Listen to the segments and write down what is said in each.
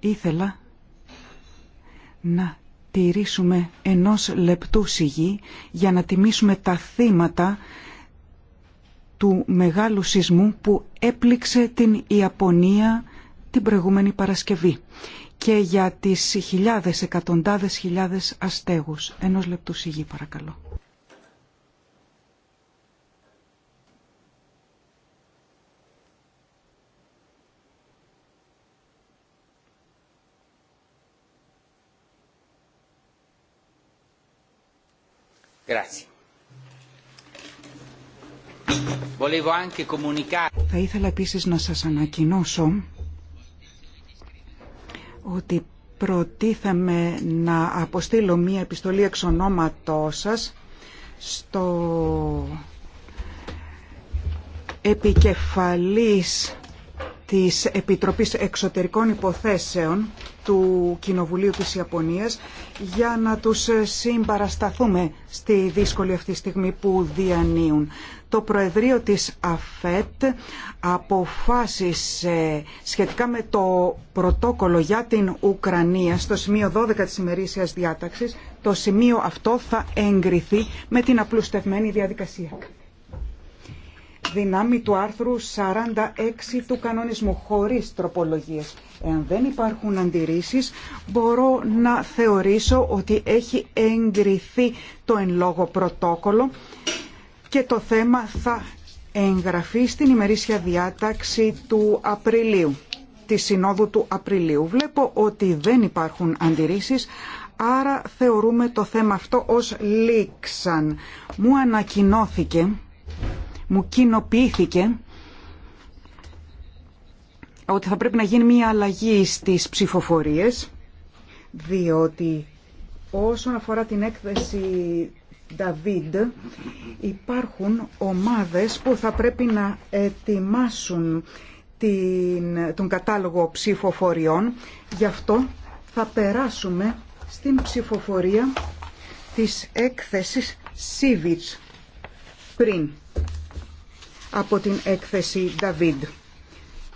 ήθελα να τηρήσουμε ενός λεπτού σιγή για να τιμήσουμε τα θύματα του μεγάλου σεισμού που έπληξε την Ιαπωνία την προηγούμενη Παρασκευή και για τις χιλιάδες, εκατοντάδες χιλιάδες αστέγους. Ενός λεπτού σιγή παρακαλώ. Θα ήθελα επίσης να σας ανακοινώσω ότι προτίθεμαι να αποστείλω μία επιστολή εξ ονόματός σας στο επικεφαλής της Επιτροπής Εξωτερικών Υποθέσεων του Κοινοβουλίου της Ιαπωνίας για να τους συμπαρασταθούμε στη δύσκολη αυτή στιγμή που διανύουν. Το Προεδρείο της ΑΦΕΤ αποφάσισε σχετικά με το πρωτόκολλο για την Ουκρανία στο σημείο 12 της ημερήσιας διάταξης. Το σημείο αυτό θα εγκριθεί με την απλουστευμένη διαδικασία δυνάμει του άρθρου 46 του κανονισμού χωρίς τροπολογίες. Εάν δεν υπάρχουν αντιρρήσεις, μπορώ να θεωρήσω ότι έχει εγκριθεί το εν λόγω πρωτόκολλο και το θέμα θα εγγραφεί στην ημερήσια διάταξη του Απριλίου, τη Συνόδου του Απριλίου. Βλέπω ότι δεν υπάρχουν αντιρρήσεις, άρα θεωρούμε το θέμα αυτό ως λήξαν. Μου ανακοινώθηκε μου κοινοποιήθηκε ότι θα πρέπει να γίνει μια αλλαγή στις ψηφοφορίες, διότι όσον αφορά την έκθεση David υπάρχουν ομάδες που θα πρέπει να ετοιμάσουν την, τον κατάλογο ψηφοφοριών. Γι' αυτό θα περάσουμε στην ψηφοφορία της έκθεσης Σίβιτς πριν από την έκθεση Δαβίδ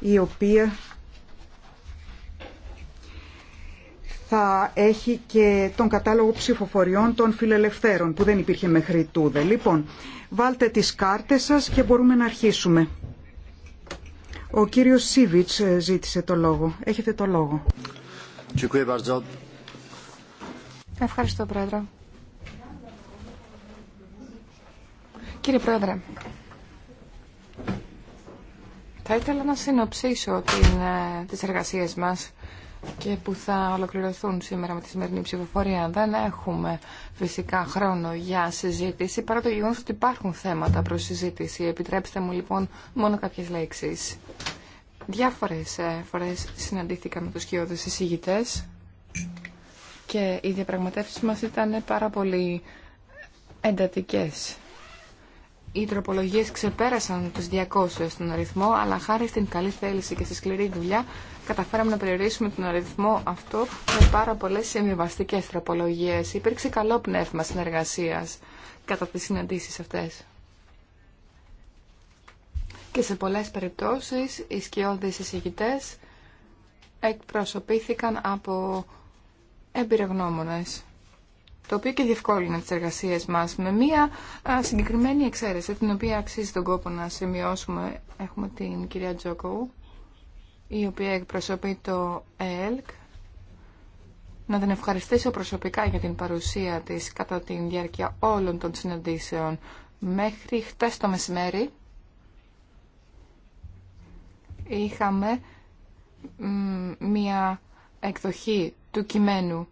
η οποία θα έχει και τον κατάλογο ψηφοφοριών των φιλελευθέρων που δεν υπήρχε μέχρι τούδε. Λοιπόν, βάλτε τις κάρτες σας και μπορούμε να αρχίσουμε. Ο κύριος Σίβιτς ε, ζήτησε το λόγο. Έχετε το λόγο. Ευχαριστώ, Πρόεδρε. Κύριε Πρόεδρε, θα ήθελα να συνοψίσω την, ε, τις εργασίες μας και που θα ολοκληρωθούν σήμερα με τη σημερινή ψηφοφορία. Δεν έχουμε φυσικά χρόνο για συζήτηση, παρά το γεγονός ότι υπάρχουν θέματα προς συζήτηση. Επιτρέψτε μου λοιπόν μόνο κάποιες λέξεις. Διάφορες ε, φορές συναντήθηκα με τους κοιόδες εισηγητές και οι διαπραγματεύσεις μας ήταν πάρα πολύ εντατικές οι τροπολογίες ξεπέρασαν τους 200 στον αριθμό, αλλά χάρη στην καλή θέληση και στη σκληρή δουλειά καταφέραμε να περιορίσουμε τον αριθμό αυτό με πάρα πολλές συμβιβαστικέ τροπολογίες. Υπήρξε καλό πνεύμα συνεργασίας κατά τις συναντήσεις αυτές. Και σε πολλές περιπτώσεις οι σκιώδεις εισηγητές εκπροσωπήθηκαν από εμπειρογνώμονες το οποίο και διευκόλυνε τις εργασίες μας με μία συγκεκριμένη εξαίρεση, την οποία αξίζει τον κόπο να σημειώσουμε. Έχουμε την κυρία Τζόκοου, η οποία εκπροσωπεί το ΕΕΛΚ. Να την ευχαριστήσω προσωπικά για την παρουσία της κατά τη διάρκεια όλων των συναντήσεων μέχρι χτες το μεσημέρι. Είχαμε μία εκδοχή του κειμένου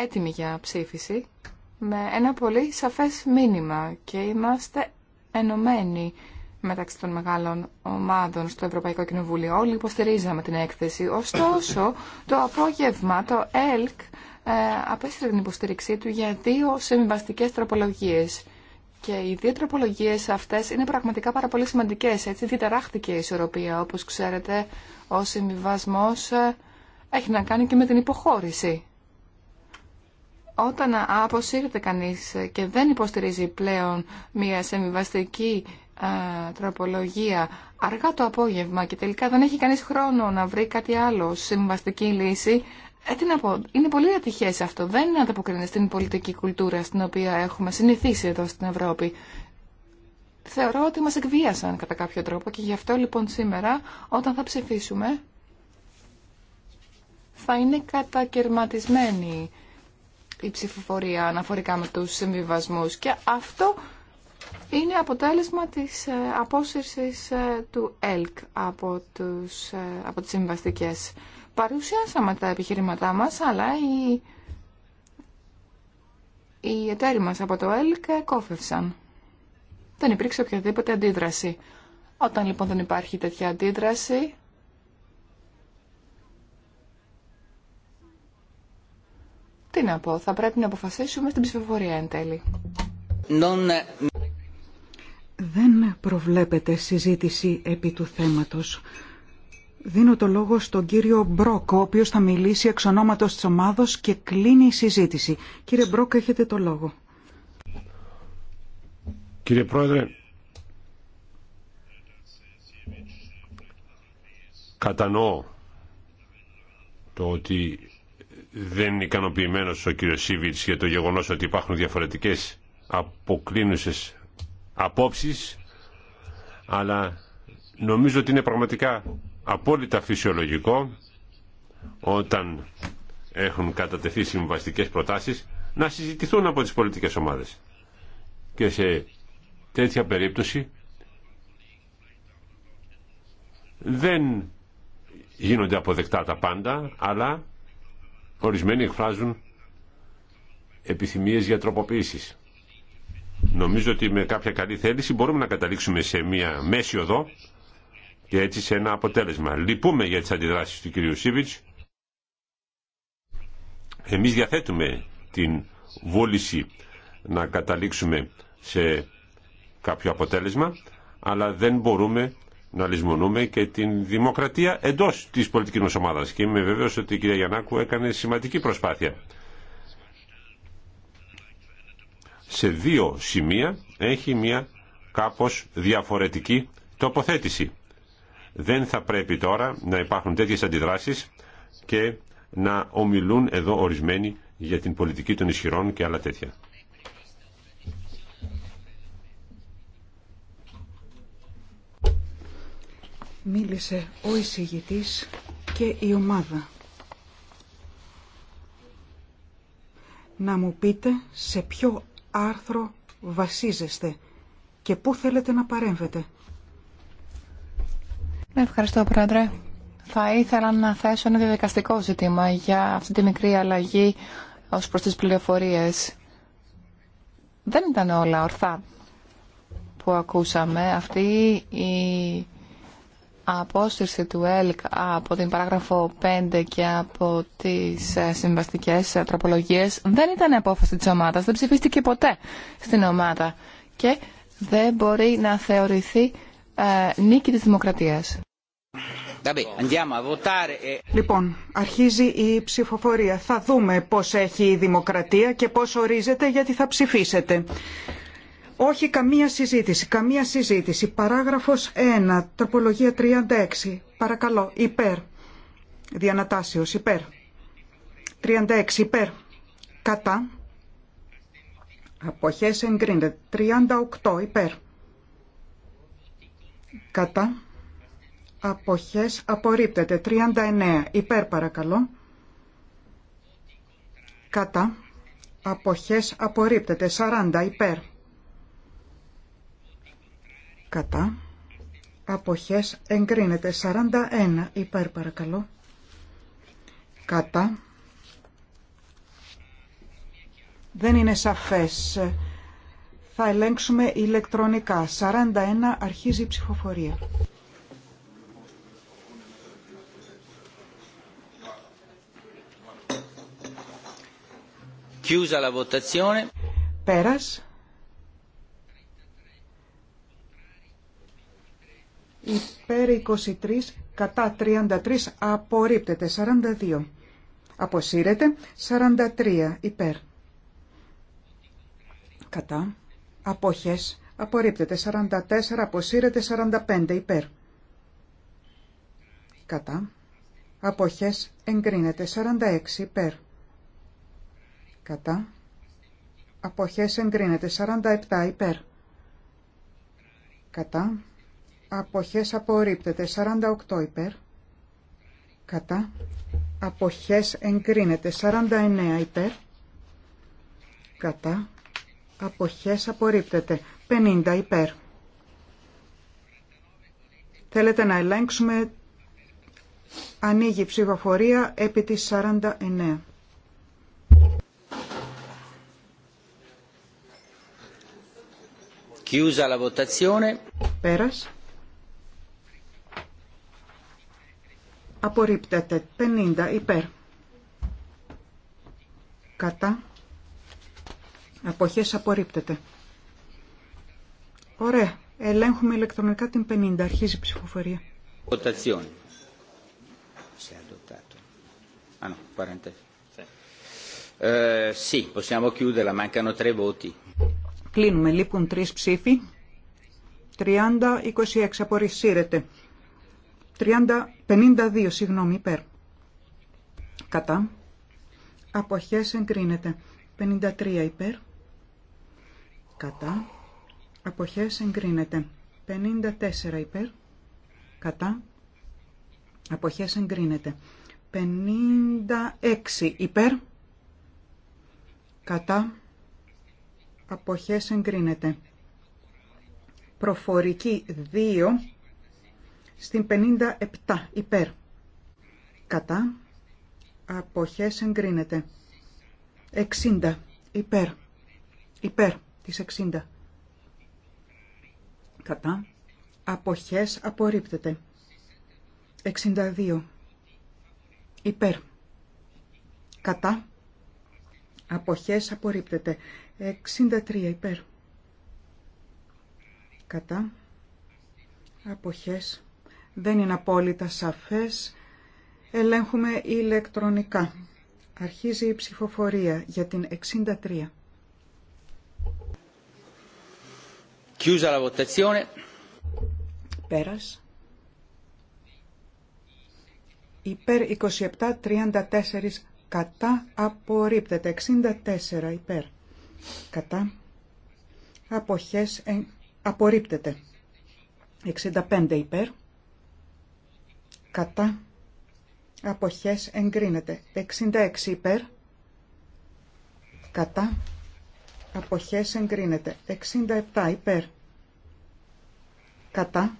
έτοιμοι για ψήφιση με ένα πολύ σαφές μήνυμα και είμαστε ενωμένοι μεταξύ των μεγάλων ομάδων στο Ευρωπαϊκό Κοινοβούλιο. Όλοι υποστηρίζαμε την έκθεση. Ωστόσο, το απόγευμα το ΕΛΚ ε, την υποστήριξή του για δύο συμβαστικές τροπολογίες. Και οι δύο τροπολογίες αυτές είναι πραγματικά πάρα πολύ σημαντικές. Έτσι διταράχτηκε η ισορροπία. Όπως ξέρετε, ο συμβιβασμό ε, έχει να κάνει και με την υποχώρηση. Όταν αποσύρεται κανείς και δεν υποστηρίζει πλέον μια σεμιβαστική τροπολογία αργά το απόγευμα και τελικά δεν έχει κανείς χρόνο να βρει κάτι άλλο συμβαστική λύση, ε, να πω, είναι πολύ ατυχές αυτό. Δεν ανταποκρίνεται στην πολιτική κουλτούρα στην οποία έχουμε συνηθίσει εδώ στην Ευρώπη. Θεωρώ ότι μας εκβίασαν κατά κάποιο τρόπο και γι' αυτό λοιπόν σήμερα όταν θα ψηφίσουμε θα είναι κατακαιρματισμένοι η ψηφοφορία αναφορικά με τους συμβιβασμούς και αυτό είναι αποτέλεσμα της ε, απόσυρσης ε, του ΕΛΚ από, τους, ε, από τις συμβαστικές. Παρουσιάσαμε τα επιχειρήματά μας, αλλά οι, οι εταίροι μας από το ΕΛΚ κόφευσαν. Δεν υπήρξε οποιαδήποτε αντίδραση. Όταν λοιπόν δεν υπάρχει τέτοια αντίδραση, Τι να πω, θα πρέπει να αποφασίσουμε στην ψηφοφορία εν τέλει. Δεν προβλέπεται συζήτηση επί του θέματος. Δίνω το λόγο στον κύριο Μπρόκ, ο οποίος θα μιλήσει εξ ονόματος της ομάδος και κλείνει η συζήτηση. Κύριε Μπρόκ, έχετε το λόγο. Κύριε Πρόεδρε, κατανοώ το ότι δεν είναι ικανοποιημένο ο κύριος Σίβιτ για το γεγονός ότι υπάρχουν διαφορετικές αποκλίνουσες απόψεις αλλά νομίζω ότι είναι πραγματικά απόλυτα φυσιολογικό όταν έχουν κατατεθεί συμβαστικές προτάσεις να συζητηθούν από τις πολιτικές ομάδες. Και σε τέτοια περίπτωση δεν γίνονται αποδεκτά τα πάντα, αλλά Ορισμένοι εκφράζουν επιθυμίες για τροποποίησης. Νομίζω ότι με κάποια καλή θέληση μπορούμε να καταλήξουμε σε μια μέση οδό και έτσι σε ένα αποτέλεσμα. Λυπούμε για τις αντιδράσεις του κυρίου Σίβιτς. Εμείς διαθέτουμε την βούληση να καταλήξουμε σε κάποιο αποτέλεσμα, αλλά δεν μπορούμε να λησμονούμε και την δημοκρατία εντός της πολιτικής μα ομάδας. Και είμαι βέβαιο ότι η κυρία Γιαννάκου έκανε σημαντική προσπάθεια. Σε δύο σημεία έχει μια κάπως διαφορετική τοποθέτηση. Δεν θα πρέπει τώρα να υπάρχουν τέτοιες αντιδράσεις και να ομιλούν εδώ ορισμένοι για την πολιτική των ισχυρών και άλλα τέτοια. Μίλησε ο εισηγητής και η ομάδα. Να μου πείτε σε ποιο άρθρο βασίζεστε και πού θέλετε να παρέμβετε. Ευχαριστώ, Πρόεδρε. Θα ήθελα να θέσω ένα διαδικαστικό ζήτημα για αυτή τη μικρή αλλαγή ως προς τις πληροφορίες. Δεν ήταν όλα ορθά που ακούσαμε. Αυτή η απόσυρση του ΕΛΚ από την παράγραφο 5 και από τις ε, συμβαστικές ε, τροπολογίες δεν ήταν απόφαση της ομάδας, δεν ψηφίστηκε ποτέ στην ομάδα και δεν μπορεί να θεωρηθεί ε, νίκη της δημοκρατίας. E- λοιπόν, αρχίζει η ψηφοφορία. Θα δούμε πώς έχει η δημοκρατία και πώς ορίζεται γιατί θα ψηφίσετε. Όχι καμία συζήτηση, καμία συζήτηση. Παράγραφος 1, τροπολογία 36. Παρακαλώ, υπέρ. Διανατάσεως, υπέρ. 36, υπέρ. Κατά. Αποχές εγκρίνεται. 38, υπέρ. Κατά. Αποχές απορρίπτεται. 39, υπέρ παρακαλώ. Κατά. Αποχές απορρίπτεται. 40, υπέρ κατά αποχές εγκρίνεται 41 υπέρ παρακαλώ κατά δεν είναι σαφές θα ελέγξουμε ηλεκτρονικά 41 αρχίζει η ψηφοφορία Chiusa la votazione. Πέρας υπέρ 23, κατά 33, απορρίπτεται 42. Αποσύρεται 43 υπέρ. Κατά. Απόχες. Απορρίπτεται 44, αποσύρεται 45 υπέρ. Κατά. Απόχες. Εγκρίνεται 46 υπέρ. Κατά. Απόχες εγκρίνεται 47 υπέρ. Κατά. Αποχές απορρίπτεται. 48 υπέρ. Κατά. Αποχές εγκρίνεται. 49 υπέρ. Κατά. Αποχές απορρίπτεται. 50 υπέρ. Θέλετε να ελέγξουμε. Ανοίγει η ψηφοφορία επί της 49. Chiusa la votazione. Peras. Απορρίπτεται. 50 υπέρ. Κατά. Αποχές απορρίπτεται. Ωραία. Ελέγχουμε ηλεκτρονικά την 50. Αρχίζει η ψηφοφορία. Votazione. Si adottato. Ah no, Eh, Κλείνουμε, λείπουν τρεις ψήφοι. 30-26 απορρισσύρεται 52, συγγνώμη, υπέρ. Κατά. Αποχές εγκρίνεται. 53 υπέρ. Κατά. Αποχές εγκρίνεται. 54 υπέρ. Κατά. Αποχές εγκρίνεται. 56 υπέρ. Κατά. Αποχές εγκρίνεται. Προφορική 2 στην 57 υπέρ. Κατά. Αποχές εγκρίνεται. 60 υπέρ. Υπέρ της 60. Κατά. Αποχές απορρίπτεται. 62. Υπέρ. Κατά. Αποχές απορρίπτεται. 63 υπέρ. Κατά. Αποχές δεν είναι απόλυτα σαφές. Ελέγχουμε ηλεκτρονικά. Αρχίζει η ψηφοφορία για την 63. Chiusa la votazione. Πέρας. Υπέρ 27, 34 κατά απορρίπτεται. 64 υπέρ. Κατά. Αποχές ε, απορρίπτεται. 65 υπέρ κατά αποχές εγκρίνεται 66 υπέρ κατά αποχές εγκρίνεται 67 υπέρ κατά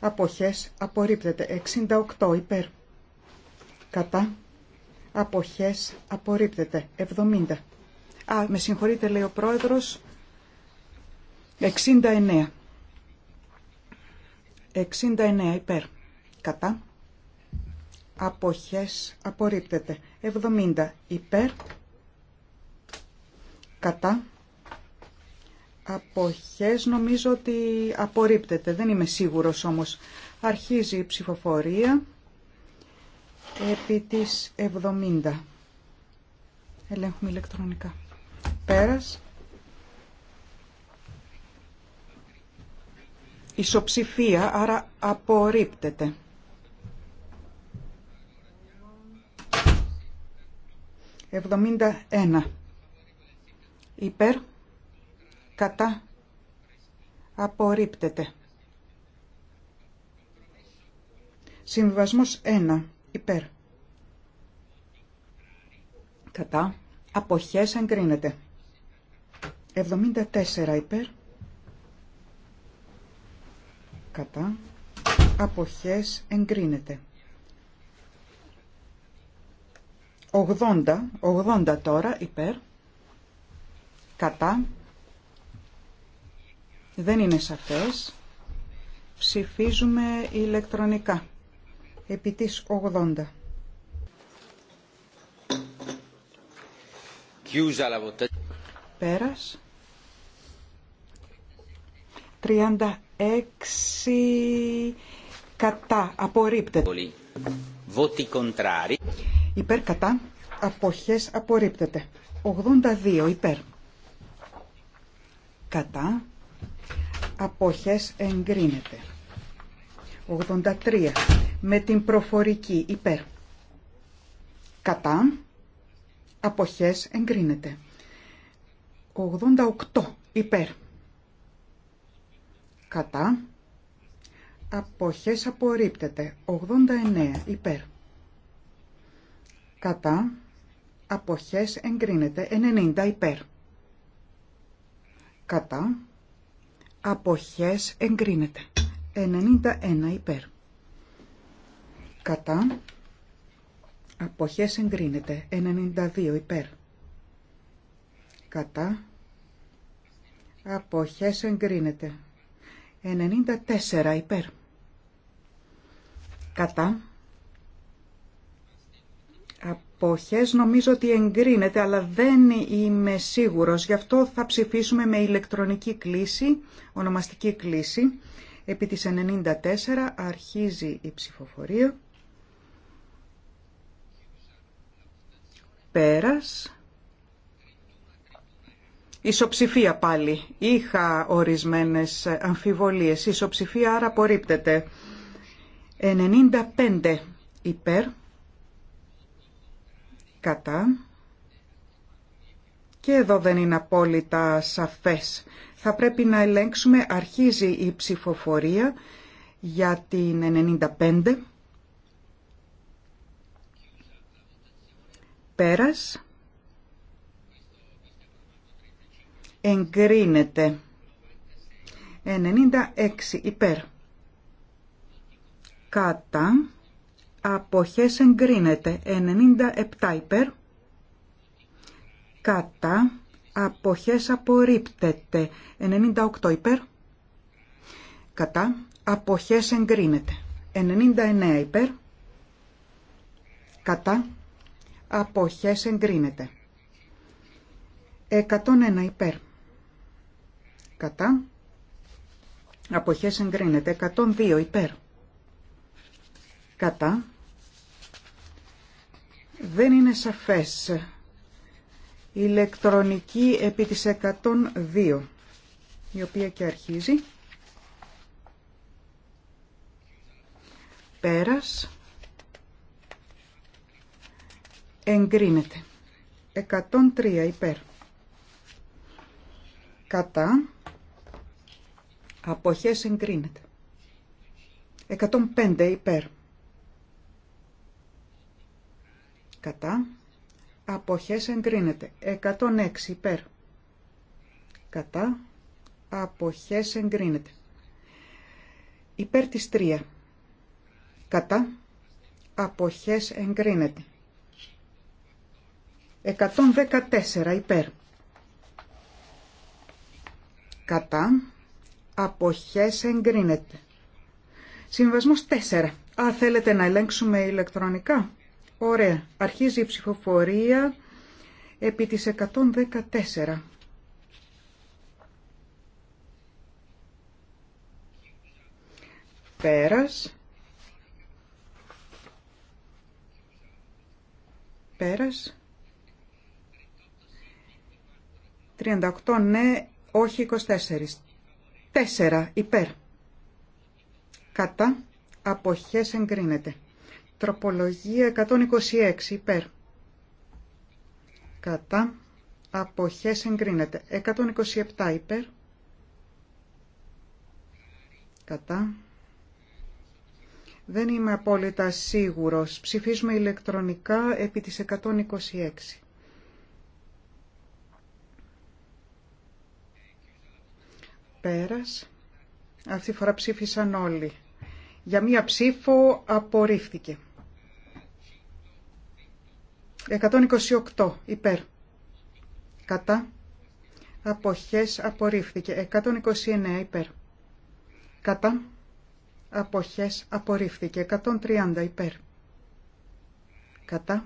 αποχές απορρίπτεται 68 υπέρ κατά αποχές απορρίπτεται 70 Α, με συγχωρείτε λέει ο πρόεδρος 69 69 υπέρ κατά αποχές απορρίπτεται. 70 υπέρ, κατά, αποχές νομίζω ότι απορρίπτεται. Δεν είμαι σίγουρος όμως. Αρχίζει η ψηφοφορία επί της 70. Ελέγχουμε ηλεκτρονικά. Πέρας. Ισοψηφία, άρα απορρίπτεται. 71 υπέρ κατά απορρίπτεται. Συμβιβασμός 1 υπέρ κατά αποχές εγκρίνεται. 74 υπέρ κατά αποχές εγκρίνεται. 80, 80 τώρα υπέρ, κατά, δεν είναι σαφές, ψηφίζουμε ηλεκτρονικά, επί της 80. Πέρας. 36 κατά. Απορρίπτεται. Voti contrari. Υπέρ κατά αποχές απορρίπτεται. 82 υπέρ. Κατά αποχές εγκρίνεται. 83 με την προφορική υπέρ. Κατά αποχές εγκρίνεται. 88 υπέρ. Κατά αποχές απορρίπτεται. 89 υπέρ κατά, αποχές εγκρίνεται 90 υπέρ. Κατά, αποχές εγκρίνεται 91 υπέρ. Κατά, αποχές εγκρίνεται 92 υπέρ. Κατά, αποχές εγκρίνεται 94 υπέρ. Κατά, νομίζω ότι εγκρίνεται, αλλά δεν είμαι σίγουρος. Γι' αυτό θα ψηφίσουμε με ηλεκτρονική κλίση, ονομαστική κλίση. Επί της 94 αρχίζει η ψηφοφορία. Πέρας. Ισοψηφία πάλι. Είχα ορισμένες αμφιβολίες. Ισοψηφία άρα απορρίπτεται. 95 υπέρ κατά. Και εδώ δεν είναι απόλυτα σαφές. Θα πρέπει να ελέγξουμε, αρχίζει η ψηφοφορία για την 95. Πέρας. Εγκρίνεται. 96 υπέρ. Κατά αποχές εγκρίνεται 97 υπέρ κατά αποχές απορρίπτεται 98 υπέρ κατά αποχές εγκρίνεται 99 υπέρ κατά αποχές εγκρίνεται 101 υπέρ κατά αποχές εγκρίνεται 102 υπέρ κατά δεν είναι σαφές. Ηλεκτρονική επί της 102, η οποία και αρχίζει. Πέρας. Εγκρίνεται. 103 υπέρ. Κατά. Αποχές εγκρίνεται. 105 υπέρ. κατά, αποχές εγκρίνεται. 106 υπέρ, κατά, αποχές εγκρίνεται. Υπέρ της 3, κατά, αποχές εγκρίνεται. 114 υπέρ, κατά, αποχές εγκρίνεται. Συμβασμός 4. Α, θέλετε να ελέγξουμε ηλεκτρονικά. Ωραία. Αρχίζει η ψηφοφορία επί της 114. Πέρας. Πέρας. 38 ναι, όχι 24. 4 υπέρ. Κατά. Αποχές εγκρίνεται. Τροπολογία 126 υπέρ. Κατά. Αποχές εγκρίνεται. 127 υπέρ. Κατά. Δεν είμαι απόλυτα σίγουρος. Ψηφίζουμε ηλεκτρονικά επί της 126. Πέρας. Αυτή φορά ψήφισαν όλοι. Για μία ψήφο απορρίφθηκε. 128 υπέρ. Κατά. Αποχές απορρίφθηκε. 129 υπέρ. Κατά. Αποχές απορρίφθηκε. 130 υπέρ. Κατά.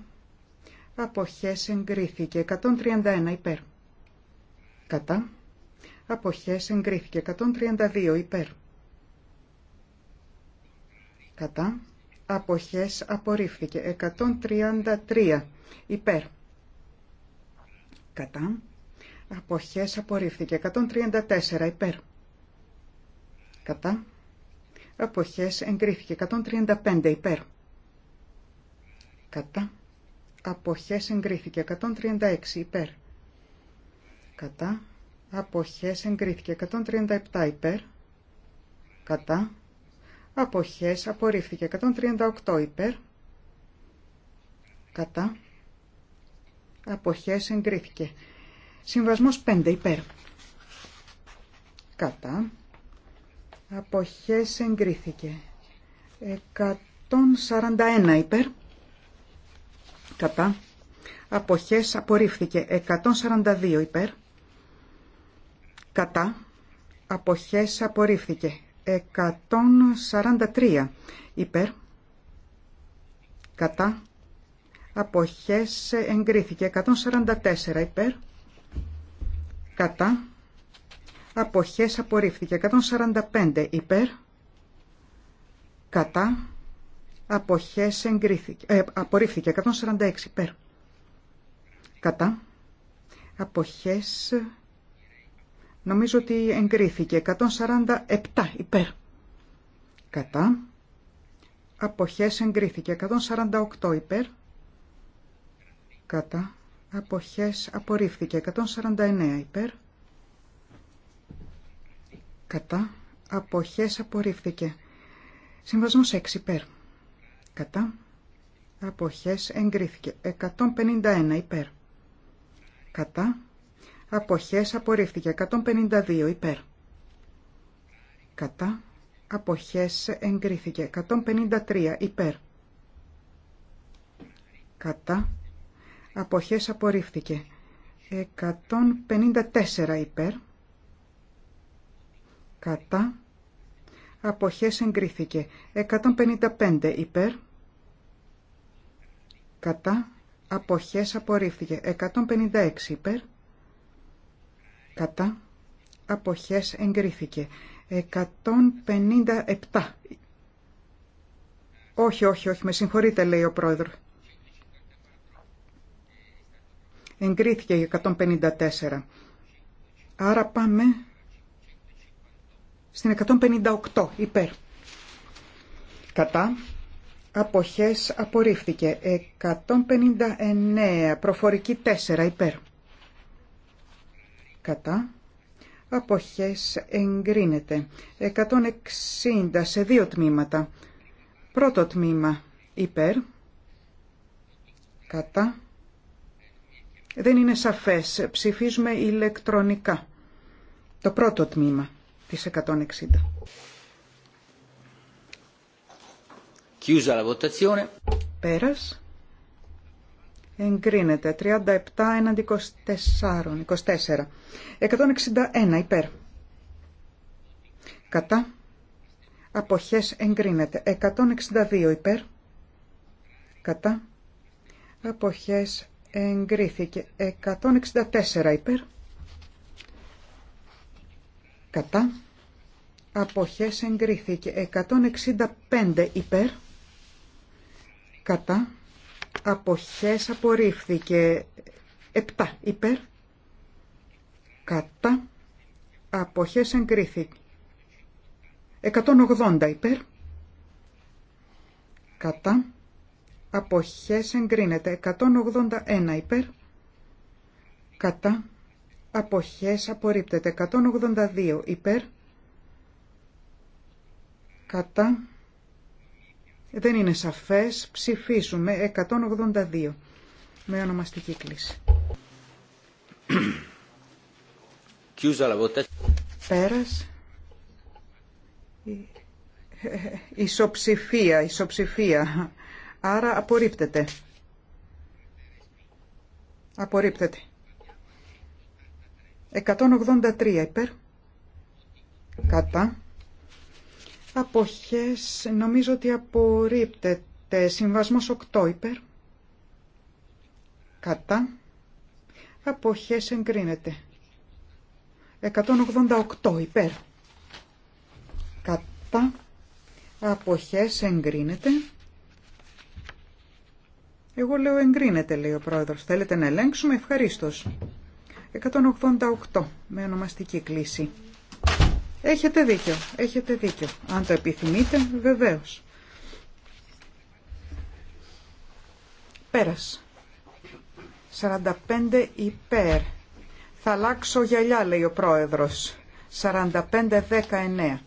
Αποχές εγκρίθηκε. 131 υπέρ. Κατά. Αποχές εγκρίθηκε. 132 υπέρ. Κατά. Αποχές απορρίφθηκε. 133 Υπέρ. Κατά. Αποχές απορρίφθηκε. 134. Υπέρ. Κατά. Αποχές εγκρίθηκε. 135. Υπέρ. Κατά. Αποχές εγκρίθηκε. 136. Υπέρ. Κατά. Αποχές εγκρίθηκε. 137. Υπέρ. Κατά. Αποχές απορρίφθηκε. 138. Υπέρ. Κατά αποχές εγκρίθηκε. Συμβασμός 5 υπέρ. Κατά. Αποχές εγκρίθηκε. 141 υπέρ. Κατά. Αποχές απορρίφθηκε. 142 υπέρ. Κατά. Αποχές απορρίφθηκε. 143 υπέρ. Κατά αποχές εγκρίθηκε 144 υπέρ κατά αποχές απορρίφθηκε 145 υπέρ κατά αποχές εγκρίθηκε ε, απορρίφθηκε 146 υπέρ κατά αποχές νομίζω ότι εγκρίθηκε 147 υπέρ κατά αποχές εγκρίθηκε 148 υπέρ κατά αποχές απορρίφθηκε 149 υπέρ κατά αποχές απορρίφθηκε συμβασμός 6 υπέρ κατά αποχές εγκρίθηκε 151 υπέρ κατά αποχές απορρίφθηκε 152 υπέρ κατά αποχές εγκρίθηκε 153 υπέρ κατά αποχές απορρίφθηκε. 154 υπέρ, κατά, αποχές εγκρίθηκε. 155 υπέρ, κατά, αποχές απορρίφθηκε. 156 υπέρ, κατά, αποχές εγκρίθηκε. 157. Όχι, όχι, όχι, με συγχωρείτε λέει ο πρόεδρος. Εγκρίθηκε για 154. Άρα πάμε στην 158 υπέρ. Κατά. Αποχές απορρίφθηκε. 159. Προφορική 4 υπέρ. Κατά. Αποχές εγκρίνεται. 160 σε δύο τμήματα. Πρώτο τμήμα υπέρ. Κατά. Δεν είναι σαφές. Ψηφίζουμε ηλεκτρονικά. Το πρώτο τμήμα της 160. Chiusa la Πέρας. Εγκρίνεται. 37 έναντι 24. 161 υπέρ. Κατά. Αποχές εγκρίνεται. 162 υπέρ. Κατά. Αποχές εγκρίθηκε 164 υπέρ κατά αποχές εγκρίθηκε 165 υπέρ κατά αποχές απορρίφθηκε 7 υπέρ κατά αποχές εγκρίθηκε 180 υπέρ κατά αποχές εγκρίνεται 181 υπέρ κατά αποχές απορρίπτεται 182 υπέρ κατά δεν είναι σαφές ψηφίσουμε 182 με ονομαστική κλίση πέρας ε, ε, ε, ισοψηφία ισοψηφία Άρα απορρίπτεται. Απορρίπτεται. 183 υπέρ. Κατά. Αποχές νομίζω ότι απορρίπτεται. Συμβασμός 8 υπέρ. Κατά. Αποχές εγκρίνεται. 188 υπέρ. Κατά. Αποχές εγκρίνεται. Εγώ λέω εγκρίνεται, λέει ο πρόεδρος. Θέλετε να ελέγξουμε, ευχαρίστως. 188 με ονομαστική κλίση. Έχετε δίκιο, έχετε δίκιο. Αν το επιθυμείτε, βεβαίως. Πέρας. 45 υπέρ. Θα αλλάξω γυαλιά, λέει ο πρόεδρος. 45-19.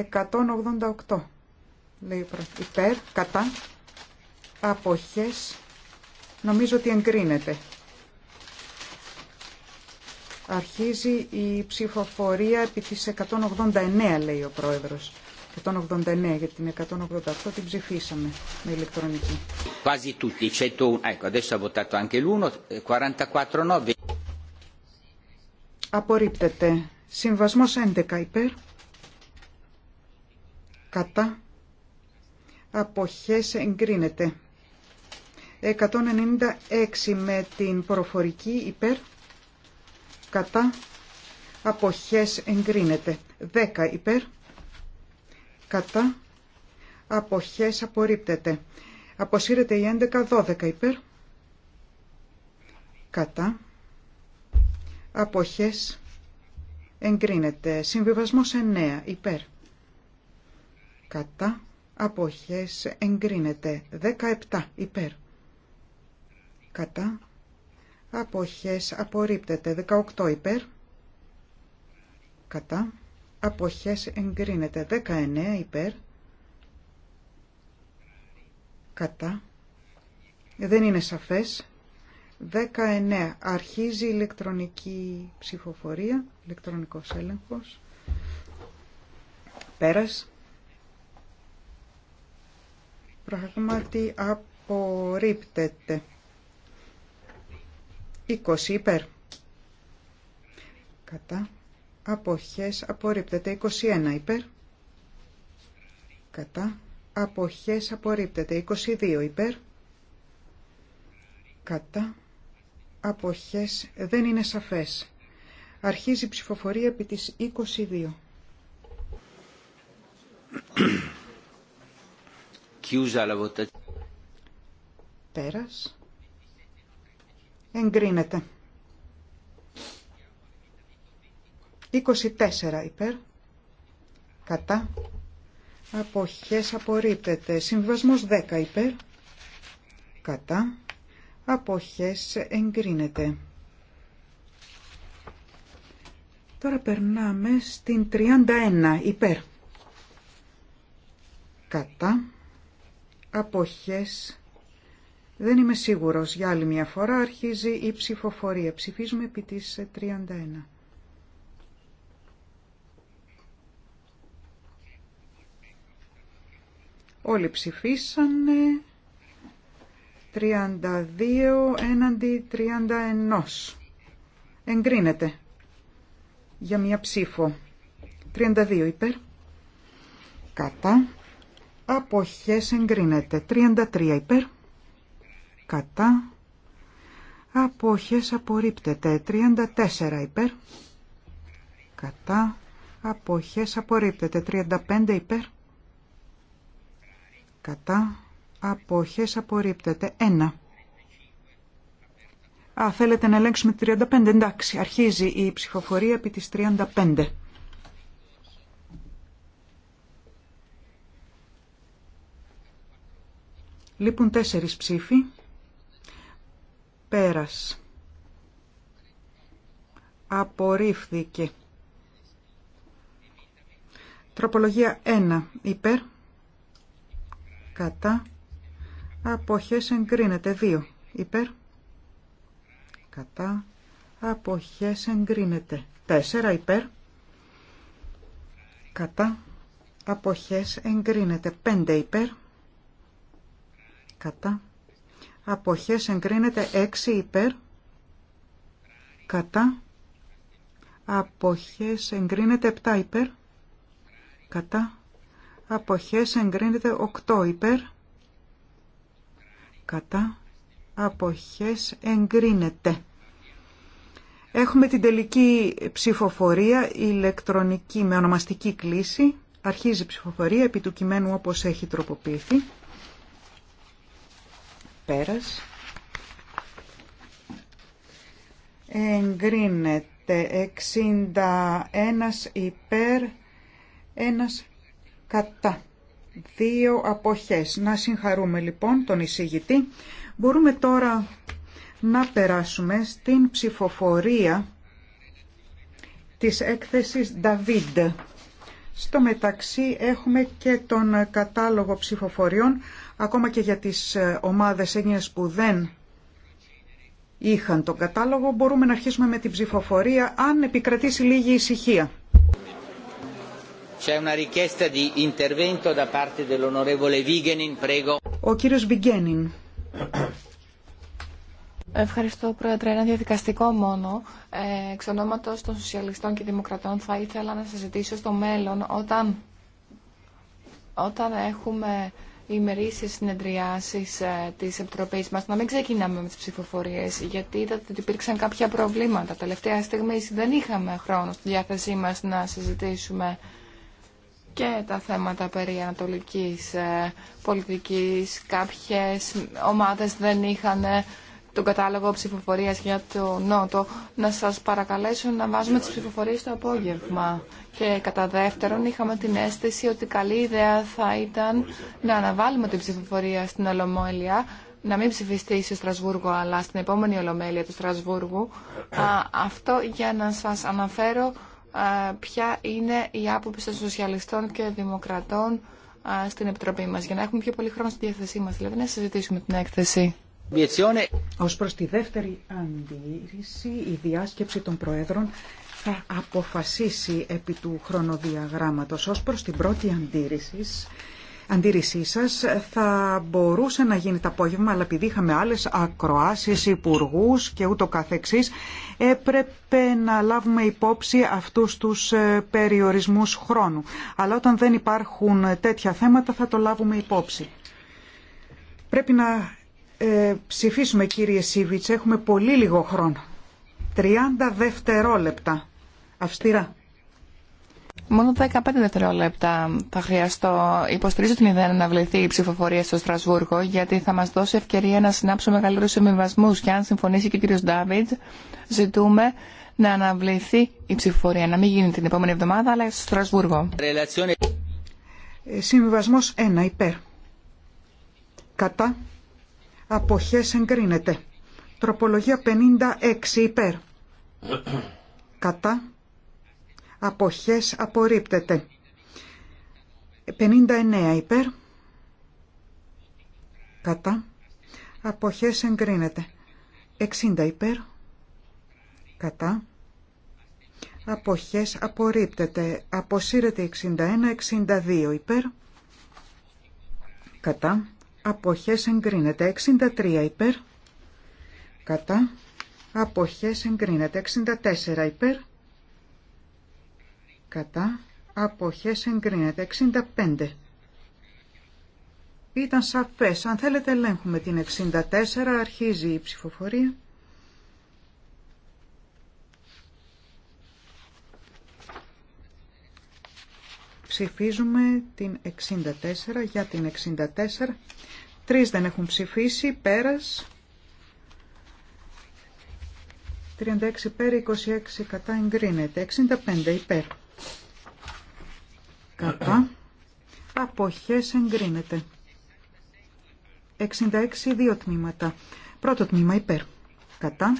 188 λέει υπέρ, κατά, αποχές, νομίζω ότι εγκρίνεται. Αρχίζει η ψηφοφορία επί της 189 λέει ο πρόεδρος. 189 γιατί την 188 την ψηφίσαμε με ηλεκτρονική. Quasi tutti, eccetto ecco adesso ha votato anche l'uno, 44 no. Απορρίπτεται. Συμβασμός 11 υπέρ κατά αποχές εγκρίνεται. 196 με την προφορική υπέρ κατά αποχές εγκρίνεται. 10 υπέρ κατά αποχές απορρίπτεται. Αποσύρεται η 11 12 υπέρ κατά αποχές εγκρίνεται. Συμβιβασμός 9 υπέρ κατά αποχές εγκρίνεται 17 υπέρ κατά αποχές απορρίπτεται 18 υπέρ κατά αποχές εγκρίνεται 19 υπέρ κατά δεν είναι σαφές 19 αρχίζει ηλεκτρονική ψηφοφορία ηλεκτρονικός έλεγχος πέρας Πράγματι απορρίπτεται. 20 υπέρ. Κατά. Αποχές απορρίπτεται. 21 υπέρ. Κατά. Αποχές απορρίπτεται. 22 υπέρ. Κατά. Αποχές δεν είναι σαφές. Αρχίζει η ψηφοφορία επί της 22. Chiusa Εγκρίνεται. 24 υπέρ. Κατά. Αποχές απορρίπτεται. Συμβασμός 10 υπέρ. Κατά. Αποχές εγκρίνεται. Τώρα περνάμε στην 31 υπέρ. Κατά αποχές δεν είμαι σίγουρος. Για άλλη μια φορά αρχίζει η ψηφοφορία. Ψηφίζουμε επί της 31. Όλοι ψηφίσανε 32 έναντι 31. Εγκρίνεται για μια ψήφο. 32 υπέρ. Κατά αποχές εγκρίνεται. 33 υπέρ, κατά, αποχές απορρίπτεται. 34 υπέρ, κατά, αποχές απορρίπτεται. 35 υπέρ, κατά, αποχές απορρίπτεται. 1. Α, θέλετε να ελέγξουμε τη 35, εντάξει, αρχίζει η ψηφοφορία επί της 35. Λείπουν τέσσερις ψήφοι. Πέρας. Απορρίφθηκε. Τροπολογία 1. Υπέρ. Κατά. Αποχές εγκρίνεται. 2. Υπέρ. Κατά. Αποχές εγκρίνεται. 4. Υπέρ. Κατά. Αποχές εγκρίνεται. 5. Υπέρ κατά αποχές εγκρίνεται 6 υπέρ κατά αποχές εγκρίνεται 7 υπέρ κατά αποχές εγκρίνεται 8 υπέρ κατά αποχές εγκρίνεται Έχουμε την τελική ψηφοφορία ηλεκτρονική με ονομαστική κλίση. Αρχίζει η ψηφοφορία επί του κειμένου όπως έχει τροποποιηθεί. Πέρας. Εγκρίνεται 61 υπέρ, 1 κατά. Δύο αποχές. Να συγχαρούμε λοιπόν τον εισηγητή. Μπορούμε τώρα να περάσουμε στην ψηφοφορία της έκθεσης David. Στο μεταξύ έχουμε και τον κατάλογο ψηφοφοριών ακόμα και για τις ε, ομάδες έννοιες που δεν είχαν τον κατάλογο, μπορούμε να αρχίσουμε με την ψηφοφορία αν επικρατήσει λίγη ησυχία. Ο κύριος Βιγγένιν. Ευχαριστώ, Πρόεδρε. Ένα διαδικαστικό μόνο. Ε, εξ ονόματος των Σοσιαλιστών και Δημοκρατών θα ήθελα να σας ζητήσω στο μέλλον όταν, όταν έχουμε οι συνεδριάσεις ε, της Επιτροπή μα, να μην ξεκινάμε με τις ψηφοφορίες γιατί είδατε ότι υπήρξαν κάποια προβλήματα. Τελευταία στιγμή δεν είχαμε χρόνο στη διάθεσή μα να συζητήσουμε και τα θέματα περί ανατολικής ε, πολιτικής. Κάποιες ομάδες δεν είχαν τον κατάλογο ψηφοφορίας για το Νότο, να σας παρακαλέσω να βάζουμε τις ψηφοφορίες το απόγευμα. Και κατά δεύτερον, είχαμε την αίσθηση ότι καλή ιδέα θα ήταν να αναβάλουμε την ψηφοφορία στην Ολομόλια, να μην ψηφιστεί στο Στρασβούργο, αλλά στην επόμενη Ολομέλεια του Στρασβούργου. αυτό για να σας αναφέρω ποια είναι η άποψη των σοσιαλιστών και δημοκρατών στην Επιτροπή μας, για να έχουμε πιο πολύ χρόνο στη διάθεσή μας, δηλαδή να συζητήσουμε την έκθεση. Ως προς τη δεύτερη αντίρρηση, η διάσκεψη των Προέδρων θα αποφασίσει επί του χρονοδιαγράμματος. Ως προς την πρώτη αντίρρηση, αντίρρησή σας θα μπορούσε να γίνει το απόγευμα, αλλά επειδή είχαμε άλλες ακροάσεις, υπουργού και ούτω καθεξής, έπρεπε να λάβουμε υπόψη αυτούς τους ε, περιορισμούς χρόνου. Αλλά όταν δεν υπάρχουν τέτοια θέματα θα το λάβουμε υπόψη. Πρέπει να ε, ψηφίσουμε κύριε Σίβιτς, έχουμε πολύ λίγο χρόνο. 30 δευτερόλεπτα. Αυστηρά. Μόνο 15 δευτερόλεπτα θα χρειαστώ. Υποστηρίζω την ιδέα να αναβληθεί η ψηφοφορία στο Στρασβούργο, γιατί θα μα δώσει ευκαιρία να συνάψουμε μεγαλύτερου συμβιβασμού. Και αν συμφωνήσει και ο κύριο Ντάβιτ, ζητούμε να αναβληθεί η ψηφοφορία. Να μην γίνει την επόμενη εβδομάδα, αλλά στο Στρασβούργο. Ε, Συμβιβασμό 1 υπέρ. Κατά αποχές εγκρίνεται. Τροπολογία 56 υπέρ. Κατά. Αποχές απορρίπτεται. 59 υπέρ. Κατά. Αποχές εγκρίνεται. 60 υπέρ. Κατά. Αποχές απορρίπτεται. Αποσύρεται 61, 62 υπέρ. Κατά αποχές εγκρίνεται 63 υπέρ κατά αποχές εγκρίνεται 64 υπέρ κατά αποχές εγκρίνεται 65 ήταν σαφές αν θέλετε ελέγχουμε την 64 αρχίζει η ψηφοφορία Ψηφίζουμε την 64 για την 64. Τρεις δεν έχουν ψηφίσει. Πέρας. 36 υπέρ, 26 κατά εγκρίνεται. 65 υπέρ. Κατά. Αποχές εγκρίνεται. 66 δύο τμήματα. Πρώτο τμήμα υπέρ. Κατά.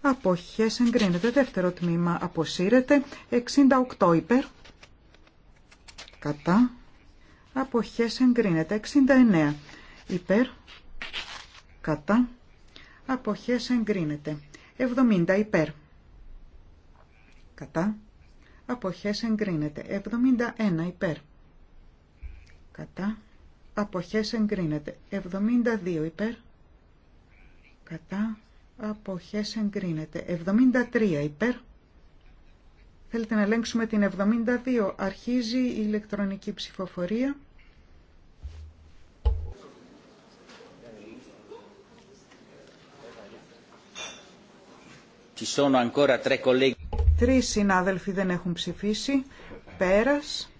Αποχές εγκρίνεται. Δεύτερο τμήμα αποσύρεται. 68 υπέρ κατά, αποχές εγκρίνεται. 69 υπέρ, κατά, αποχές εγκρίνεται. 70 υπέρ, κατά, αποχές εγκρίνεται. 71 υπέρ, κατά, αποχές εγκρίνεται. 72 υπέρ, κατά, αποχές εγκρίνεται. 73 υπέρ, Θέλετε να ελέγξουμε την 72. Αρχίζει η ηλεκτρονική ψηφοφορία. Τρεις συνάδελφοι δεν έχουν ψηφίσει. Πέρας.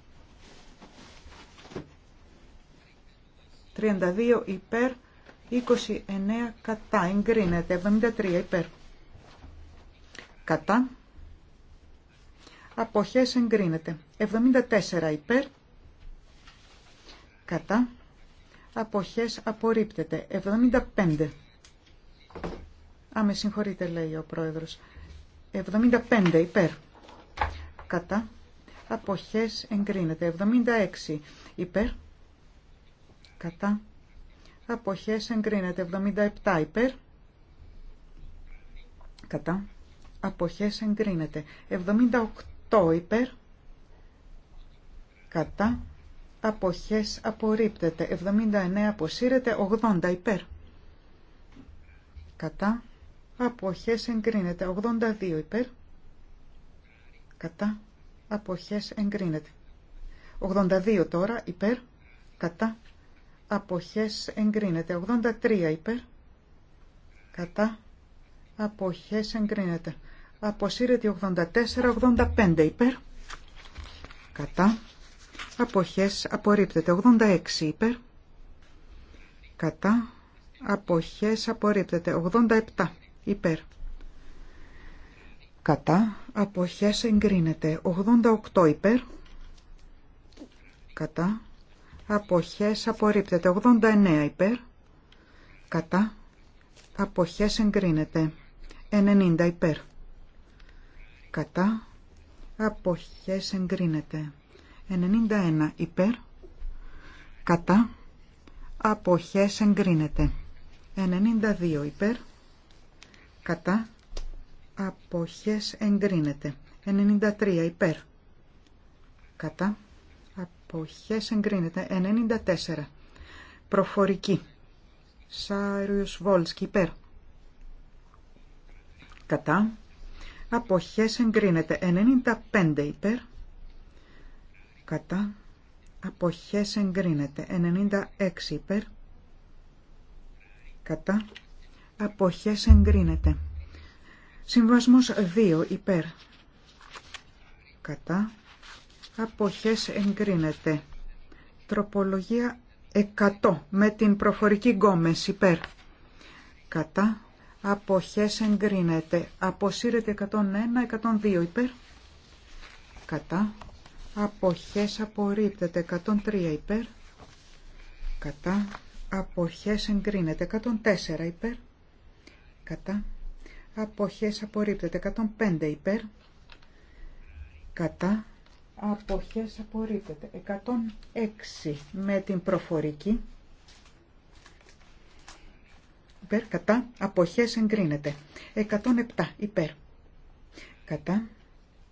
32 υπέρ, 29 κατά. Εγκρίνεται. 73 υπέρ. Κατά αποχές εγκρίνεται. 74 υπέρ, κατά, αποχές απορρίπτεται. 75. Α, με συγχωρείτε λέει ο πρόεδρος. 75 υπέρ, κατά, αποχές εγκρίνεται. 76 υπέρ, κατά, αποχές εγκρίνεται. 77 υπέρ, κατά, αποχές εγκρίνεται. 78 8 υπέρ κατά αποχές απορρίπτεται 79 αποσύρεται 80 υπέρ κατά αποχές εγκρίνεται 82 υπέρ κατά αποχές εγκρίνεται 82 τώρα υπέρ κατά αποχές εγκρίνεται 83 υπέρ κατά αποχές εγκρίνεται Αποσύρεται 84-85 υπέρ. Κατά. Αποχές απορρίπτεται 86 υπέρ. Κατά. Αποχές απορρίπτεται 87 υπέρ. Κατά. Αποχές εγκρίνεται 88 υπέρ. Κατά. Αποχές απορρίπτεται 89 υπέρ. Κατά. Αποχές εγκρίνεται 90 υπέρ κατά αποχές εγκρίνεται 91 υπέρ κατά αποχές εγκρίνεται 92 υπέρ κατά αποχές εγκρίνεται 93 υπέρ κατά αποχές εγκρίνεται 94 προφορική Σάριος Βόλσκι υπέρ κατά αποχές εγκρίνεται 95 υπέρ κατά αποχές εγκρίνεται 96 υπέρ κατά αποχές εγκρίνεται συμβασμός 2 υπέρ κατά αποχές εγκρίνεται τροπολογία 100 με την προφορική γκόμες υπέρ κατά Αποχές εγκρίνεται. Αποσύρεται 101, 102 υπέρ. Κατά. Αποχές απορρίπτεται 103 υπέρ. Κατά. Αποχές εγκρίνεται 104 υπέρ. Κατά. Αποχές απορρίπτεται 105 υπέρ. Κατά. Αποχές απορρίπτεται 106 με την προφορική κατά, αποχές εγκρίνεται. 107 υπέρ, κατά,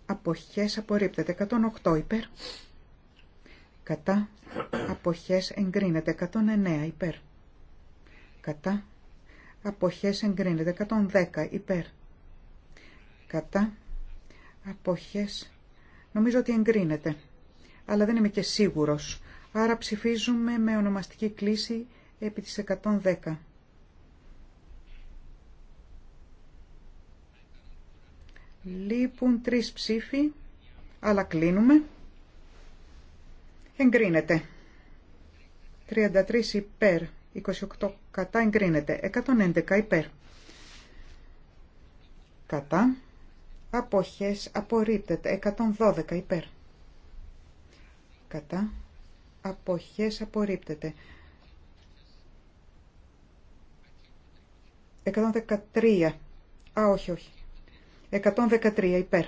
αποχές απορρίπτεται. 108 υπέρ, κατά, αποχές εγκρίνεται. 109 υπέρ, κατά, αποχές εγκρίνεται. 110 υπέρ, κατά, αποχές, νομίζω ότι εγκρίνεται, αλλά δεν είμαι και σίγουρος. Άρα ψηφίζουμε με ονομαστική κλίση επί της 110. Λείπουν τρεις ψήφοι, αλλά κλείνουμε. Εγκρίνεται. 33 υπέρ, 28 κατά εγκρίνεται, 111 υπέρ. Κατά. Αποχές απορρίπτεται, 112 υπέρ. Κατά. Αποχές απορρίπτεται. 113. Α, όχι, όχι. 113 υπέρ.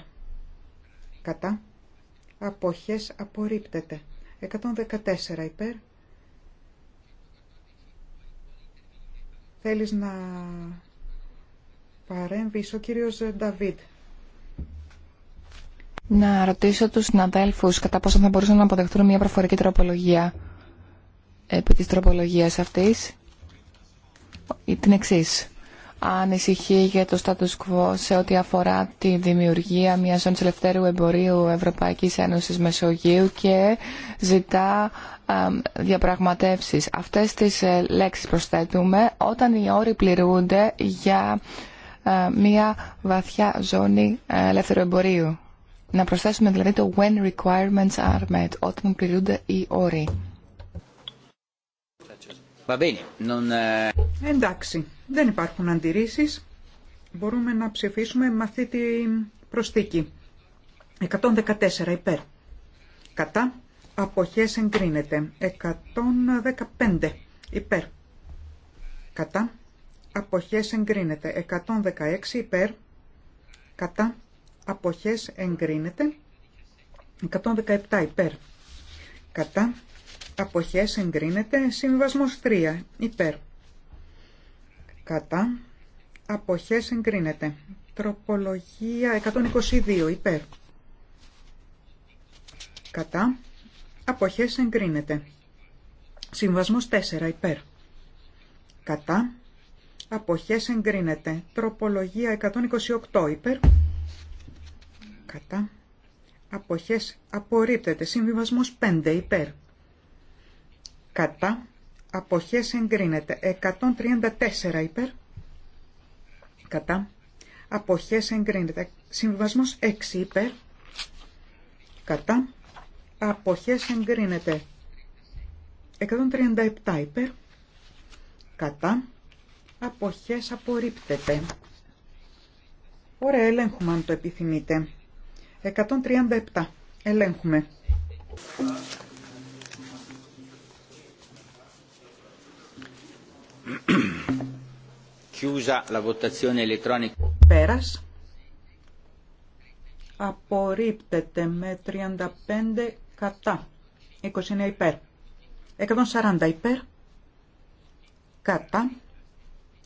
Κατά. Αποχές απορρίπτεται. 114 υπέρ. Θέλεις να παρέμβεις ο κύριος Νταβίτ. Να ρωτήσω τους συναδέλφους κατά πόσο θα μπορούσαν να αποδεχτούν μια προφορική τροπολογία επί της τροπολογίας αυτής. Την εξής ανησυχεί για το status quo σε ό,τι αφορά τη δημιουργία μιας ζώνης ελευθέρου εμπορίου Ευρωπαϊκής Ένωσης Μεσογείου και ζητά διαπραγματεύσεις. Αυτές τις ε, λέξεις προσθέτουμε όταν οι όροι πληρούνται για ε, μια βαθιά ζώνη ε, ελεύθερου εμπορίου. Να προσθέσουμε δηλαδή το when requirements are met, όταν πληρούνται οι όροι. Eh, Εντάξει, δεν υπάρχουν αντιρρήσεις. Μπορούμε να ψηφίσουμε με αυτή την προστίκη. 114 υπέρ. Κατά. Αποχές εγκρίνεται. 115 υπέρ. Κατά. Αποχές εγκρίνεται. 116 υπέρ. Κατά. Αποχές εγκρίνεται. 117 υπέρ. Κατά αποχές εγκρίνεται συμβασμός 3 υπέρ κατά αποχές εγκρίνεται τροπολογία 122 υπέρ κατά αποχές εγκρίνεται συμβασμός 4 υπέρ κατά αποχές εγκρίνεται τροπολογία 128 υπέρ κατά αποχές απορρίπτεται συμβιβασμός 5 υπέρ κατά αποχές εγκρίνεται 134 υπέρ κατά αποχές εγκρίνεται συμβιβασμός 6 υπέρ κατά αποχές εγκρίνεται 137 υπέρ κατά αποχές απορρίπτεται Ωραία, ελέγχουμε αν το επιθυμείτε. 137. Ελέγχουμε. Chiusa Πέρας. Απορρίπτεται με 35 κατά. 29 υπέρ. 140 υπέρ. Κατά.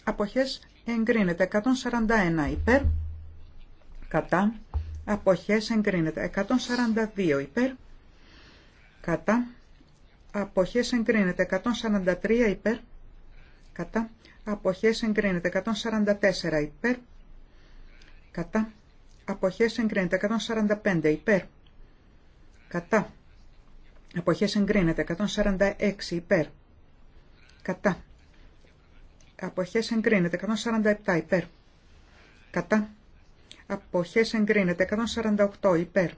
Αποχές εγκρίνεται. 141 υπέρ. Κατά. Αποχές εγκρίνεται. 142 υπέρ. Κατά. Αποχές εγκρίνεται. 143 υπέρ κατά αποχές εγκρίνεται 144 υπέρ κατά αποχές εγκρίνεται 145 υπέρ κατά αποχές εγκρίνεται 146 υπέρ κατά αποχές εγκρίνεται 147 υπέρ κατά αποχές εγκρίνεται 148 υπέρ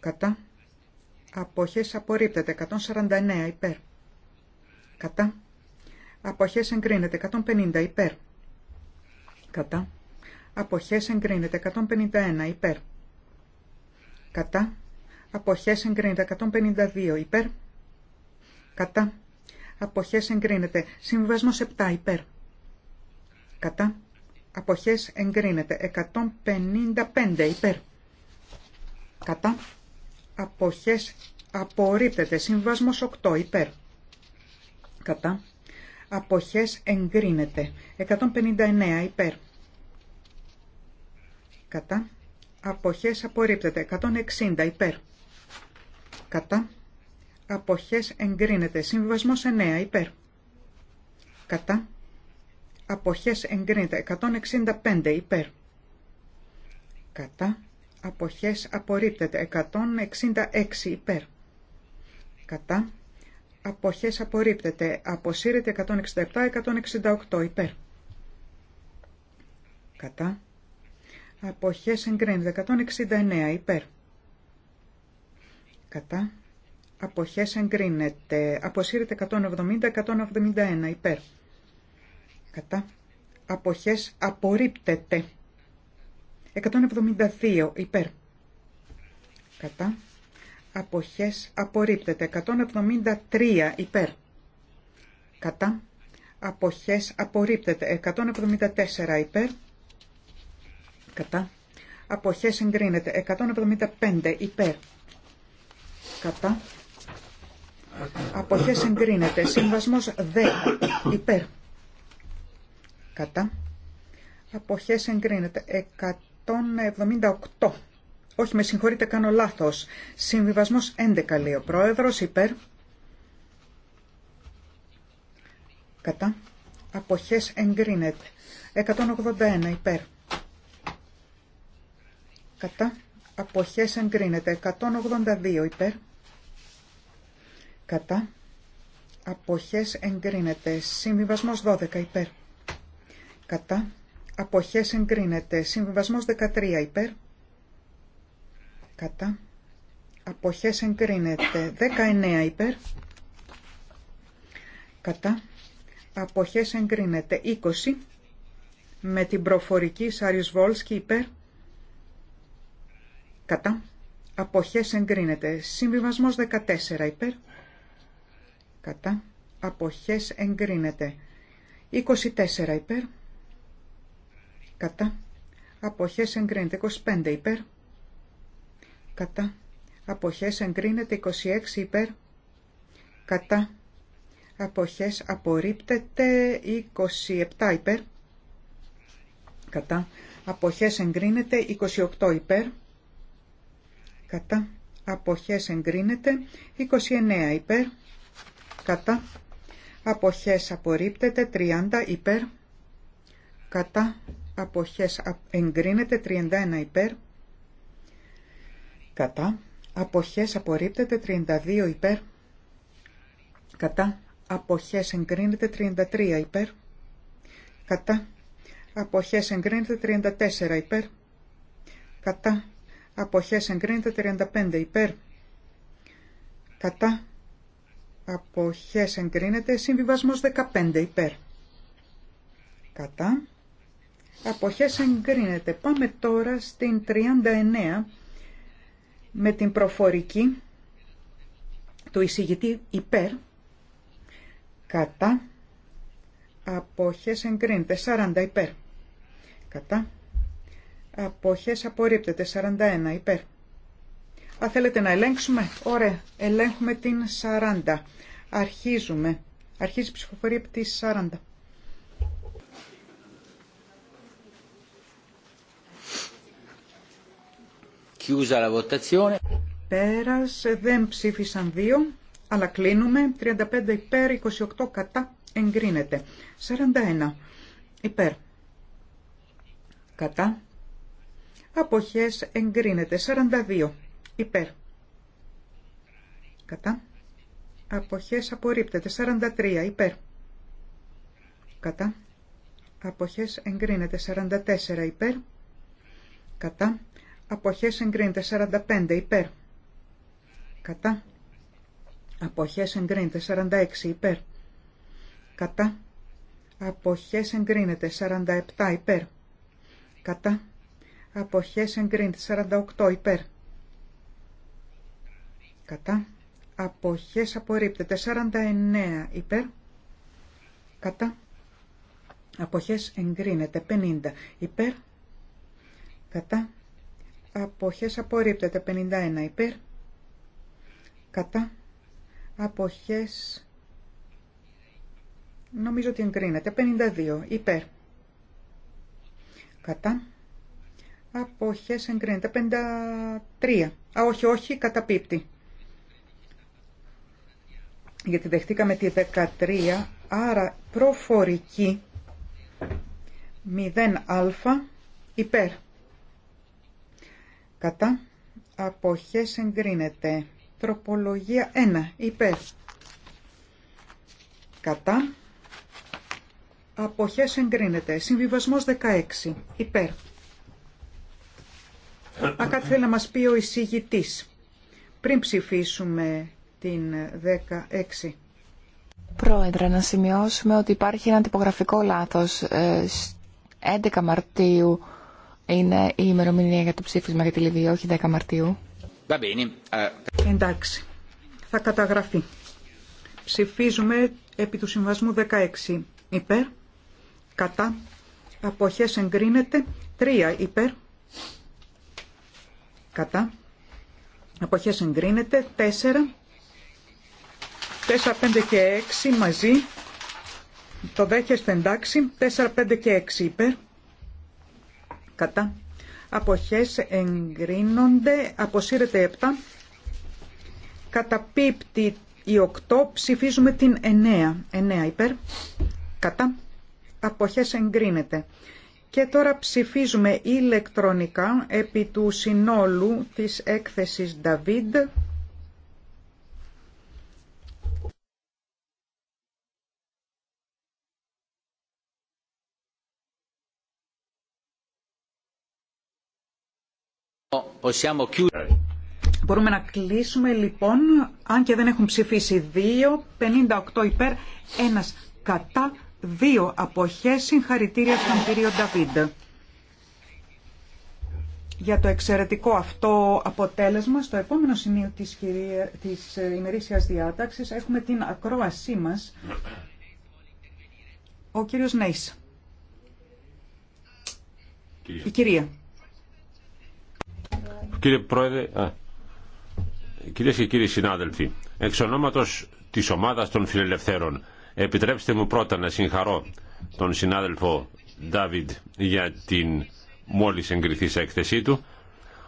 κατά αποχές απορρίπτεται 149 υπέρ κατά Αποχές εγκρίνεται 150 υπέρ. Κατά. Αποχές εγκρίνεται 151 υπέρ. Κατά. Αποχές εγκρίνεται 152 υπέρ. Κατά. Αποχές εγκρίνεται. Συμβασμός 7 υπέρ. Κατά. Αποχές εγκρίνεται. 155 υπέρ. Κατά. Αποχές απορρίπτεται. Συμβασμός 8 υπέρ. Κατά αποχές εγκρίνεται. 159 υπέρ. Κατά. Αποχές απορρίπτεται. 160 υπέρ. Κατά. Αποχές εγκρίνεται. Συμβιβασμός 9 υπέρ. Κατά. Αποχές εγκρίνεται. 165 υπέρ. Κατά. Αποχές απορρίπτεται. 166 υπέρ. Κατά αποχές απορρίπτεται. Αποσύρεται 167-168 υπέρ. Κατά. Αποχές εγκρίνεται 169 υπέρ. Κατά. Αποχές εγκρίνεται. Αποσύρεται 170-171 υπέρ. Κατά. Αποχές απορρίπτεται. 172 υπέρ. Κατά αποχές απορρίπτεται. 173 υπέρ. Κατά αποχές απορρίπτεται. 174 υπέρ. Κατά αποχές εγκρίνεται. 175 υπέρ. Κατά αποχές εγκρίνεται. Συμβασμός 10 υπέρ. Κατά αποχές εγκρίνεται. 178 όχι, με συγχωρείτε, κάνω λάθος. Συμβιβασμός 11 λέει ο πρόεδρος, υπέρ. Κατά. Αποχές εγκρίνεται. 181 υπέρ. Κατά. Αποχές εγκρίνεται. 182 υπέρ. Κατά. Αποχές εγκρίνεται. Συμβιβασμός 12 υπέρ. Κατά. Αποχές εγκρίνεται. Συμβιβασμός 13 υπέρ κατά αποχές εγκρίνεται 19 υπέρ κατά αποχές εγκρίνεται 20 με την προφορική Σάριος Βόλσκι υπέρ κατά αποχές εγκρίνεται συμβιβασμός 14 υπέρ κατά αποχές εγκρίνεται 24 υπέρ κατά αποχές εγκρίνεται 25 υπέρ κατά αποχές εγκρίνεται 26 υπέρ κατά αποχές απορρίπτεται 27 υπέρ κατά αποχές εγκρίνεται 28 υπέρ κατά αποχές εγκρίνεται 29 υπέρ κατά αποχές απορρίπτεται 30 υπέρ κατά αποχές εγκρίνεται 31 υπέρ κατά, αποχές απορρίπτεται 32 υπέρ, κατά, αποχές εγκρίνεται 33 υπέρ, κατά, αποχές εγκρίνεται 34 υπέρ, κατά, αποχές εγκρίνεται 35 υπέρ, κατά, αποχές εγκρίνεται συμβιβασμός 15 υπέρ, κατά, αποχές εγκρίνεται. Πάμε τώρα στην 39 με την προφορική του εισηγητή υπέρ κατά απόχες εγκρίνεται 40 υπέρ κατά απόχες απορρίπτεται 41 υπέρ Α, θέλετε να ελέγξουμε. Ωραία. Ελέγχουμε την 40. Αρχίζουμε. Αρχίζει η ψηφοφορία από τη 40. Πέρασε, δεν ψήφισαν δύο, αλλά κλείνουμε. 35 υπέρ, 28 κατά, εγκρίνεται. 41 υπέρ, κατά, αποχές, εγκρίνεται. 42 υπέρ, κατά, αποχές, απορρίπτεται. 43 υπέρ, κατά, αποχές, εγκρίνεται. 44 υπέρ, κατά, Αποχές εγκρίνεται 45 υπέρ. Κατά. Αποχές εγκρίνεται 46 υπέρ. Κατά. Αποχές εγκρίνεται 47 υπέρ. Κατά. Αποχές εγκρίνεται 48 υπέρ. Κατά. Αποχές απορρίπτεται 49 υπέρ. Κατά. Αποχές εγκρίνεται 50 υπέρ. Κατά αποχές απορρίπτεται 51 υπέρ κατά αποχές νομίζω ότι εγκρίνεται 52 υπέρ κατά αποχές εγκρίνεται 53 α όχι όχι καταπίπτει γιατί δεχτήκαμε τη 13 άρα προφορική 0α υπέρ κατά αποχές εγκρίνεται τροπολογία 1 υπέρ κατά αποχές εγκρίνεται συμβιβασμός 16 υπέρ Α, κάτι θέλει να μας πει ο εισηγητής πριν ψηφίσουμε την 16 Πρόεδρε, να σημειώσουμε ότι υπάρχει ένα τυπογραφικό λάθος. 11 ε, Μαρτίου είναι η ημερομηνία για το ψήφισμα για τη Λιβύη, όχι 10 Μαρτίου. Ε, εντάξει, θα καταγραφεί. Ψηφίζουμε επί του συμβασμού 16 υπέρ, κατά, αποχές εγκρίνεται, 3 υπέρ, κατά, αποχές εγκρίνεται, 4, 4, 5 και 6 μαζί, το δέχεστε εντάξει, 4, 5 και 6 υπέρ, κατά αποχές εγκρίνονται, αποσύρεται 7, καταπίπτει η 8, ψηφίζουμε την 9, 9 υπέρ, κατά αποχές εγκρίνεται. Και τώρα ψηφίζουμε ηλεκτρονικά επί του συνόλου της έκθεσης David. Μπορούμε να κλείσουμε λοιπόν, αν και δεν έχουν ψηφίσει δύο, 58 υπέρ, ένας κατά, δύο αποχές, συγχαρητήρια στον κύριο Νταβίντ. Για το εξαιρετικό αυτό αποτέλεσμα, στο επόμενο σημείο της, κυρία, της ε, ημερήσιας διάταξης έχουμε την ακρόασή μας, ο κύριος Νέης. Κυρία. Η κυρία. Κύριε Πρόεδρε, κυρίες και κύριοι συνάδελφοι, εξ ονόματος της ομάδας των φιλελευθέρων, επιτρέψτε μου πρώτα να συγχαρώ τον συνάδελφο Ντάβιντ για την μόλις εγκριθήσα έκθεσή του.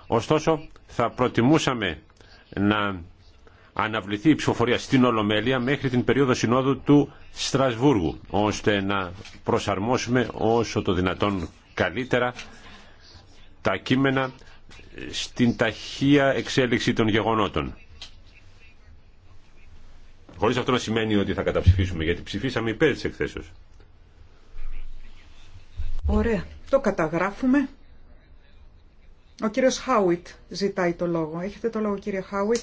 Ωστόσο, θα προτιμούσαμε να αναβληθεί η ψηφοφορία στην Ολομέλεια μέχρι την περίοδο συνόδου του Στρασβούργου, ώστε να προσαρμόσουμε όσο το δυνατόν καλύτερα τα κείμενα στην ταχεία εξέλιξη των γεγονότων. Χωρί αυτό να σημαίνει ότι θα καταψηφίσουμε, γιατί ψηφίσαμε υπέρ τη εκθέσεω. Ωραία. Το καταγράφουμε. Ο κύριος Χάουιτ ζητάει το λόγο. Έχετε το λόγο κύριε Χάουιτ.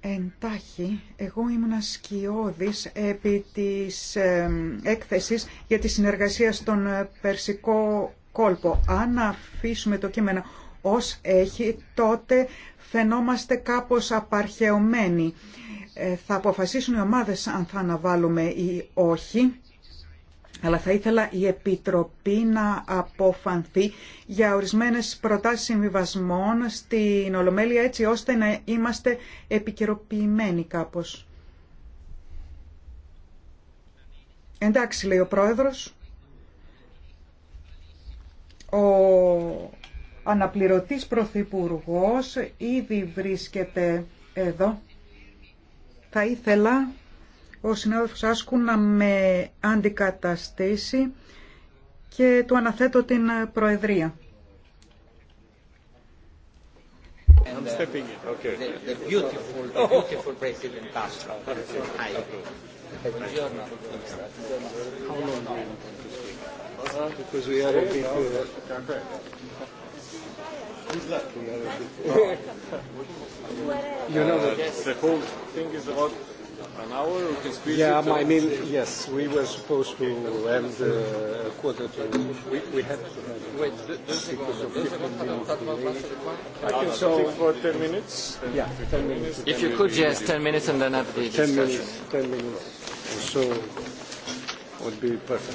Εντάχει, εγώ ήμουν σκιώδης επί της ε, έκθεσης για τη συνεργασία στον ε, Περσικό κόλπο. Αν αφήσουμε το κείμενο ως έχει, τότε φαινόμαστε κάπως απαρχαιωμένοι. Ε, θα αποφασίσουν οι ομάδες αν θα αναβάλουμε ή όχι, αλλά θα ήθελα η Επιτροπή να αποφανθεί για ορισμένες προτάσεις συμβιβασμών στην Ολομέλεια έτσι ώστε να είμαστε επικαιροποιημένοι κάπως. Εντάξει, λέει ο Πρόεδρος. Ο αναπληρωτής πρωθυπουργός ήδη βρίσκεται εδώ. Θα ήθελα ο συνάδελφος Άσκου να με αντικαταστήσει και του αναθέτω την Προεδρία. I'm stepping in. Okay. The, the beautiful, the beautiful President Castro. Hi. Buongiorno. How long do you want to speak? Because we are a bit... You know that the whole thing is about an hour. We can squeeze yeah, I mean, yes, we were supposed to end the quarter to. We, we had to Wait, because of 15 I can so for 10 minutes. Yeah, 10 minutes. If you could, yes, 10 minutes and then have the discussion. 10 minutes, or so would be perfect.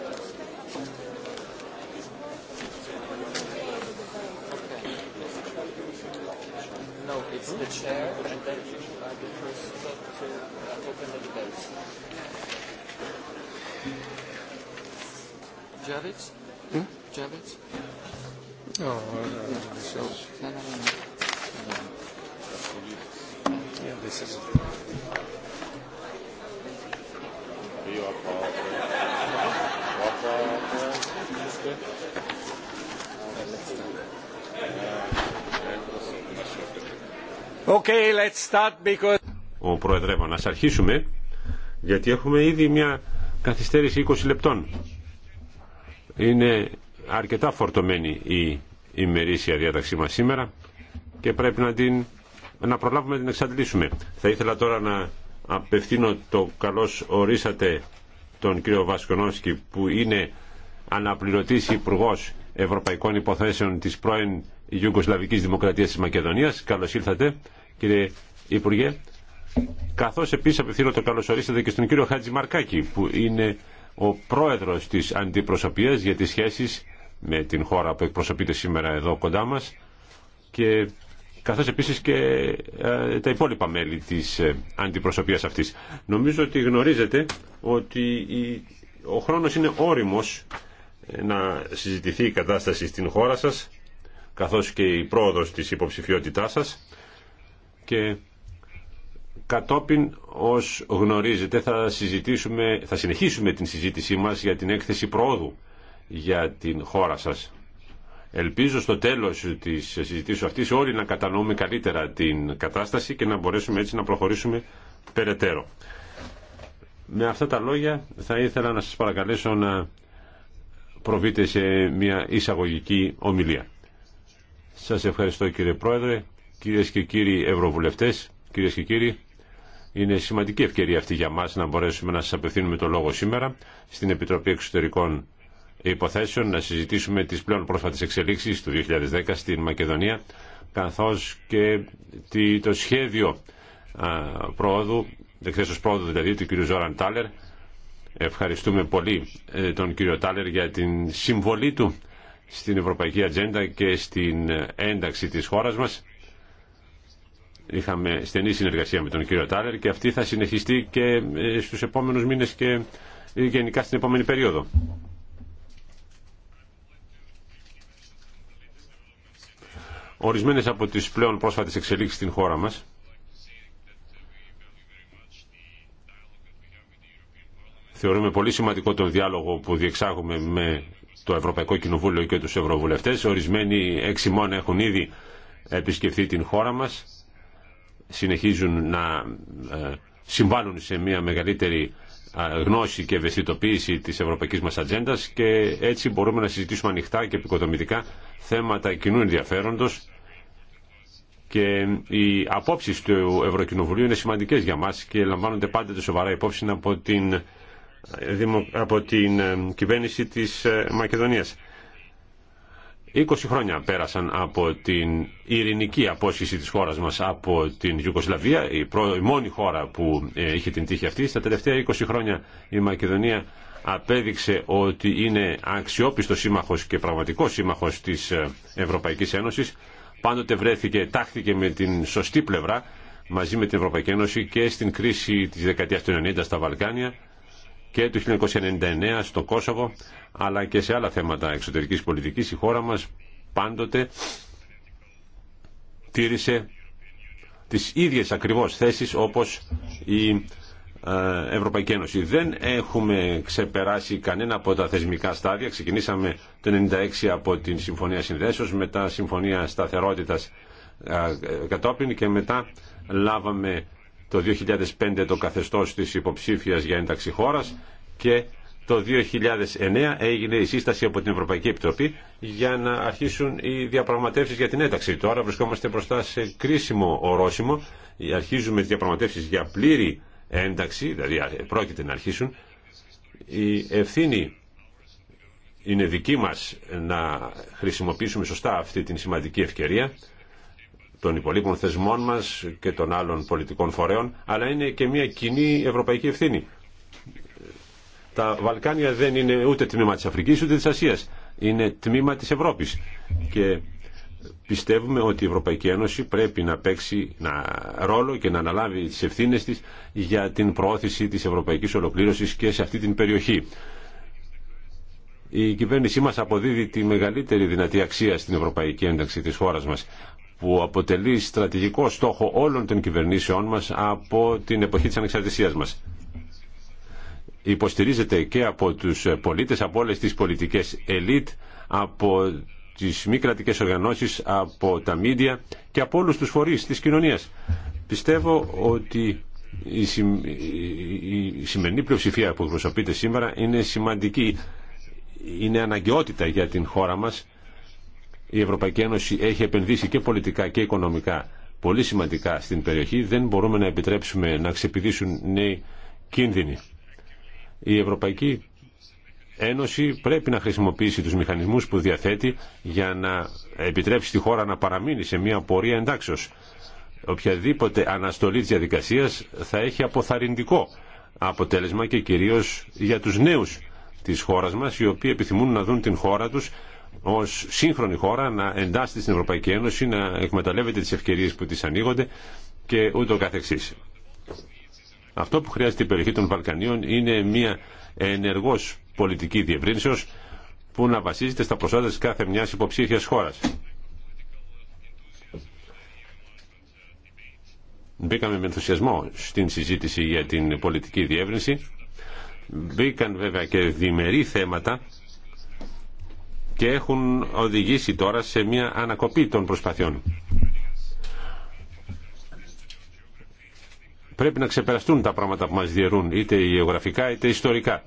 it's the chair, and then you are the first to open the debate. Javits? Hmm? Javits? No, no, no, no. Yeah, this is it. You are Okay, let's start because... αρχίσουμε, γιατί έχουμε ήδη μια καθυστέρηση 20 λεπτών. Είναι αρκετά φορτωμένη η ημερήσια διάταξή μας σήμερα και πρέπει να, την, να προλάβουμε να την εξαντλήσουμε. Θα ήθελα τώρα να απευθύνω το καλώς ορίσατε τον κύριο Βασκονόσκη που είναι αναπληρωτής υπουργό Ευρωπαϊκών Υποθέσεων της πρώην Ιουγκοσλαβική Δημοκρατία τη Μακεδονία, καλώ ήλθατε κύριε Υπουργέ. καθώ επίση απευθύνω το ορίσατε και στον κύριο Χάτζη Μαρκάκη που είναι ο πρόεδρο τη αντιπροσωπείας για τι σχέσει με την χώρα που εκπροσωπείται σήμερα εδώ κοντά μα. και καθώς επίσης και ε, τα υπόλοιπα μέλη της ε, αντιπροσωπείας αυτής. Νομίζω ότι γνωρίζετε ότι ο χρόνος είναι όριμος ε, να συζητηθεί η κατάσταση στην χώρα σας καθώς και η πρόοδος της υποψηφιότητάς σας και κατόπιν ως γνωρίζετε θα, συζητήσουμε, θα συνεχίσουμε την συζήτησή μας για την έκθεση πρόοδου για την χώρα σας. Ελπίζω στο τέλος της συζητήσεως αυτής όλοι να κατανοούμε καλύτερα την κατάσταση και να μπορέσουμε έτσι να προχωρήσουμε περαιτέρω. Με αυτά τα λόγια θα ήθελα να σας παρακαλέσω να προβείτε σε μια εισαγωγική ομιλία. Σας ευχαριστώ κύριε Πρόεδρε, κυρίες και κύριοι Ευρωβουλευτές, κυρίες και κύριοι. Είναι σημαντική ευκαιρία αυτή για μας να μπορέσουμε να σας απευθύνουμε το λόγο σήμερα στην Επιτροπή Εξωτερικών Υποθέσεων να συζητήσουμε τις πλέον πρόσφατες εξελίξεις του 2010 στην Μακεδονία καθώς και το σχέδιο πρόοδου, εκθέσεως πρόοδου δηλαδή του κ. Ζόραν Τάλερ. Ευχαριστούμε πολύ ε, τον κύριο Τάλερ για την συμβολή του στην ευρωπαϊκή ατζέντα και στην ένταξη της χώρας μας. Είχαμε στενή συνεργασία με τον κύριο Τάλερ και αυτή θα συνεχιστεί και ε, στους επόμενους μήνες και ε, γενικά στην επόμενη περίοδο. Ορισμένες από τις πλέον πρόσφατες εξελίξεις στην χώρα μας θεωρούμε πολύ σημαντικό τον διάλογο που διεξάγουμε με το Ευρωπαϊκό Κοινοβούλιο και τους Ευρωβουλευτές. Ορισμένοι έξι μόνο έχουν ήδη επισκεφθεί την χώρα μας. Συνεχίζουν να ε, συμβάλλουν σε μια μεγαλύτερη ε, γνώση και ευαισθητοποίηση της ευρωπαϊκής μας ατζέντα και έτσι μπορούμε να συζητήσουμε ανοιχτά και επικοδομητικά θέματα κοινού ενδιαφέροντος και ε, οι απόψεις του Ευρωκοινοβουλίου είναι σημαντικές για μας και λαμβάνονται πάντα σοβαρά υπόψη από την από την ε, κυβέρνηση της ε, Μακεδονίας. 20 χρόνια πέρασαν από την ειρηνική απόσχηση της χώρας μας από την Ιουγκοσλαβία, η, η μόνη χώρα που ε, είχε την τύχη αυτή. Στα τελευταία 20 χρόνια η Μακεδονία απέδειξε ότι είναι αξιόπιστο σύμμαχος και πραγματικό σύμμαχος της Ευρωπαϊκής Ένωσης. Πάντοτε βρέθηκε, τάχθηκε με την σωστή πλευρά μαζί με την Ευρωπαϊκή Ένωση και στην κρίση της δεκαετίας του 90 στα Βαλκάνια και του 1999 στο Κόσοβο αλλά και σε άλλα θέματα εξωτερικής πολιτικής η χώρα μας πάντοτε τήρησε τις ίδιες ακριβώς θέσεις όπως η ε, Ευρωπαϊκή Ένωση. Δεν έχουμε ξεπεράσει κανένα από τα θεσμικά στάδια. Ξεκινήσαμε το 1996 από την Συμφωνία Συνδέσεως, μετά Συμφωνία Σταθερότητας ε, κατόπιν και μετά λάβαμε το 2005 το καθεστώς της υποψήφιας για ένταξη χώρας και το 2009 έγινε η σύσταση από την Ευρωπαϊκή Επιτροπή για να αρχίσουν οι διαπραγματεύσεις για την ένταξη. Τώρα βρισκόμαστε μπροστά σε κρίσιμο ορόσημο. Αρχίζουμε τις διαπραγματεύσεις για πλήρη ένταξη, δηλαδή πρόκειται να αρχίσουν. Η ευθύνη είναι δική μας να χρησιμοποιήσουμε σωστά αυτή την σημαντική ευκαιρία των υπολείπων θεσμών μας και των άλλων πολιτικών φορέων, αλλά είναι και μια κοινή ευρωπαϊκή ευθύνη. Τα Βαλκάνια δεν είναι ούτε τμήμα της Αφρικής ούτε της Ασίας. Είναι τμήμα της Ευρώπης. Και πιστεύουμε ότι η Ευρωπαϊκή Ένωση πρέπει να παίξει ένα ρόλο και να αναλάβει τις ευθύνες της για την προώθηση της ευρωπαϊκής ολοκλήρωσης και σε αυτή την περιοχή. Η κυβέρνησή μας αποδίδει τη μεγαλύτερη δυνατή αξία στην ευρωπαϊκή ένταξη της χώρας μας που αποτελεί στρατηγικό στόχο όλων των κυβερνήσεών μας από την εποχή της ανεξαρτησίας μας. Υποστηρίζεται και από τους πολίτες, από όλες τις πολιτικές ελίτ, από τις μη κρατικές οργανώσεις, από τα μίντια και από όλους τους φορείς της κοινωνίας. Πιστεύω ότι η, σημερινή πλειοψηφία που εκπροσωπείται σήμερα είναι σημαντική, είναι αναγκαιότητα για την χώρα μας η Ευρωπαϊκή Ένωση έχει επενδύσει και πολιτικά και οικονομικά πολύ σημαντικά στην περιοχή, δεν μπορούμε να επιτρέψουμε να ξεπηδήσουν νέοι κίνδυνοι. Η Ευρωπαϊκή Ένωση πρέπει να χρησιμοποιήσει τους μηχανισμούς που διαθέτει για να επιτρέψει τη χώρα να παραμείνει σε μια πορεία εντάξεως. Οποιαδήποτε αναστολή της διαδικασίας θα έχει αποθαρρυντικό αποτέλεσμα και κυρίως για τους νέους της χώρας μας οι οποίοι επιθυμούν να δουν την χώρα τους ως σύγχρονη χώρα να εντάσσεται στην Ευρωπαϊκή Ένωση, να εκμεταλλεύεται τις ευκαιρίες που της ανοίγονται και ούτω καθεξής. Αυτό που χρειάζεται η περιοχή των Βαλκανίων είναι μια ενεργός πολιτική διευρύνσεω που να βασίζεται στα προσόντα τη κάθε μια υποψήφια χώρας. Μπήκαμε με ενθουσιασμό στην συζήτηση για την πολιτική διεύρυνση. Μπήκαν βέβαια και διμερεί θέματα και έχουν οδηγήσει τώρα σε μια ανακοπή των προσπαθειών. Πρέπει να ξεπεραστούν τα πράγματα που μας διαιρούν, είτε γεωγραφικά είτε ιστορικά.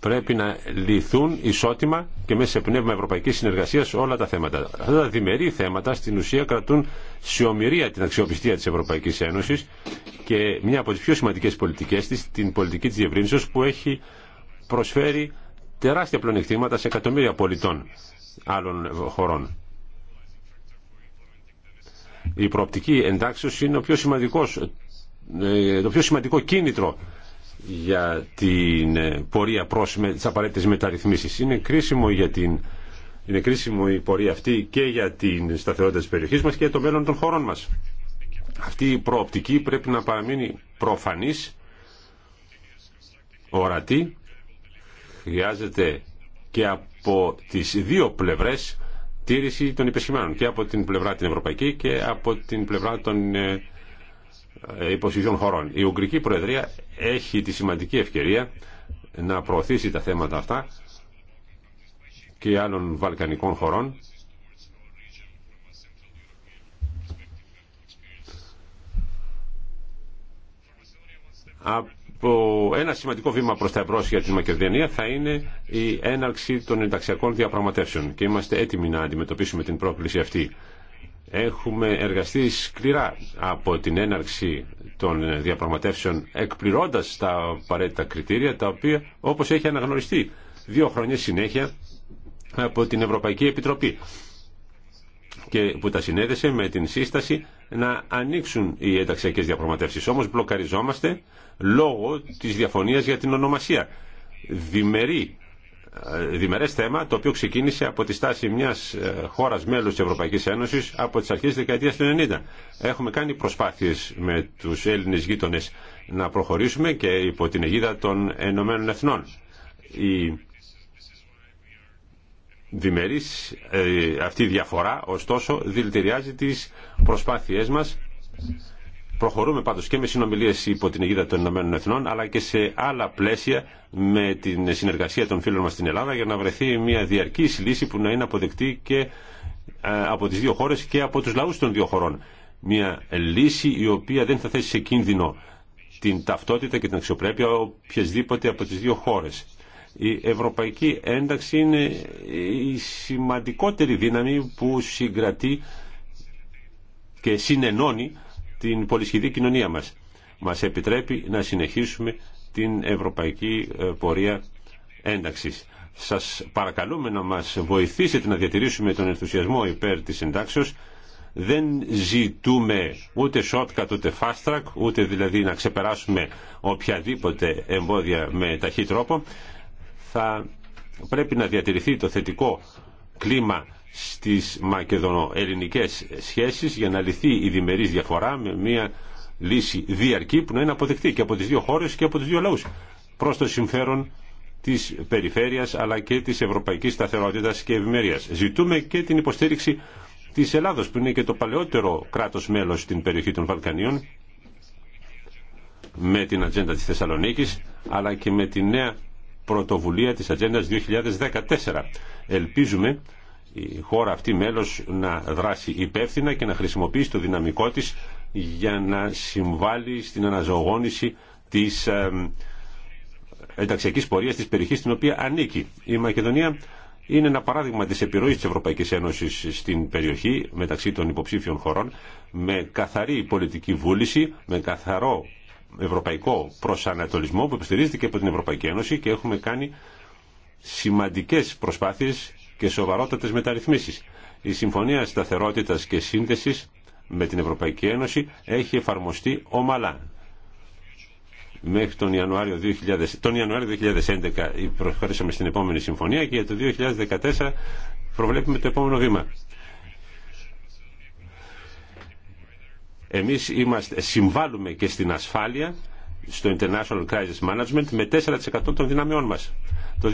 Πρέπει να λυθούν ισότιμα και μέσα σε πνεύμα ευρωπαϊκής συνεργασίας όλα τα θέματα. Αυτά τα διμερεί θέματα στην ουσία κρατούν σιωμηρία την αξιοπιστία της Ευρωπαϊκής Ένωσης και μια από τις πιο σημαντικές πολιτικές της, την πολιτική της διευρύνσεως που έχει προσφέρει τεράστια πλονεκτήματα σε εκατομμύρια πολιτών άλλων χωρών. Η προοπτική εντάξεως είναι ο ε, το πιο σημαντικό κίνητρο για την ε, πορεία προς με, τις απαραίτητες Είναι κρίσιμο, για την, είναι κρίσιμο η πορεία αυτή και για την σταθερότητα της περιοχής μας και για το μέλλον των χωρών μας. Αυτή η προοπτική πρέπει να παραμείνει προφανής, ορατή χρειάζεται και από τις δύο πλευρές τήρηση των υπεσχημένων και από την πλευρά την Ευρωπαϊκή και από την πλευρά των ε, ε, υποσχεδιών χωρών. Η Ουγγρική Προεδρία έχει τη σημαντική ευκαιρία να προωθήσει τα θέματα αυτά και άλλων βαλκανικών χωρών το ένα σημαντικό βήμα προς τα εμπρός για την Μακεδονία θα είναι η έναρξη των ενταξιακών διαπραγματεύσεων και είμαστε έτοιμοι να αντιμετωπίσουμε την πρόκληση αυτή. Έχουμε εργαστεί σκληρά από την έναρξη των διαπραγματεύσεων εκπληρώντας τα απαραίτητα κριτήρια τα οποία όπως έχει αναγνωριστεί δύο χρόνια συνέχεια από την Ευρωπαϊκή Επιτροπή και που τα συνέδεσε με την σύσταση να ανοίξουν οι ενταξιακές διαπραγματεύσεις. Όμως μπλοκαριζόμαστε λόγω της διαφωνίας για την ονομασία. διμερή ε, διμερές θέμα το οποίο ξεκίνησε από τη στάση μιας ε, χώρας μέλους της Ευρωπαϊκής Ένωσης από τις αρχές της δεκαετίας του 90. Έχουμε κάνει προσπάθειες με τους Έλληνες γείτονες να προχωρήσουμε και υπό την αιγίδα των Ενωμένων Εθνών. Η διμερείς ε, αυτή η διαφορά, ωστόσο δηλητηριάζει τις προσπάθειές μας. Προχωρούμε πάντως και με συνομιλίες υπό την αιγύδα των Ηνωμένων Εθνών, αλλά και σε άλλα πλαίσια με την συνεργασία των φίλων μας στην Ελλάδα για να βρεθεί μια διαρκής λύση που να είναι αποδεκτή και ε, από τις δύο χώρες και από τους λαούς των δύο χωρών. Μια λύση η οποία δεν θα θέσει σε κίνδυνο την ταυτότητα και την αξιοπρέπεια οποιασδήποτε από τις δύο χώρες. Η ευρωπαϊκή ένταξη είναι η σημαντικότερη δύναμη που συγκρατεί και συνενώνει την πολυσχηδή κοινωνία μας. Μας επιτρέπει να συνεχίσουμε την ευρωπαϊκή ε, πορεία ένταξης. Σας παρακαλούμε να μας βοηθήσετε να διατηρήσουμε τον ενθουσιασμό υπέρ της εντάξεως. Δεν ζητούμε ούτε shortcut ούτε fast track, ούτε δηλαδή να ξεπεράσουμε οποιαδήποτε εμπόδια με ταχύ τρόπο θα πρέπει να διατηρηθεί το θετικό κλίμα στις μακεδονοελληνικές σχέσεις για να λυθεί η διμερής διαφορά με μια λύση διαρκή που να είναι αποδεκτή και από τις δύο χώρες και από τους δύο λαούς προς το συμφέρον της περιφέρειας αλλά και της ευρωπαϊκής σταθερότητας και ευημερίας. Ζητούμε και την υποστήριξη της Ελλάδος που είναι και το παλαιότερο κράτος μέλος στην περιοχή των Βαλκανίων με την ατζέντα της Θεσσαλονίκης αλλά και με τη νέα πρωτοβουλία της Ατζέντα 2014. Ελπίζουμε η χώρα αυτή μέλος να δράσει υπεύθυνα και να χρησιμοποιήσει το δυναμικό της για να συμβάλλει στην αναζωογόνηση της ε, ενταξιακής πορείας της περιοχής στην οποία ανήκει. Η Μακεδονία είναι ένα παράδειγμα της επιρροής της Ευρωπαϊκής Ένωσης στην περιοχή μεταξύ των υποψήφιων χωρών με καθαρή πολιτική βούληση, με καθαρό ευρωπαϊκό προσανατολισμό που υποστηρίζεται και από την Ευρωπαϊκή Ένωση και έχουμε κάνει σημαντικές προσπάθειες και σοβαρότατες μεταρρυθμίσεις. Η Συμφωνία Σταθερότητας και σύνδεση με την Ευρωπαϊκή Ένωση έχει εφαρμοστεί ομαλά. Μέχρι τον Ιανουάριο, 2000, τον Ιανουάριο 2011 προχωρήσαμε στην επόμενη συμφωνία και για το 2014 προβλέπουμε το επόμενο βήμα. Εμείς είμαστε, συμβάλλουμε και στην ασφάλεια στο International Crisis Management με 4% των δυνάμεών μας. Το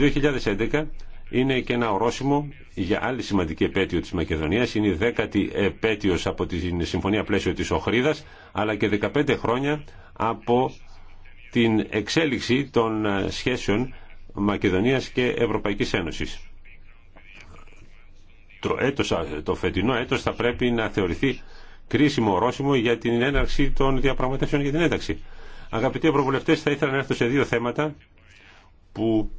2011 είναι και ένα ορόσημο για άλλη σημαντική επέτειο της Μακεδονίας. Είναι η δέκατη επέτειος από τη Συμφωνία Πλαίσιο της Οχρίδας, αλλά και 15 χρόνια από την εξέλιξη των σχέσεων Μακεδονίας και Ευρωπαϊκής Ένωσης. Το, έτος, το φετινό έτος θα πρέπει να θεωρηθεί κρίσιμο ορόσημο για την έναρξη των διαπραγματεύσεων για την ένταξη. Αγαπητοί Ευρωβουλευτέ, θα ήθελα να έρθω σε δύο θέματα που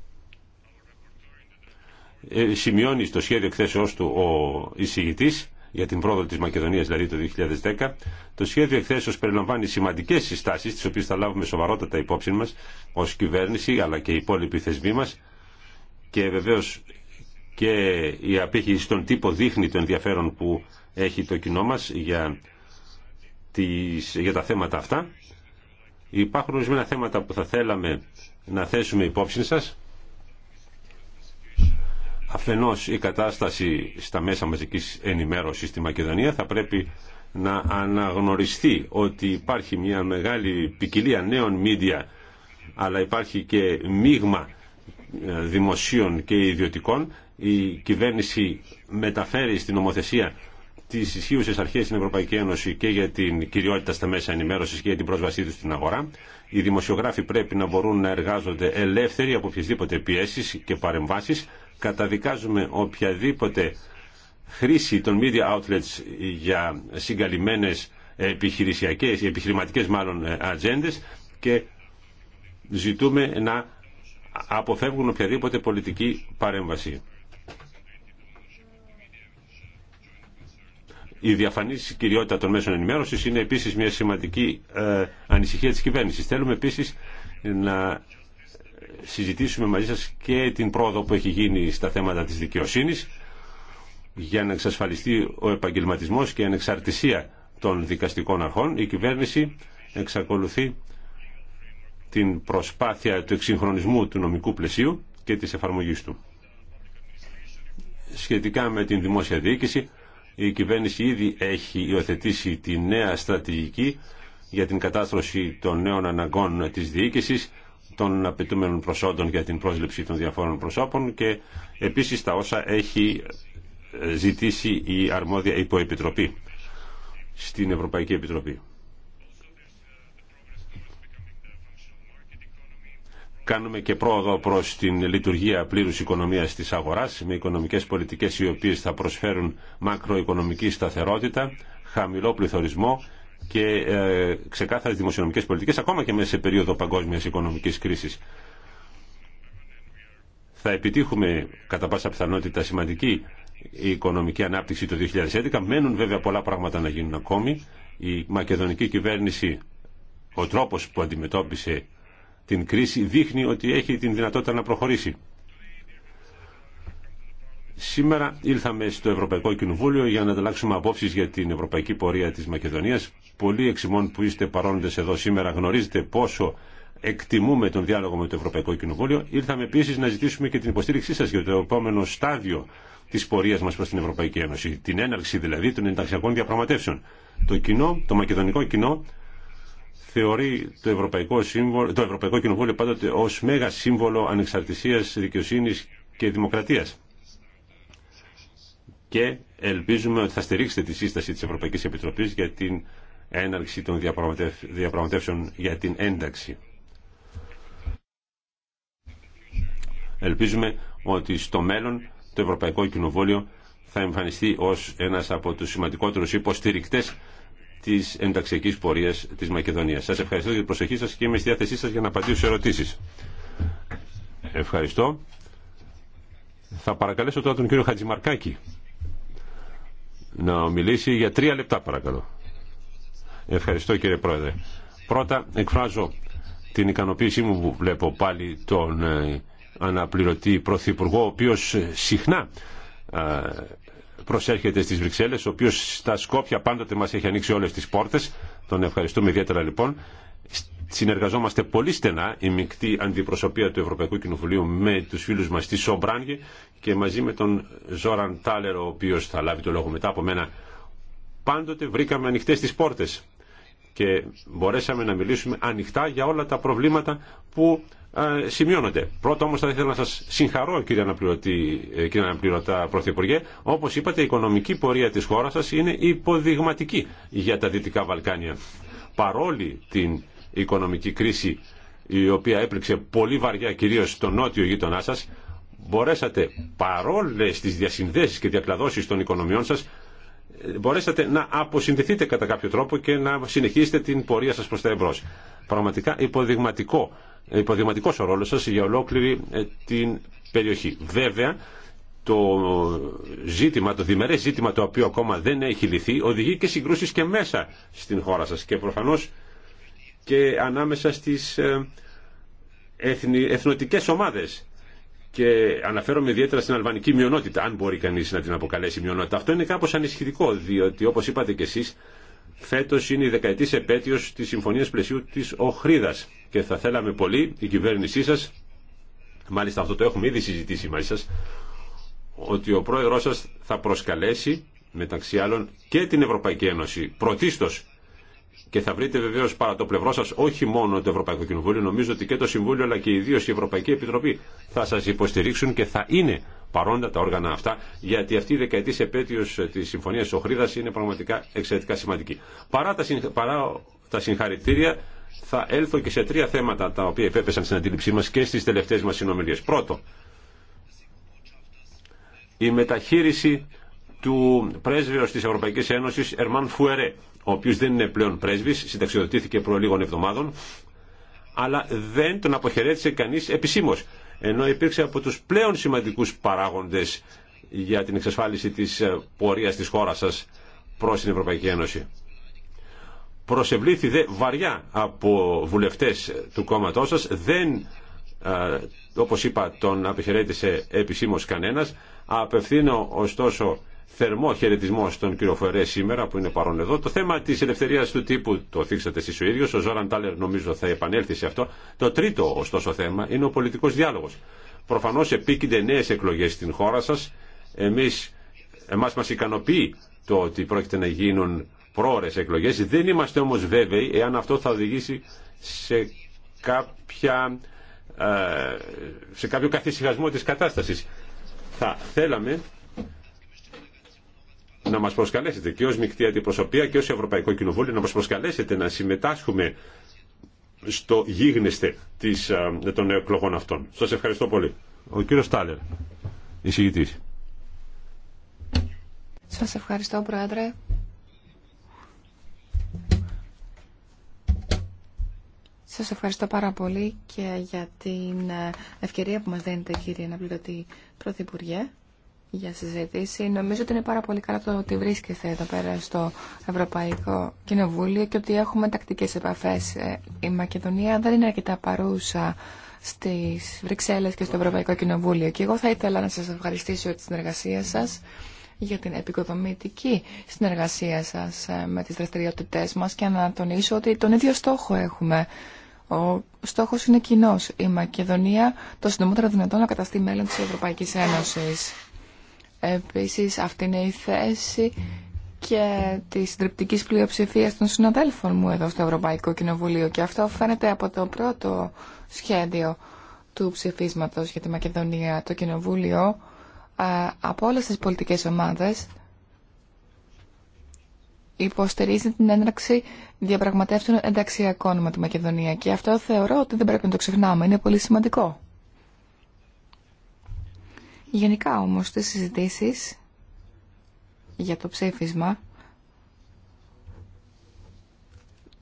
ε, σημειώνει στο σχέδιο εκθέσεώ του ο εισηγητή για την πρόοδο τη Μακεδονία, δηλαδή το 2010. Το σχέδιο εκθέσεω περιλαμβάνει σημαντικέ συστάσει, τι οποίε θα λάβουμε σοβαρότατα υπόψη μα ω κυβέρνηση αλλά και οι υπόλοιποι θεσμοί μα και βεβαίω και η απήχηση στον τύπο δείχνει το ενδιαφέρον που έχει το κοινό μας για, τις, για τα θέματα αυτά. Υπάρχουν ορισμένα θέματα που θα θέλαμε να θέσουμε υπόψη σας. Αφενός η κατάσταση στα μέσα μαζικής ενημέρωσης στη Μακεδονία θα πρέπει να αναγνωριστεί ότι υπάρχει μια μεγάλη ποικιλία νέων μίντια αλλά υπάρχει και μείγμα ε, δημοσίων και ιδιωτικών. Η κυβέρνηση μεταφέρει στην νομοθεσία τι ισχύουσε αρχέ στην Ευρωπαϊκή Ένωση και για την κυριότητα στα μέσα ενημέρωση και για την πρόσβασή του στην αγορά. Οι δημοσιογράφοι πρέπει να μπορούν να εργάζονται ελεύθεροι από οποιασδήποτε πιέσει και παρεμβάσει. Καταδικάζουμε οποιαδήποτε χρήση των media outlets για συγκαλυμμένε επιχειρησιακέ, επιχειρηματικέ μάλλον ε, ατζέντε και ζητούμε να αποφεύγουν οποιαδήποτε πολιτική παρέμβαση. η διαφανής κυριότητα των μέσων ενημέρωσης είναι επίσης μια σημαντική ε, ανησυχία τη κυβέρνηση. Θέλουμε επίσης να συζητήσουμε μαζί σας και την πρόοδο που έχει γίνει στα θέματα της δικαιοσύνης για να εξασφαλιστεί ο επαγγελματισμός και η ανεξαρτησία των δικαστικών αρχών. Η κυβέρνηση εξακολουθεί την προσπάθεια του εξυγχρονισμού του νομικού πλαισίου και της εφαρμογής του. Σχετικά με την δημόσια διοίκηση, η κυβέρνηση ήδη έχει υιοθετήσει τη νέα στρατηγική για την κατάστρωση των νέων αναγκών της διοίκησης, των απαιτούμενων προσόντων για την πρόσληψη των διαφόρων προσώπων και επίσης τα όσα έχει ζητήσει η αρμόδια υποεπιτροπή στην Ευρωπαϊκή Επιτροπή. κάνουμε και πρόοδο προς την λειτουργία πλήρους οικονομίας της αγοράς με οικονομικές πολιτικές οι οποίες θα προσφέρουν μακροοικονομική σταθερότητα, χαμηλό πληθωρισμό και ε, ξεκάθαρες δημοσιονομικές πολιτικές ακόμα και μέσα σε περίοδο παγκόσμιας οικονομικής κρίσης. Θα επιτύχουμε κατά πάσα πιθανότητα σημαντική η οικονομική ανάπτυξη το 2011. Μένουν βέβαια πολλά πράγματα να γίνουν ακόμη. Η μακεδονική κυβέρνηση, ο τρόπος που αντιμετώπισε την κρίση δείχνει ότι έχει την δυνατότητα να προχωρήσει. Σήμερα ήλθαμε στο Ευρωπαϊκό Κοινοβούλιο για να ανταλλάξουμε απόψεις για την ευρωπαϊκή πορεία της Μακεδονίας. Πολλοί εξημών που είστε παρόντες εδώ σήμερα γνωρίζετε πόσο εκτιμούμε τον διάλογο με το Ευρωπαϊκό Κοινοβούλιο. Ήλθαμε επίσης να ζητήσουμε και την υποστήριξή σας για το επόμενο στάδιο της πορείας μας προς την Ευρωπαϊκή Ένωση. Την έναρξη δηλαδή των ενταξιακών διαπραγματεύσεων. Το κοινό, το μακεδονικό κοινό θεωρεί το Ευρωπαϊκό, Σύμβολο, το Ευρωπαϊκό Κοινοβούλιο πάντοτε ως μέγα σύμβολο ανεξαρτησίας, δικαιοσύνης και δημοκρατίας. Και ελπίζουμε ότι θα στηρίξετε τη σύσταση της Ευρωπαϊκής Επιτροπής για την έναρξη των διαπραγματεύσεων για την ένταξη. Ελπίζουμε ότι στο μέλλον το Ευρωπαϊκό Κοινοβούλιο θα εμφανιστεί ως ένας από τους σημαντικότερους υποστηρικτές της ενταξιακής πορεία της Μακεδονίας. Σας ευχαριστώ για την προσοχή σα και είμαι στη διάθεσή σας για να απαντήσω σε ερωτήσει. Ευχαριστώ. Θα παρακαλέσω τώρα τον κύριο Χατζημαρκάκη να μιλήσει για τρία λεπτά παρακαλώ. Ευχαριστώ κύριε Πρόεδρε. Πρώτα εκφράζω την ικανοποίησή μου που βλέπω πάλι τον ε, αναπληρωτή Πρωθυπουργό ο οποίος συχνά ε, προσέρχεται στις Βρυξέλλες, ο οποίος στα Σκόπια πάντοτε μας έχει ανοίξει όλες τις πόρτες. Τον ευχαριστούμε ιδιαίτερα λοιπόν. Συνεργαζόμαστε πολύ στενά η μεικτή αντιπροσωπεία του Ευρωπαϊκού Κοινοβουλίου με τους φίλους μας στη Σομπράνγε και μαζί με τον Ζόραν Τάλερο, ο οποίος θα λάβει το λόγο μετά από μένα. Πάντοτε βρήκαμε ανοιχτέ τις πόρτες και μπορέσαμε να μιλήσουμε ανοιχτά για όλα τα προβλήματα που σημειώνονται. Πρώτα όμω θα ήθελα να σα συγχαρώ κύριε Αναπληρωτή, ε, κύριε Αναπληρωτά Πρωθυπουργέ. Όπως είπατε η οικονομική πορεία τη χώρα σα είναι υποδειγματική για τα Δυτικά Βαλκάνια. Παρόλη την οικονομική κρίση η οποία έπληξε πολύ βαριά κυρίω τον νότιο γείτονά σα, μπορέσατε παρόλε τι διασυνδέσεις και διακλαδώσει των οικονομιών σα, μπορέσατε να αποσυνδεθείτε κατά κάποιο τρόπο και να συνεχίσετε την πορεία σας προς τα εμπρός. Πραγματικά υποδειγματικό υποδηματικός ο ρόλος σας για ολόκληρη ε, την περιοχή. Βέβαια, το ζήτημα, το διμερές ζήτημα το οποίο ακόμα δεν έχει λυθεί οδηγεί και συγκρούσεις και μέσα στην χώρα σας και προφανώς και ανάμεσα στις εθνι, εθνοτικές ομάδες και αναφέρομαι ιδιαίτερα στην αλβανική μειονότητα, αν μπορεί κανείς να την αποκαλέσει μειονότητα. Αυτό είναι κάπως ανησυχητικό, διότι όπως είπατε και εσείς φέτο είναι η δεκαετή επέτειο τη Συμφωνία Πλαισίου τη Οχρίδας και θα θέλαμε πολύ η κυβέρνησή σας, μάλιστα αυτό το έχουμε ήδη συζητήσει μαζί σας, ότι ο πρόεδρός σας θα προσκαλέσει μεταξύ άλλων και την Ευρωπαϊκή Ένωση πρωτίστως και θα βρείτε βεβαίω παρά το πλευρό σα όχι μόνο το Ευρωπαϊκό Κοινοβούλιο, νομίζω ότι και το Συμβούλιο αλλά και ιδίω η Ευρωπαϊκή Επιτροπή θα σα υποστηρίξουν και θα είναι παρόντα τα όργανα αυτά, γιατί αυτή η δεκαετή επέτειο τη Συμφωνία Οχρίδα είναι πραγματικά εξαιρετικά σημαντική. Παρά τα, παρά συγχαρητήρια, θα έλθω και σε τρία θέματα τα οποία επέπεσαν στην αντίληψή μας και στις τελευταίες μας συνομιλίες. Πρώτο, η μεταχείριση του πρέσβεως της Ευρωπαϊκής Ένωσης Ερμάν Φουερέ, ο οποίος δεν είναι πλέον πρέσβης, συνταξιοδοτήθηκε προ λίγων εβδομάδων, αλλά δεν τον αποχαιρέτησε κανείς επισήμως, ενώ υπήρξε από τους πλέον σημαντικούς παράγοντες για την εξασφάλιση της ε, πορείας της χώρας σας προς την Ευρωπαϊκή Ένωση προσευλήθη βαριά από βουλευτές του κόμματός σας, δεν, όπως είπα, τον απεχαιρέτησε επισήμως κανένας. Απευθύνω ωστόσο θερμό χαιρετισμό στον κύριο Φερέ σήμερα που είναι παρόν εδώ. Το θέμα της ελευθερίας του τύπου το θίξατε εσείς ο ίδιο. Ο Ζόραν Τάλερ νομίζω θα επανέλθει σε αυτό. Το τρίτο ωστόσο θέμα είναι ο πολιτικός διάλογος. Προφανώς επίκυνται νέε εκλογέ στην χώρα σας. Εμείς, εμάς μας ικανοποιεί το ότι πρόκειται να γίνουν πρόορες εκλογές. Δεν είμαστε όμως βέβαιοι εάν αυτό θα οδηγήσει σε, ε, σε κάποιο καθυσυχασμό της κατάστασης. Θα θέλαμε να μας προσκαλέσετε και ως μεικτή αντιπροσωπεία και ως Ευρωπαϊκό Κοινοβούλιο να μας προσκαλέσετε να συμμετάσχουμε στο γίγνεσθε της, ε, των εκλογών αυτών. Σας ευχαριστώ πολύ. Ο κύριος Τάλερ, εισηγητής. Σας ευχαριστώ, Πρόεδρε. Σας ευχαριστώ πάρα πολύ και για την ε, ευκαιρία που μας δίνετε κύριε Αναπληρωτή Πρωθυπουργέ για συζήτηση. Νομίζω ότι είναι πάρα πολύ καλά το ότι βρίσκεστε εδώ πέρα στο Ευρωπαϊκό Κοινοβούλιο και ότι έχουμε τακτικές επαφές. Ε, η Μακεδονία δεν είναι αρκετά παρούσα στις Βρυξέλλες και στο Ευρωπαϊκό Κοινοβούλιο και εγώ θα ήθελα να σας ευχαριστήσω για τη συνεργασία σας για την επικοδομητική συνεργασία σας ε, με τις δραστηριότητές μας και να τονίσω ότι τον ίδιο στόχο έχουμε ο στόχος είναι κοινό. Η Μακεδονία το συντομότερο δυνατό να καταστεί μέλλον της Ευρωπαϊκής Ένωσης. Επίση, αυτή είναι η θέση και τη συντριπτική πλειοψηφία των συναδέλφων μου εδώ στο Ευρωπαϊκό Κοινοβουλίο και αυτό φαίνεται από το πρώτο σχέδιο του ψηφίσματο για τη Μακεδονία. Το Κοινοβούλιο ε, από όλες τις πολιτικέ ομάδε υποστηρίζει την έναρξη διαπραγματεύσεων ενταξιακών με τη Μακεδονία και αυτό θεωρώ ότι δεν πρέπει να το ξεχνάμε, είναι πολύ σημαντικό. Γενικά όμως τις συζητήσεις για το ψήφισμα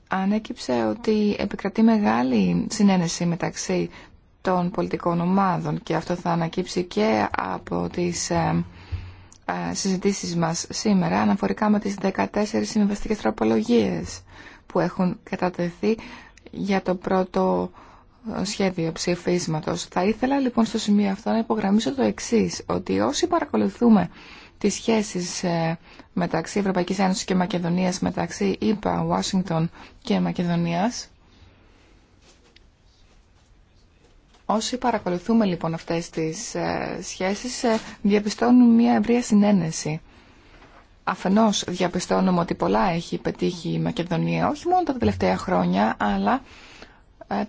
ανέκυψε ότι επικρατεί μεγάλη συνένεση μεταξύ των πολιτικών ομάδων και αυτό θα ανακύψει και από τις ε, ε, συζητήσεις μας σήμερα αναφορικά με τις 14 συμβαστικές τροπολογίες που έχουν κατατεθεί για το πρώτο ε, σχέδιο ψηφίσματος. Θα ήθελα λοιπόν στο σημείο αυτό να υπογραμμίσω το εξής, ότι όσοι παρακολουθούμε τις σχέσεις ε, μεταξύ Ευρωπαϊκής Ένωσης και Μακεδονίας, μεταξύ ΙΠΑ, Ουάσιγκτον και Μακεδονίας, Όσοι παρακολουθούμε λοιπόν αυτές τις ε, σχέσεις ε, διαπιστώνουν μια ευρεία συνένεση. Αφενός διαπιστώνουμε ότι πολλά έχει πετύχει η Μακεδονία όχι μόνο τα τελευταία χρόνια αλλά ε,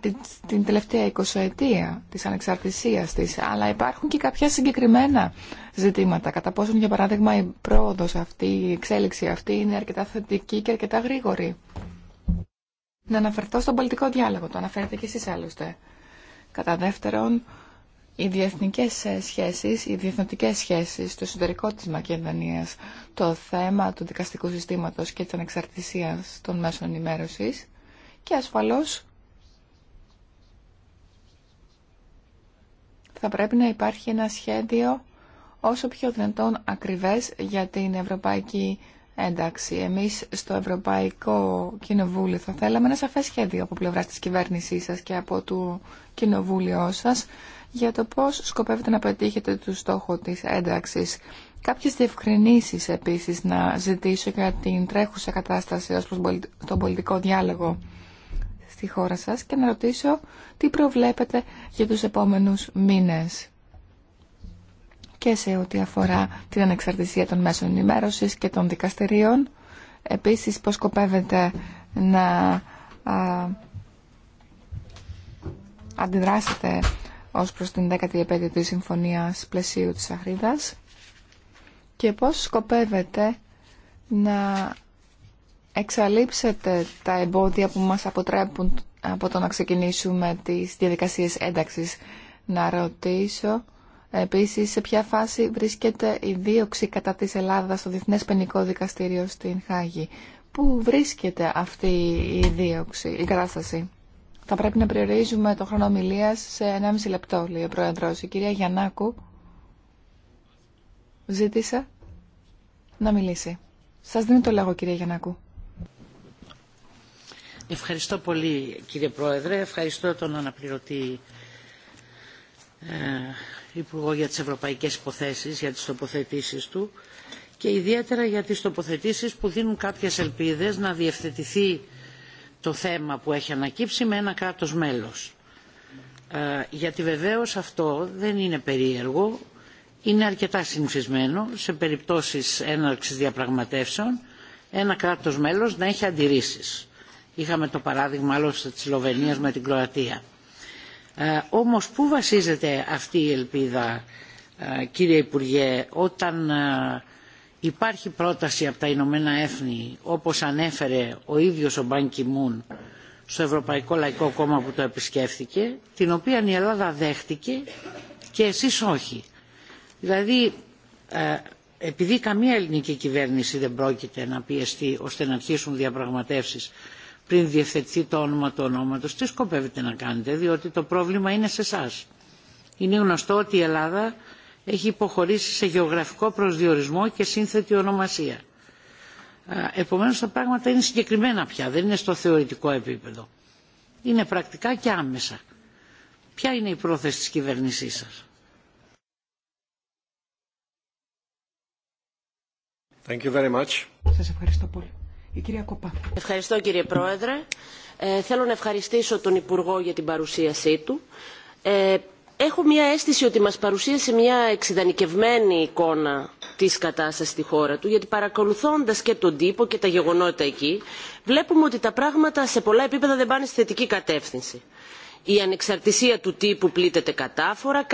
την τελευταία 20 ετία της ανεξαρτησίας της. Αλλά υπάρχουν και κάποια συγκεκριμένα ζητήματα. Κατά πόσον για παράδειγμα η πρόοδος αυτή, η εξέλιξη αυτή είναι αρκετά θετική και αρκετά γρήγορη. Να αναφερθώ στον πολιτικό διάλογο, το αναφέρετε και εσείς άλλωστε. Κατά δεύτερον, οι διεθνικές ε, σχέσεις, οι διεθνωτικές σχέσεις στο εσωτερικό της Μακεδονίας, το θέμα του δικαστικού συστήματος και της ανεξαρτησίας των μέσων ενημέρωσης και ασφαλώς θα πρέπει να υπάρχει ένα σχέδιο όσο πιο δυνατόν ακριβές για την ευρωπαϊκή Εντάξει, εμείς στο Ευρωπαϊκό Κοινοβούλιο θα θέλαμε ένα σαφές σχέδιο από πλευρά της κυβέρνησής σας και από το Κοινοβούλιο σας για το πώς σκοπεύετε να πετύχετε το στόχο της ένταξης. Κάποιες διευκρινήσεις επίσης να ζητήσω για την τρέχουσα κατάσταση ως προς τον πολιτικό διάλογο στη χώρα σας και να ρωτήσω τι προβλέπετε για τους επόμενους μήνες και σε ό,τι αφορά την ανεξαρτησία των μέσων ενημέρωσης και των δικαστηρίων. Επίσης, πώς σκοπεύετε να αντιδράσετε ως προς την 15 η επέτειο Συμφωνίας Πλαισίου της Αχρίδας και πώς σκοπεύετε να εξαλείψετε τα εμπόδια που μας αποτρέπουν από το να ξεκινήσουμε τις διαδικασίες ένταξης. Να ρωτήσω Επίσης, σε ποια φάση βρίσκεται η δίωξη κατά της Ελλάδα στο Διεθνές Πενικό Δικαστήριο στην Χάγη. Πού βρίσκεται αυτή η δίωξη, η κατάσταση. Θα πρέπει να περιορίζουμε το χρόνο ομιλία σε 1,5 λεπτό, λέει ο Πρόεδρος. Η κυρία Γιαννάκου ζήτησε να μιλήσει. Σας δίνω το λόγο, κυρία Γιαννάκου. Ευχαριστώ πολύ, κύριε Πρόεδρε. Ευχαριστώ τον αναπληρωτή ε, Υπουργό για τις Ευρωπαϊκές Υποθέσεις, για τις τοποθετήσεις του και ιδιαίτερα για τις τοποθετήσεις που δίνουν κάποιες ελπίδες να διευθετηθεί το θέμα που έχει ανακύψει με ένα κράτος μέλος. Ε, γιατί βεβαίως αυτό δεν είναι περίεργο, είναι αρκετά συνηθισμένο σε περιπτώσεις έναρξης διαπραγματεύσεων ένα κράτος μέλος να έχει αντιρρήσεις. Είχαμε το παράδειγμα άλλωστε της Σλοβενίας με την Κροατία ε, όμως πού βασίζεται αυτή η ελπίδα ε, κύριε Υπουργέ όταν ε, υπάρχει πρόταση από τα Ηνωμένα Έθνη όπως ανέφερε ο ίδιος ο Μπαν Μουν στο Ευρωπαϊκό Λαϊκό Κόμμα που το επισκέφθηκε την οποία η Ελλάδα δέχτηκε και εσείς όχι. Δηλαδή επειδή καμία ελληνική κυβέρνηση δεν πρόκειται να πιεστεί ώστε να αρχίσουν διαπραγματεύσεις πριν διευθετηθεί το όνομα του ονόματος. Τι σκοπεύετε να κάνετε, διότι το πρόβλημα είναι σε εσά. Είναι γνωστό ότι η Ελλάδα έχει υποχωρήσει σε γεωγραφικό προσδιορισμό και σύνθετη ονομασία. Επομένως τα πράγματα είναι συγκεκριμένα πια, δεν είναι στο θεωρητικό επίπεδο. Είναι πρακτικά και άμεσα. Ποια είναι η πρόθεση της κυβέρνησής σας. Thank you very much. Σας ευχαριστώ πολύ. Ευχαριστώ κύριε Πρόεδρε. Ε, θέλω να ευχαριστήσω τον Υπουργό για την παρουσίασή του. Ε, έχω μια αίσθηση ότι μας παρουσίασε μια εξειδανικευμένη εικόνα της κατάστασης στη χώρα του γιατί παρακολουθώντας και τον τύπο και τα γεγονότα εκεί βλέπουμε ότι τα πράγματα σε πολλά επίπεδα δεν πάνε στη θετική κατεύθυνση. Η ανεξαρτησία του τύπου πλήττεται κατάφορα,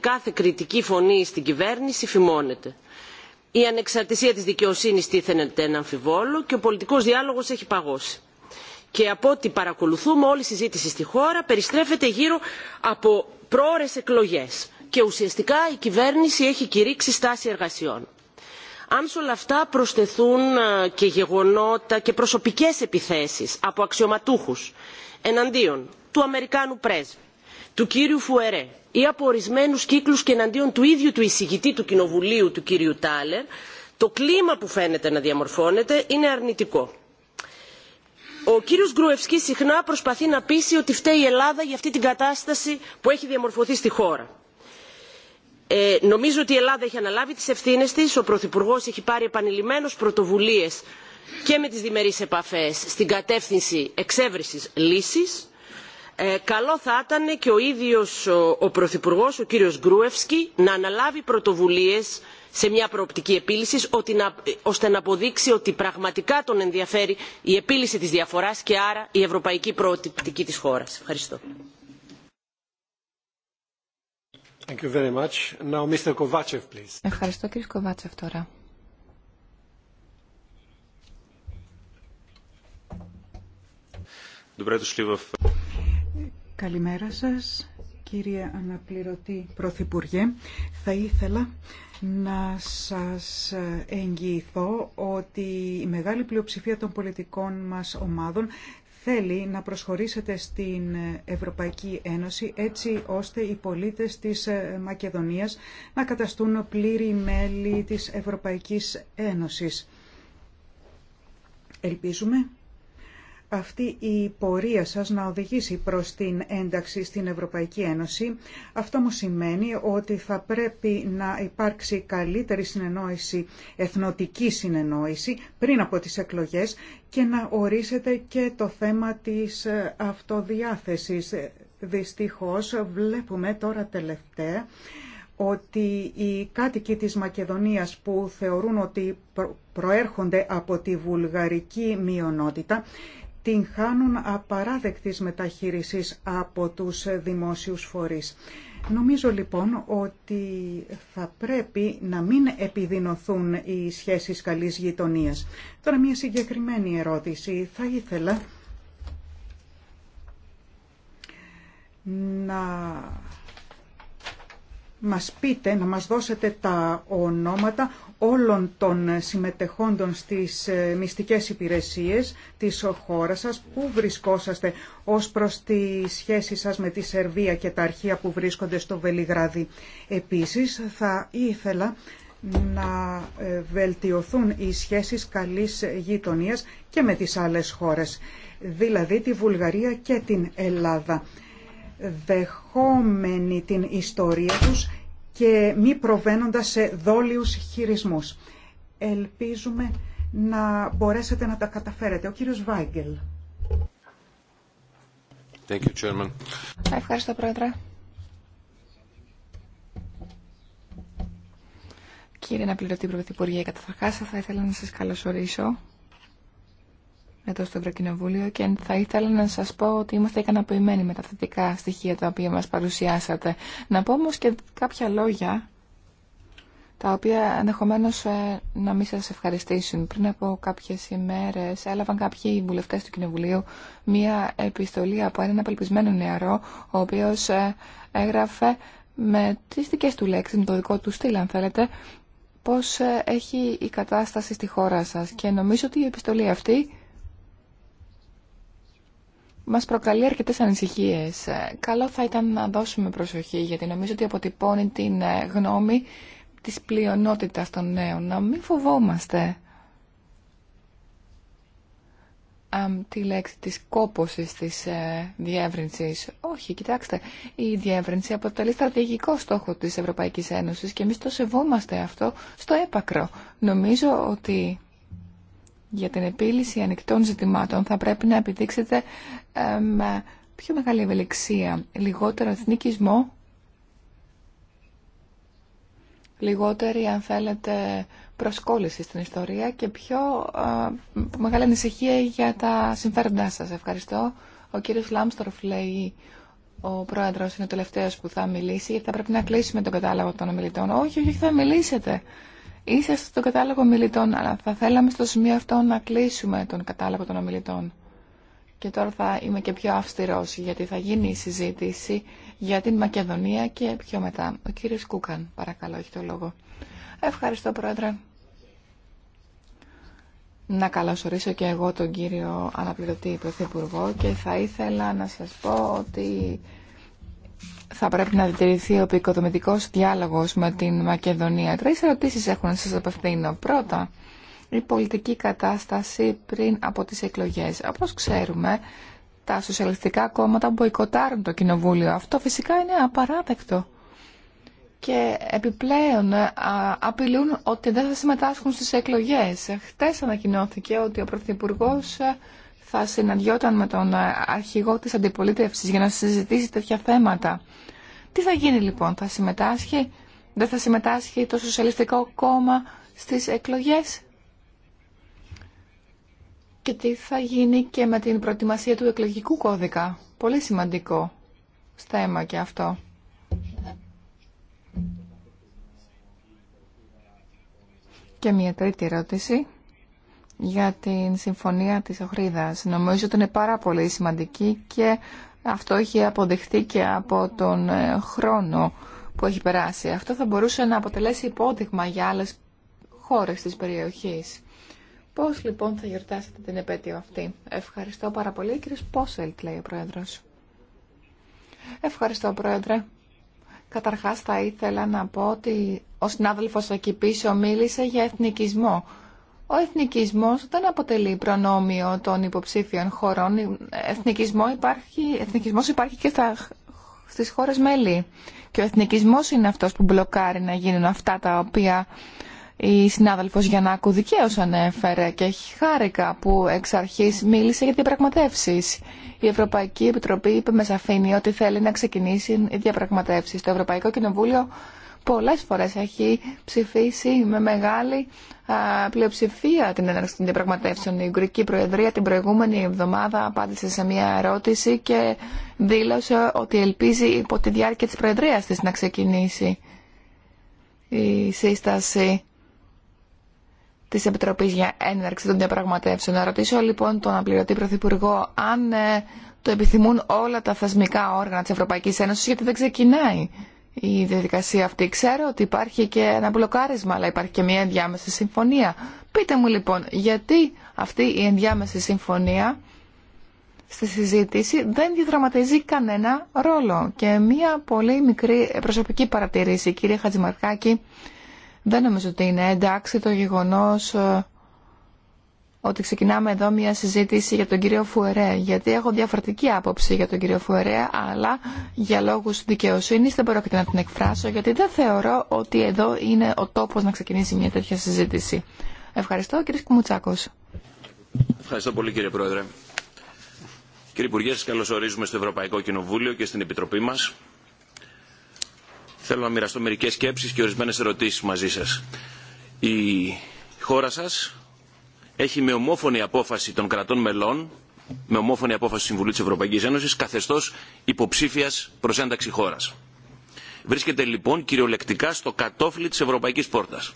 κάθε κριτική φωνή στην κυβέρνηση φημώνεται η ανεξαρτησία της δικαιοσύνης τίθενται ένα αμφιβόλο και ο πολιτικός διάλογος έχει παγώσει. Και από ό,τι παρακολουθούμε όλη η συζήτηση στη χώρα περιστρέφεται γύρω από πρόορες εκλογές και ουσιαστικά η κυβέρνηση έχει κηρύξει στάση εργασιών. Αν σε όλα αυτά προσθεθούν ε, και γεγονότα και προσωπικές επιθέσεις από αξιωματούχους εναντίον του Αμερικάνου πρέσβη, του κύριου Φουερέ ή από ορισμένου κύκλους και εναντίον του ίδιου του εισηγητή του Κοινοβουλίου του κύριου Τάλερ, το κλίμα που φαίνεται να διαμορφώνεται είναι αρνητικό. Ο κύριος Γκρουευσκής συχνά προσπαθεί να πείσει ότι φταίει η Ελλάδα για αυτή την κατάσταση που έχει διαμορφωθεί στη χώρα. Ε, νομίζω ότι η Ελλάδα εχει διαμορφωθει στη χωρα νομιζω αναλάβει τις ευθύνες της, ο Πρωθυπουργός έχει πάρει επανειλημμένως πρωτοβουλίες και με τις διμερείς επαφές στην κατεύθυνση εξέβρισης λύσης ε, καλό θα ήταν και ο ίδιος ο πρωθυπουργός ο κύριος γκρούευσκι να αναλάβει πρωτοβουλίες σε μια προοπτική επίλυση, ώστε να αποδείξει ότι πραγματικά τον ενδιαφέρει η επίλυση της διαφοράς και άρα η ευρωπαϊκή προοπτική της χώρας. Ευχαριστώ. Ευχαριστώ κύριε Καλημέρα σας, κύριε Αναπληρωτή Πρωθυπουργέ. Θα ήθελα να σας εγγυηθώ ότι η μεγάλη πλειοψηφία των πολιτικών μας ομάδων θέλει να προσχωρήσετε στην Ευρωπαϊκή Ένωση έτσι ώστε οι πολίτες της Μακεδονίας να καταστούν πλήρη μέλη της Ευρωπαϊκής Ένωσης. Ελπίζουμε αυτή η πορεία σας να οδηγήσει προς την ένταξη στην Ευρωπαϊκή Ένωση. Αυτό μου σημαίνει ότι θα πρέπει να υπάρξει καλύτερη συνεννόηση, εθνοτική συνεννόηση πριν από τις εκλογές και να ορίσετε και το θέμα της αυτοδιάθεσης. Δυστυχώς βλέπουμε τώρα τελευταία ότι οι κάτοικοι της Μακεδονίας που θεωρούν ότι προέρχονται από τη βουλγαρική μειονότητα την χάνουν απαράδεκτης μεταχείρισης από τους δημόσιους φορείς. Νομίζω λοιπόν ότι θα πρέπει να μην επιδεινωθούν οι σχέσεις καλής γειτονίας. Τώρα μια συγκεκριμένη ερώτηση. Θα ήθελα να μας πείτε, να μας δώσετε τα ονόματα όλων των συμμετεχόντων στις ε, μυστικές υπηρεσίες της χώρας σας, πού βρισκόσαστε ως προς τη σχέση σας με τη Σερβία και τα αρχεία που βρίσκονται στο Βελιγράδι. Επίσης, θα ήθελα να ε, βελτιωθούν οι σχέσεις καλής γειτονίας και με τις άλλες χώρες, δηλαδή τη Βουλγαρία και την Ελλάδα δεχόμενη την ιστορία τους και μη προβαίνοντας σε δόλιους χειρισμούς. Ελπίζουμε να μπορέσετε να τα καταφέρετε. Ο κύριος Βάγκελ. Ευχαριστώ, Πρόεδρε. Κύριε Αναπληρωτή Πρωθυπουργέ, καταρχά θα ήθελα να σα καλωσορίσω εδώ στο Ευρωκοινοβούλιο και θα ήθελα να σας πω ότι είμαστε ικανοποιημένοι με τα θετικά στοιχεία τα οποία μας παρουσιάσατε. Να πω όμως και κάποια λόγια τα οποία ενδεχομένω ε, να μην σας ευχαριστήσουν. Πριν από κάποιες ημέρες έλαβαν κάποιοι βουλευτές του Κοινοβουλίου μία επιστολή από έναν απελπισμένο νεαρό, ο οποίος ε, έγραφε με τις δικές του λέξεις, με το δικό του στυλ αν θέλετε, πώς ε, έχει η κατάσταση στη χώρα σας. Και νομίζω ότι η επιστολή αυτή μας προκαλεί αρκετές ανησυχίες. Ε, καλό θα ήταν να δώσουμε προσοχή, γιατί νομίζω ότι αποτυπώνει την ε, γνώμη της πλειονότητας των νέων. Να μην φοβόμαστε τη λέξη της κόπωσης της ε, διεύρυνσης. Όχι, κοιτάξτε, η διεύρυνση αποτελεί στρατηγικό στόχο της Ευρωπαϊκής Ένωσης και εμείς το σεβόμαστε αυτό στο έπακρο. Νομίζω ότι για την επίλυση ανοιχτών ζητημάτων θα πρέπει να επιδείξετε με πιο μεγάλη ευελιξία, λιγότερο εθνικισμό, λιγότερη αν θέλετε προσκόλληση στην ιστορία και πιο ε, μεγάλη ανησυχία για τα συμφέροντά σας. Ευχαριστώ. Ο κύριος Λάμστορφ λέει ο πρόεδρο είναι ο τελευταίο που θα μιλήσει, γιατί θα πρέπει να κλείσουμε τον κατάλογο των ομιλητών. Όχι, όχι, θα μιλήσετε. Είσαστε στον κατάλογο ομιλητών, αλλά θα θέλαμε στο σημείο αυτό να κλείσουμε τον κατάλογο των ομιλητών. Και τώρα θα είμαι και πιο αυστηρός, γιατί θα γίνει η συζήτηση για την Μακεδονία και πιο μετά. Ο κύριος Κούκαν, παρακαλώ, έχει το λόγο. Ευχαριστώ, Πρόεδρε. Να καλωσορίσω και εγώ τον κύριο Αναπληρωτή Πρωθυπουργό και θα ήθελα να σας πω ότι θα πρέπει να διατηρηθεί ο οικοδομητικό διάλογος με την Μακεδονία. Τρεις ερωτήσει έχω να σας απευθύνω. Πρώτα, η πολιτική κατάσταση πριν από τις εκλογές. Όπω ξέρουμε, τα σοσιαλιστικά κόμματα μποϊκοτάρουν το κοινοβούλιο. Αυτό φυσικά είναι απαράδεκτο. Και επιπλέον απειλούν ότι δεν θα συμμετάσχουν στις εκλογές. Χτες ανακοινώθηκε ότι ο Πρωθυπουργός θα συναντιόταν με τον ε, αρχηγό της αντιπολίτευσης για να συζητήσει τέτοια θέματα. Τι θα γίνει λοιπόν, θα συμμετάσχει, δεν θα συμμετάσχει το Σοσιαλιστικό Κόμμα στις εκλογές και τι θα γίνει και με την προετοιμασία του εκλογικού κώδικα. Πολύ σημαντικό θέμα και αυτό. Και μια τρίτη ερώτηση για την συμφωνία της Οχρίδας. Νομίζω ότι είναι πάρα πολύ σημαντική και αυτό έχει αποδειχθεί και από τον ε, χρόνο που έχει περάσει. Αυτό θα μπορούσε να αποτελέσει υπόδειγμα για άλλες χώρες της περιοχής. Πώς λοιπόν θα γιορτάσετε την επέτειο αυτή. Ευχαριστώ πάρα πολύ. κύριε Πόσελτ λέει ο Πρόεδρος. Ευχαριστώ Πρόεδρε. Καταρχάς θα ήθελα να πω ότι ο συνάδελφος εκεί πίσω μίλησε για εθνικισμό. Ο εθνικισμός δεν αποτελεί προνόμιο των υποψήφιων χωρών. Εθνικισμό υπάρχει, εθνικισμός υπάρχει και στα, στις χώρες μέλη. Και ο εθνικισμός είναι αυτός που μπλοκάρει να γίνουν αυτά τα οποία η συνάδελφος Γιαννάκου δικαίως ανέφερε και έχει χάρηκα που εξ αρχής μίλησε για διαπραγματεύσεις. Η Ευρωπαϊκή Επιτροπή είπε με σαφήνεια ότι θέλει να ξεκινήσει οι διαπραγματεύσεις. Το Ευρωπαϊκό Κοινοβούλιο πολλές φορές έχει ψηφίσει με μεγάλη πλειοψηφία την έναρξη των διαπραγματεύσεων. Η Ουγγρική Προεδρία την προηγούμενη εβδομάδα απάντησε σε μια ερώτηση και δήλωσε ότι ελπίζει υπό τη διάρκεια της Προεδρίας της να ξεκινήσει η σύσταση της Επιτροπής για έναρξη των διαπραγματεύσεων. Να ρωτήσω λοιπόν τον απληρωτή Πρωθυπουργό αν ε, το επιθυμούν όλα τα θεσμικά όργανα της Ευρωπαϊκής Ένωσης γιατί δεν ξεκινάει η διαδικασία αυτή. Ξέρω ότι υπάρχει και ένα μπλοκάρισμα, αλλά υπάρχει και μια ενδιάμεση συμφωνία. Πείτε μου λοιπόν, γιατί αυτή η ενδιάμεση συμφωνία στη συζήτηση δεν διαδραματιζεί κανένα ρόλο. Και μια πολύ μικρή προσωπική παρατηρήση, κύριε Χατζημαρκάκη, δεν νομίζω ότι είναι εντάξει το γεγονός ε, ότι ξεκινάμε εδώ μια συζήτηση για τον κύριο Φουερέ, γιατί έχω διαφορετική άποψη για τον κύριο Φουερέ, αλλά για λόγους δικαιοσύνης δεν μπορώ να την εκφράσω, γιατί δεν θεωρώ ότι εδώ είναι ο τόπος να ξεκινήσει μια τέτοια συζήτηση. Ευχαριστώ, κύριε Κουμουτσάκος. Ευχαριστώ πολύ, κύριε Πρόεδρε. Κύριε Υπουργέ, σας καλωσορίζουμε στο Ευρωπαϊκό Κοινοβούλιο και στην Επιτροπή μας. Θέλω να μοιραστώ μερικές σκέψεις και ορισμένες ερωτήσεις μαζί σας. Η χώρα σας, έχει με ομόφωνη απόφαση των κρατών μελών με ομόφωνη απόφαση του Συμβουλίου της Ευρωπαϊκής Ένωσης καθεστώς υποψήφιας προς ένταξη χώρας. Βρίσκεται λοιπόν κυριολεκτικά στο κατόφλι της ευρωπαϊκής πόρτας.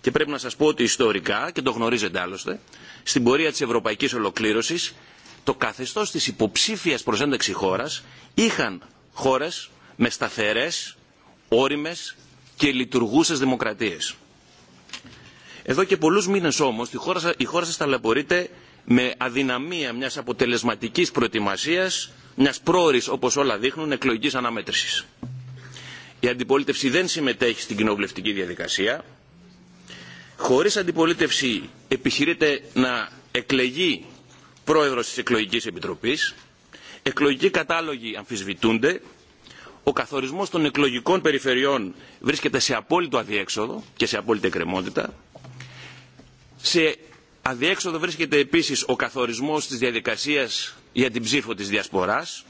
Και πρέπει να σας πω ότι ιστορικά, και το γνωρίζετε άλλωστε, στην πορεία της ευρωπαϊκής ολοκλήρωσης, το καθεστώς της υποψήφιας προς ένταξη χώρας είχαν χώρες με σταθερές, όριμε και λειτουργούσε δημοκρατίε. Εδώ και πολλού μήνε όμω η χώρα, σα χώρα σας ταλαιπωρείται με αδυναμία μια αποτελεσματική προετοιμασία, μια πρόορη όπω όλα δείχνουν εκλογική αναμέτρηση. Η αντιπολίτευση δεν συμμετέχει στην κοινοβουλευτική διαδικασία. Χωρί αντιπολίτευση επιχειρείται να εκλεγεί πρόεδρο τη εκλογική επιτροπή, Εκλογικοί κατάλογοι αμφισβητούνται. Ο καθορισμός των εκλογικών περιφερειών βρίσκεται σε απόλυτο αδιέξοδο και σε απόλυτη εκκρεμότητα. Σε αδιέξοδο βρίσκεται επίσης ο καθορισμός της διαδικασίας για την ψήφο της Διασποράς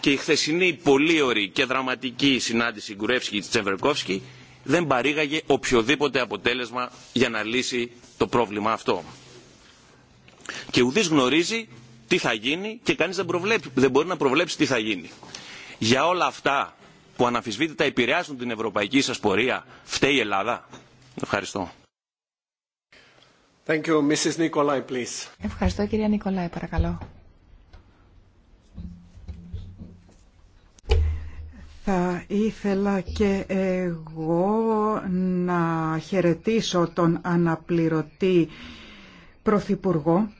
και η χθεσινή πολύ και δραματική συνάντηση Γκουρεύσκη και Τσεβερκόφσκη δεν παρήγαγε οποιοδήποτε αποτέλεσμα για να λύσει το πρόβλημα αυτό. Και ουδής γνωρίζει τι θα γίνει και κανείς δεν, προβλέπει, δεν μπορεί να προβλέψει τι θα γίνει. Για όλα αυτά που αναφυσβήτητα επηρεάζουν την ευρωπαϊκή σας πορεία φταίει η Ελλάδα. Ευχαριστώ. Ευχαριστώ κυρία Νικολάη, παρακαλώ. Θα ήθελα και εγώ να χαιρετήσω τον αναπληρωτή Πρωθυπουργό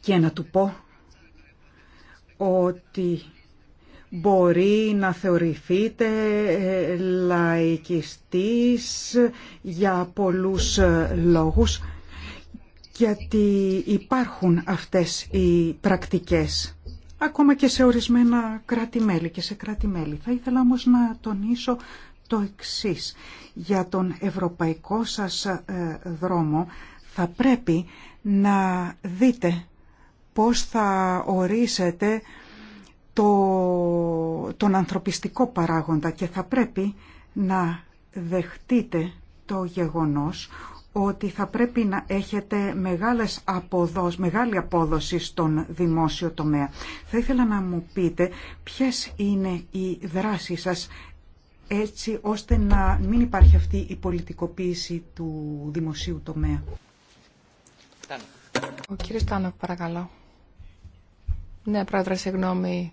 και να του πω ότι μπορεί να θεωρηθείτε ε, λαϊκιστής για πολλούς λόγους γιατί υπάρχουν αυτές οι πρακτικές ακόμα και σε ορισμένα κράτη-μέλη και σε κράτη-μέλη. Θα ήθελα όμως να τονίσω το εξής. Για τον ευρωπαϊκό σας ε, δρόμο θα πρέπει να δείτε πώς θα ορίσετε το, τον ανθρωπιστικό παράγοντα και θα πρέπει να δεχτείτε το γεγονός ότι θα πρέπει να έχετε μεγάλες μεγάλη απόδοση στον δημόσιο τομέα. Θα ήθελα να μου πείτε ποιες είναι οι δράσεις σας έτσι ώστε να μην υπάρχει αυτή η πολιτικοποίηση του δημοσίου τομέα. Ο κύριος Τάνοκ, παρακαλώ. Ναι, πρόεδρε, συγγνώμη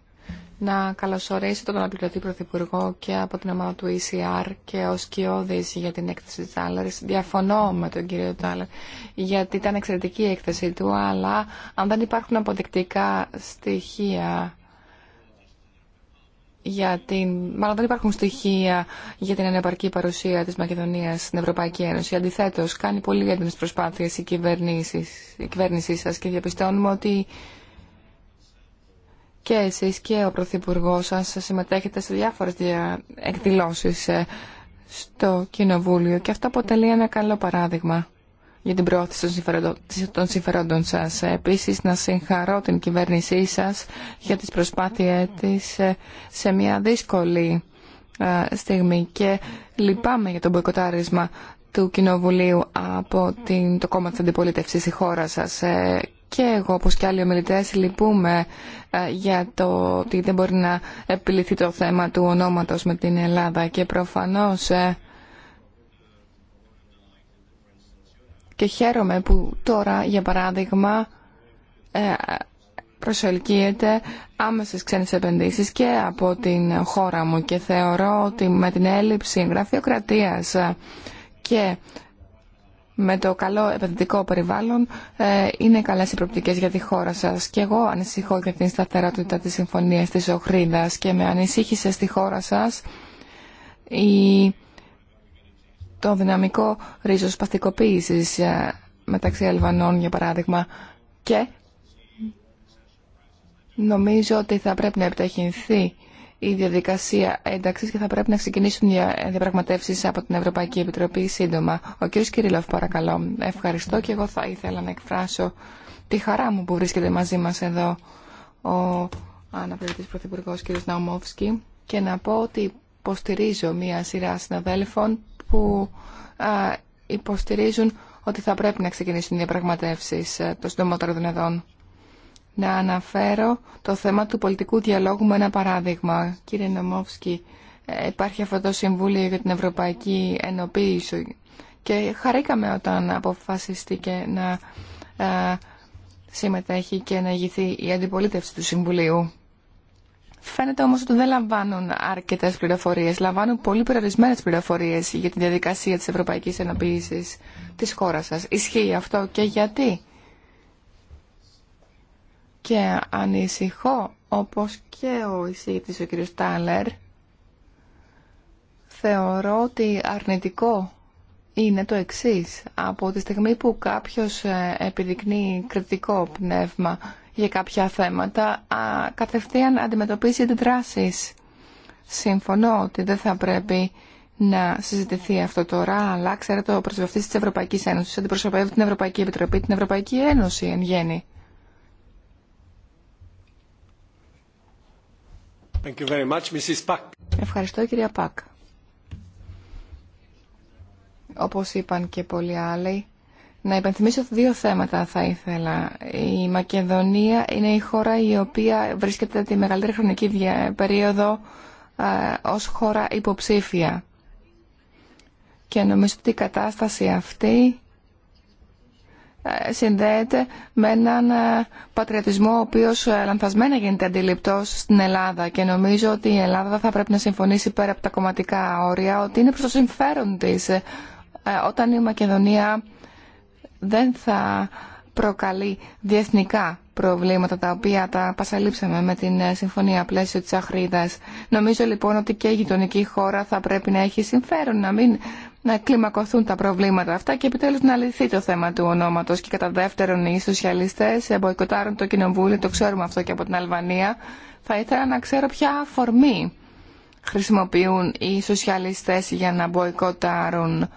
να καλωσορίσω τον αναπληρωτή Πρωθυπουργό και από την ομάδα του ECR και ως κοιόδης για την έκθεση της Τάλλαρης. Διαφωνώ με τον κύριο Τάλλαρη γιατί ήταν εξαιρετική η έκθεση του, αλλά αν δεν υπάρχουν αποδεικτικά στοιχεία για την... Μάλλον δεν υπάρχουν στοιχεία για την ανεπαρκή παρουσία της Μακεδονίας στην Ευρωπαϊκή Ένωση. Αντιθέτως, κάνει πολύ έντονες προσπάθειες η, η κυβέρνησή σας και διαπιστώνουμε ότι και εσείς και ο Πρωθυπουργό σας συμμετέχετε σε διάφορες εκδηλώσεις ε, στο Κοινοβούλιο και αυτό αποτελεί ένα καλό παράδειγμα για την προώθηση των συμφερόντων σας. Ε, επίσης, να συγχαρώ την κυβέρνησή σας για τις προσπάθειές της ε, σε μια δύσκολη στιγμή και λυπάμαι για το μποϊκοτάρισμα του Κοινοβουλίου από την, το κόμμα της αντιπολίτευσης στη χώρα σας και εγώ όπως και άλλοι ομιλητές λυπούμε ε, για το ότι δεν μπορεί να επιληθεί το θέμα του ονόματος με την Ελλάδα και προφανώς ε, και χαίρομαι που τώρα για παράδειγμα ε, προσελκύεται άμεσες ξένες επενδύσεις και από την χώρα μου και θεωρώ ότι με την έλλειψη γραφειοκρατίας και με το καλό επενδυτικό περιβάλλον ε, είναι καλέ οι προπτικές για τη χώρα σας. Και εγώ ανησυχώ για την σταθερότητα της συμφωνίας τη ΟΧΡΙΔΑ και με ανησύχησε στη χώρα σας η... το δυναμικό ε, μεταξύ Αλβανών για παράδειγμα και νομίζω ότι θα πρέπει να επιταχυνθεί η διαδικασία ένταξη και θα πρέπει να ξεκινήσουν οι διαπραγματεύσει από την Ευρωπαϊκή Επιτροπή σύντομα. Ο κ. Κυρίλοφ παρακαλώ. Ευχαριστώ και εγώ θα ήθελα να εκφράσω τη χαρά μου που βρίσκεται μαζί μας εδώ ο αναπληρωτής Πρωθυπουργό κ. Ναουμόφσκι και να πω ότι υποστηρίζω μία σειρά συναδέλφων που υποστηρίζουν ότι θα πρέπει να ξεκινήσουν οι διαπραγματεύσει ε, το συντομότερο δυνατόν να αναφέρω το θέμα του πολιτικού διαλόγου με ένα παράδειγμα. Κύριε Νομόφσκι, ε, υπάρχει αυτό το Συμβούλιο για την Ευρωπαϊκή Ενοποίηση και χαρήκαμε όταν αποφασίστηκε να ε, συμμετέχει και να ηγηθεί η αντιπολίτευση του Συμβουλίου. Φαίνεται όμως ότι δεν λαμβάνουν αρκετές πληροφορίες, λαμβάνουν πολύ περιορισμένε πληροφορίες για τη διαδικασία της ευρωπαϊκής ενοποίησης της χώρας σας. Ισχύει αυτό και γιατί. Και ανησυχώ, όπως και ο εισήγητης ο κ. Στάλερ θεωρώ ότι αρνητικό είναι το εξής. Από τη στιγμή που κάποιος ε, επιδεικνύει κριτικό πνεύμα για κάποια θέματα, κατευθείαν αντιμετωπίζει αντιδράσεις. Συμφωνώ ότι δεν θα πρέπει να συζητηθεί αυτό τώρα, αλλά ξέρετε, ο προσβευτής της Ευρωπαϊκής Ένωσης αντιπροσωπεύει την Ευρωπαϊκή Επιτροπή, την Ευρωπαϊκή Ένωση εν γέννη. Ευχαριστώ κυρία Πακ. Όπως είπαν και πολλοί άλλοι, να υπενθυμίσω δύο θέματα θα ήθελα. Η Μακεδονία είναι η χώρα η οποία βρίσκεται τη μεγαλύτερη χρονική περίοδο ως χώρα υποψήφια. Και νομίζω ότι η κατάσταση αυτή ε, συνδέεται με έναν ε, πατριωτισμό ο οποίος ε, λανθασμένα γίνεται αντιληπτός στην Ελλάδα και νομίζω ότι η Ελλάδα θα πρέπει να συμφωνήσει πέρα από τα κομματικά όρια ότι είναι προς το συμφέρον της όταν η Μακεδονία δεν θα προκαλεί διεθνικά προβλήματα τα οποία τα πασαλείψαμε με την Συμφωνία Πλαίσιο της Αχρίδας. Νομίζω λοιπόν ότι και η γειτονική χώρα θα πρέπει να έχει συμφέρον να μην να κλιμακωθούν τα προβλήματα αυτά και επιτέλους να λυθεί το θέμα του ονόματος. Και κατά δεύτερον οι σοσιαλιστές εμποικοτάρουν το κοινοβούλιο, το ξέρουμε αυτό και από την Αλβανία. Θα ήθελα να ξέρω ποια αφορμή χρησιμοποιούν οι σοσιαλιστές για να μποϊκοτάρουν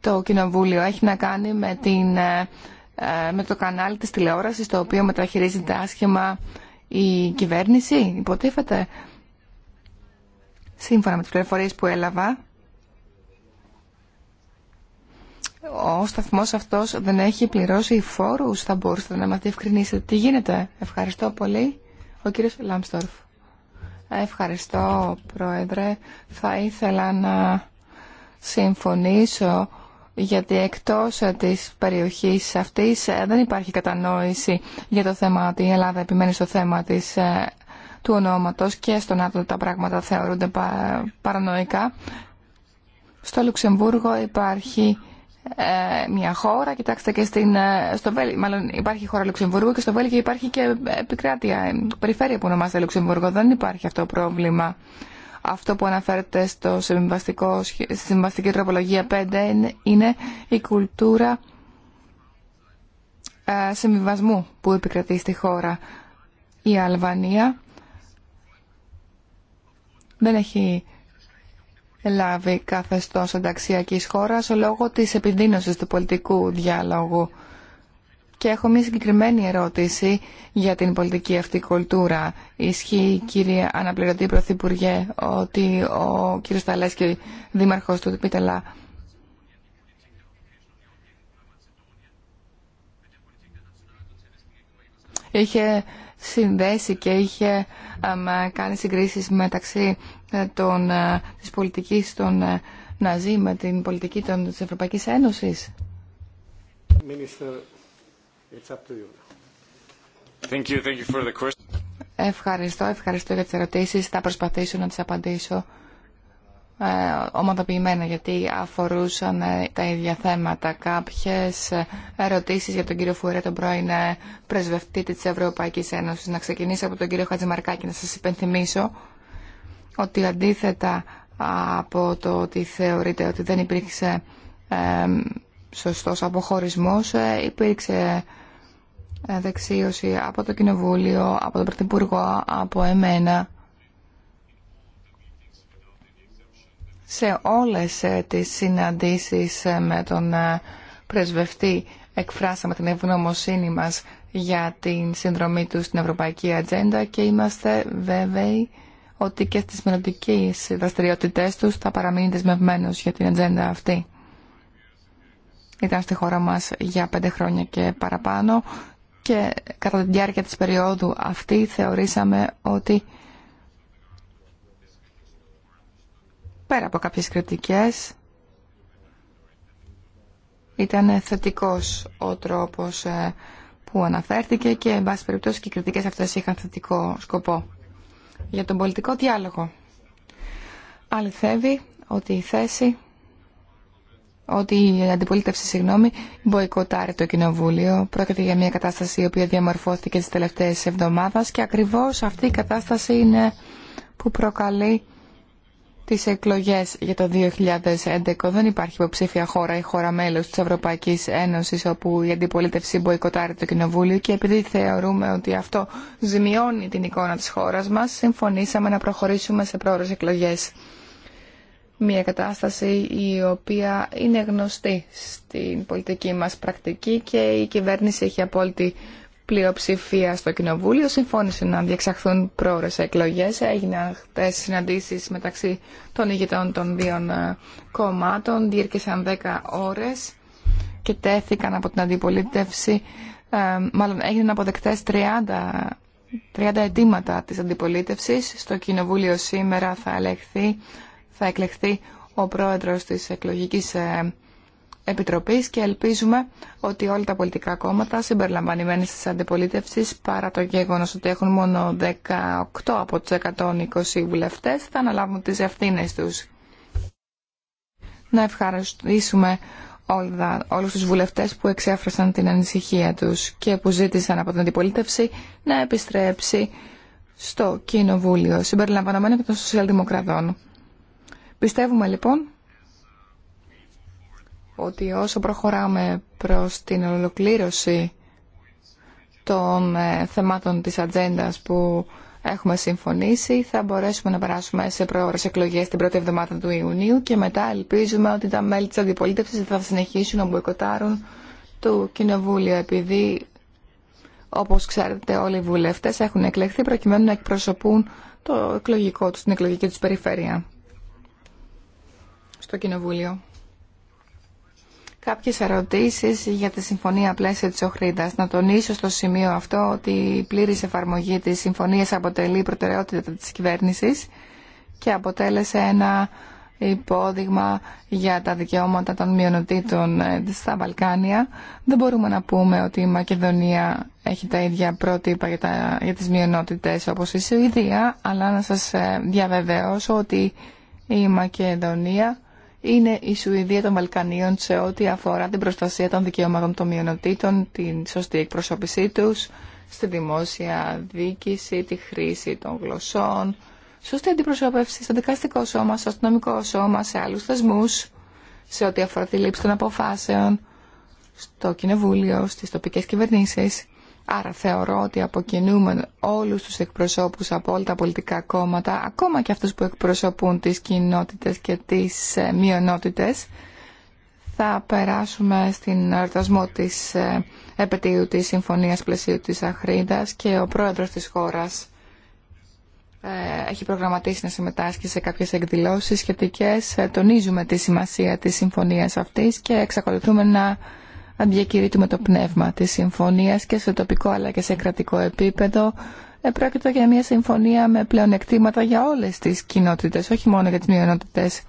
το κοινοβούλιο. Έχει να κάνει με, την, ε, ε, με το κανάλι της τηλεόρασης το οποίο μεταχειρίζεται άσχημα η κυβέρνηση, υποτίθεται. Σύμφωνα με τις πληροφορίες που έλαβα, ο σταθμός αυτός δεν έχει πληρώσει φόρους. Θα μπορούσατε να μας διευκρινίσετε τι γίνεται. Ευχαριστώ πολύ. Ο κύριος Λάμστορφ. Ευχαριστώ, Πρόεδρε. Θα ήθελα να συμφωνήσω γιατί εκτός της περιοχής αυτής ε, δεν υπάρχει κατανόηση για το θέμα ότι η Ελλάδα επιμένει στο θέμα ε, του ονόματος και στον άτομο τα πράγματα θεωρούνται παρανοϊκά. Στο Λουξεμβούργο υπάρχει ε, μια χώρα, κοιτάξτε και στην, ε, στο Βέλγιο, μάλλον υπάρχει χώρα Λουξεμβούργο και στο Βέλγιο υπάρχει και επικράτεια, ε, περιφέρεια που ονομάζεται Λουξεμβούργο. Δεν υπάρχει αυτό πρόβλημα. Αυτό που αναφέρεται στο συμβαστικό, στη συμβαστική τροπολογία 5 είναι η κουλτούρα συμβιβασμού που επικρατεί στη χώρα. Η Αλβανία δεν έχει λάβει καθεστώς ενταξιάκή χώρας λόγω της επιδείνωσης του πολιτικού διάλογου. Και έχω μια συγκεκριμένη ερώτηση για την πολιτική αυτή κουλτούρα. Ισχύει, κύριε Αναπληρωτή Πρωθυπουργέ, ότι ο κύριο Ταλέσκη, δήμαρχος του Πίτελα, είχε συνδέσει και είχε κάνει συγκρίσεις μεταξύ ε, των, ε, της πολιτικής των ε, Ναζί με την πολιτική των, της Ευρωπαϊκής Ένωσης. Ευχαριστώ, ευχαριστώ για τις ερωτήσεις. Θα προσπαθήσω να τις απαντήσω ε, ομαδοποιημένα γιατί αφορούσαν ε, τα ίδια θέματα. Κάποιες ερωτήσεις για τον κύριο Φουρέ, τον πρώην πρεσβευτή της Ευρωπαϊκής Ένωσης. Να ξεκινήσω από τον κύριο Χατζημαρκάκη να σας υπενθυμίσω ότι αντίθετα από το ότι θεωρείται ότι δεν υπήρξε σωστός αποχωρισμός, ε, υπήρξε ε, δεξίωση από το Κοινοβούλιο, από τον Πρωθυπουργό, από εμένα. Σε όλες ε, τις συναντήσεις με τον πρεσβευτή εκφράσαμε την ευγνωμοσύνη μας για την συνδρομή του στην Ευρωπαϊκή Ατζέντα και είμαστε βέβαιοι ότι και στις μελλοντικές δραστηριότητές τους θα παραμείνει δεσμευμένος για την ατζέντα αυτή. Ήταν στη χώρα μας για πέντε χρόνια και παραπάνω και κατά τη διάρκεια της περίοδου αυτή θεωρήσαμε ότι πέρα από κάποιες κριτικές ήταν θετικός ο τρόπος ε, που αναφέρθηκε και εν πάση περιπτώσει και οι κριτικές αυτές είχαν θετικό σκοπό για τον πολιτικό διάλογο. Αληθεύει ότι η θέση, ότι η αντιπολίτευση, συγγνώμη, μποϊκοτάρει το Κοινοβούλιο. Πρόκειται για μια κατάσταση η οποία διαμορφώθηκε τις τελευταίες εβδομάδες και ακριβώς αυτή η κατάσταση είναι που προκαλεί τις εκλογές για το 2011 δεν υπάρχει υποψήφια χώρα ή χώρα μέλος της Ευρωπαϊκής Ένωσης όπου η αντιπολίτευση μποϊκοτάρει το Κοινοβούλιο και επειδή μέλο τη χώρας μας συμφωνήσαμε να προχωρήσουμε σε πρόορες εκλογές. Μια κατάσταση η οποία είναι γνωστή στην πολιτική μας πρακτική και η κυβέρνηση έχει απόλυτη πλειοψηφία στο Κοινοβούλιο συμφώνησε να διεξαχθούν πρόορες εκλογές. Έγιναν χτες συναντήσεις μεταξύ των ηγετών των δύο ε, κομμάτων, διήρκησαν 10 ώρες και τέθηκαν από την αντιπολίτευση, ε, μάλλον έγιναν αποδεκτές 30 30 αιτήματα της αντιπολίτευσης. Στο Κοινοβούλιο σήμερα θα, ελεχθεί, θα εκλεχθεί ο πρόεδρος της εκλογικής ε, Επιτροπής και ελπίζουμε ότι όλα τα πολιτικά κόμματα συμπεριλαμβανημένες της αντιπολίτευσης παρά το γεγονός ότι έχουν μόνο 18 από τους 120 βουλευτές θα αναλάβουν τις ευθύνε τους. Να ευχαριστήσουμε όλους τους βουλευτές που εξέφρασαν την ανησυχία τους και που ζήτησαν από την αντιπολίτευση να επιστρέψει στο Κοινοβούλιο συμπεριλαμβανομένων των Σοσιαλδημοκρατών. Πιστεύουμε λοιπόν ότι όσο προχωράμε προς την ολοκλήρωση των ε, θεμάτων της ατζέντα που έχουμε συμφωνήσει, θα μπορέσουμε να περάσουμε σε προώρες εκλογές την πρώτη εβδομάδα του Ιουνίου και μετά ελπίζουμε ότι τα μέλη της αντιπολίτευσης θα συνεχίσουν να μποϊκοτάρουν το Κοινοβούλιο επειδή όπως ξέρετε όλοι οι βουλευτές έχουν εκλεχθεί προκειμένου να εκπροσωπούν το εκλογικό τους, την εκλογική τους περιφέρεια στο Κοινοβούλιο κάποιες ερωτήσεις για τη Συμφωνία Πλαίσια της Οχρίδας. Να τονίσω στο σημείο αυτό ότι η πλήρης εφαρμογή της Συμφωνίας αποτελεί προτεραιότητα της κυβέρνησης και αποτέλεσε ένα υπόδειγμα για τα δικαιώματα των μειονοτήτων ε, στα Βαλκάνια. Δεν μπορούμε να πούμε ότι η Μακεδονία έχει τα ίδια πρότυπα για, για τις μειονότητες όπως η Σουηδία, αλλά να σας ε, διαβεβαιώσω ότι η Μακεδονία είναι η Σουηδία των Βαλκανίων σε ό,τι αφορά την προστασία των δικαιωμάτων των μειονοτήτων, την σωστή εκπροσώπησή τους στη δημόσια διοίκηση, τη χρήση των γλωσσών, σωστή αντιπροσώπευση στο δικαστικό σώμα, στο αστυνομικό σώμα, σε άλλους θεσμούς, σε ό,τι αφορά τη λήψη των αποφάσεων, στο κοινοβούλιο, στις τοπικές κυβερνήσεις. Άρα θεωρώ ότι αποκινούμε όλους τους εκπροσώπους από όλα τα πολιτικά κόμματα, ακόμα και αυτούς που εκπροσωπούν τις κοινότητες και τις ε, μειονότητες, θα περάσουμε στην αρτασμό της ε, επαιτίου της Συμφωνίας Πλαισίου της Αχρίδας και ο πρόεδρος της χώρας ε, έχει προγραμματίσει να συμμετάσχει σε κάποιες εκδηλώσεις σχετικές. Τονίζουμε τη σημασία της συμφωνίας αυτής και εξακολουθούμε να αν διακηρύττουμε το πνεύμα της συμφωνίας και σε τοπικό αλλά και σε κρατικό επίπεδο. επρόκειτο για μια συμφωνία με πλεονεκτήματα για όλες τις κοινότητες, όχι μόνο για τις μειονότητες.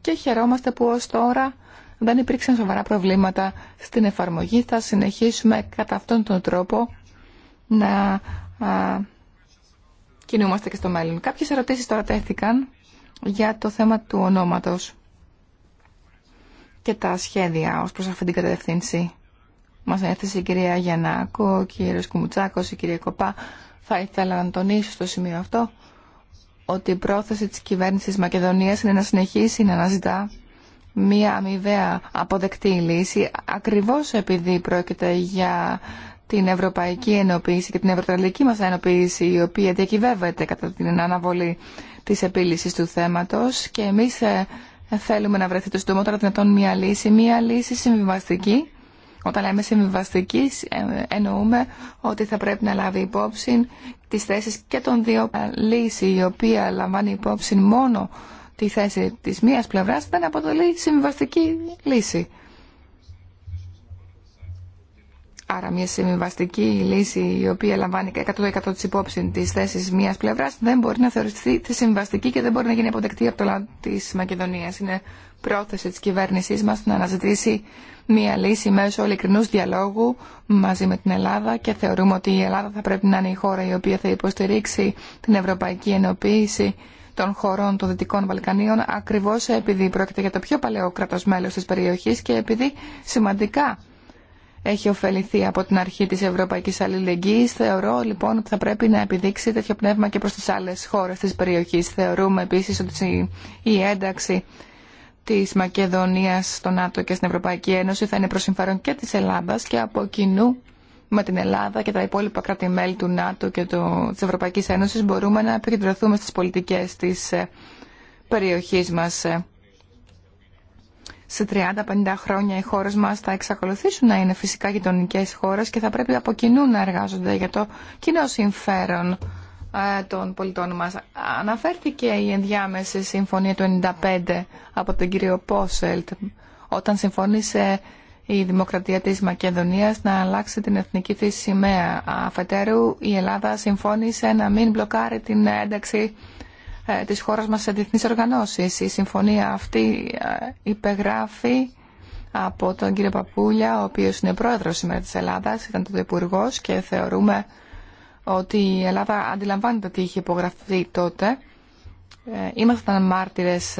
Και χαιρόμαστε που ως τώρα δεν υπήρξαν σοβαρά προβλήματα στην εφαρμογή. Θα συνεχίσουμε κατά αυτόν τον τρόπο να κινούμαστε και στο μέλλον. Κάποιες ερωτήσεις τώρα τέθηκαν για το θέμα του ονόματος και τα σχέδια ως προς αυτή την κατεύθυνση. Μας έθεσε η κυρία Γιαννάκο, ο κύριος Κουμουτσάκος, η κυρία Κοπά. Θα ήθελα να τονίσω στο σημείο αυτό ότι η πρόθεση της κυβέρνησης Μακεδονίας είναι να συνεχίσει να αναζητά μία αμοιβαία αποδεκτή λύση ακριβώς επειδή πρόκειται για την ευρωπαϊκή ενοποίηση και την ευρωτελική μας ενοποίηση η οποία διακυβεύεται κατά την αναβολή της επίλυσης του θέματος και εμείς ε, ε, θέλουμε να βρεθεί το συντομότερο δυνατόν μια λύση, μια λύση συμβιβαστική. Όταν λέμε συμβιβαστική, ε, εννοούμε ότι θα πρέπει να λάβει υπόψη τις θέσεις και των δύο λύση, η οποία λαμβάνει υπόψη μόνο τη θέση της μίας πλευράς, δεν αποτελεί συμβιβαστική λύση. Άρα μια συμβιβαστική λύση η οποία λαμβάνει 100% της υπόψη της θέσης μιας πλευράς δεν μπορεί να θεωρηθεί τη συμβαστική και δεν μπορεί να γίνει αποδεκτή από το λαό της Μακεδονίας. Είναι πρόθεση της κυβέρνησής μας να αναζητήσει μια λύση μέσω ειλικρινούς διαλόγου μαζί με την Ελλάδα και θεωρούμε ότι η Ελλάδα θα πρέπει να είναι η χώρα η οποία θα υποστηρίξει την ευρωπαϊκή ενοποίηση των χωρών των Δυτικών Βαλκανίων ακριβώς επειδή πρόκειται για το πιο παλαιό κράτος μέλος της περιοχής και επειδή σημαντικά έχει ωφεληθεί από την αρχή της Ευρωπαϊκής Αλληλεγγύης. Θεωρώ λοιπόν ότι θα πρέπει να επιδείξει τέτοιο πνεύμα και προς τις άλλες χώρες της περιοχής. Θεωρούμε επίσης ότι η ένταξη της Μακεδονίας στο ΝΑΤΟ και στην Ευρωπαϊκή Ένωση θα είναι προς συμφέρον και της Ελλάδας και από κοινού με την Ελλάδα και τα υπόλοιπα κράτη-μέλη του ΝΑΤΟ και το, της Ευρωπαϊκής Ένωσης μπορούμε να επικεντρωθούμε στις πολιτικές της ε, περιοχής μας σε 30-50 χρόνια οι χώρε μα θα εξακολουθήσουν να είναι φυσικά γειτονικέ χώρες και θα πρέπει από κοινού να εργάζονται για το κοινό συμφέρον ε, των πολιτών μας. Αναφέρθηκε η ενδιάμεση συμφωνία του 1995 από τον κύριο Πόσελτ όταν συμφώνησε η Δημοκρατία της Μακεδονίας να αλλάξει την εθνική της σημαία. Αφετέρου η Ελλάδα συμφώνησε να μην μπλοκάρει την ένταξη ε, της χώρας μας σε διεθνείς οργανώσεις. Η συμφωνία αυτή ε, υπεγράφει από τον κύριο Παπούλια, ο οποίος είναι πρόεδρος σήμερα της Ελλάδας, ήταν τότε υπουργό και θεωρούμε ότι η Ελλάδα αντιλαμβάνεται ότι είχε υπογραφεί τότε. Ε, ήμασταν μάρτυρες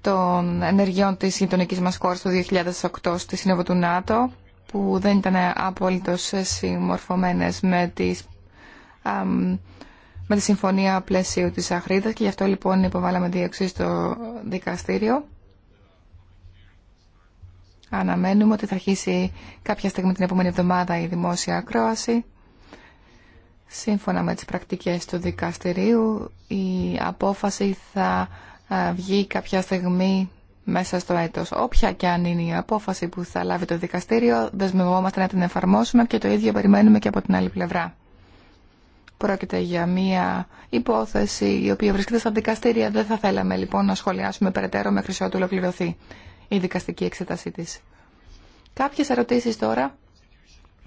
των ενεργειών της γειτονική μας χώρας το 2008 στη Σύνοδο του ΝΑΤΟ που δεν ήταν απόλυτος συμμορφωμένες με τις με τη συμφωνία Πλαισίου της Αχρίδας και γι' αυτό λοιπόν υποβάλαμε δίωξη στο δικαστήριο. Αναμένουμε ότι θα αρχίσει κάποια στιγμή την επόμενη εβδομάδα η δημόσια ακρόαση. Σύμφωνα με τις πρακτικές του δικαστηρίου, η απόφαση θα ε, βγει κάποια στιγμή μέσα στο έτος. Όποια και αν είναι η απόφαση που θα λάβει το δικαστήριο, δεσμευόμαστε να την εφαρμόσουμε και το ίδιο περιμένουμε και από την άλλη πλευρά. Πρόκειται για μία υπόθεση η οποία βρίσκεται στα δικαστήρια. Δεν θα θέλαμε λοιπόν να σχολιάσουμε περαιτέρω μέχρι ότου ολοκληρωθεί η δικαστική εξέτασή της. Κάποιες ερωτήσεις τώρα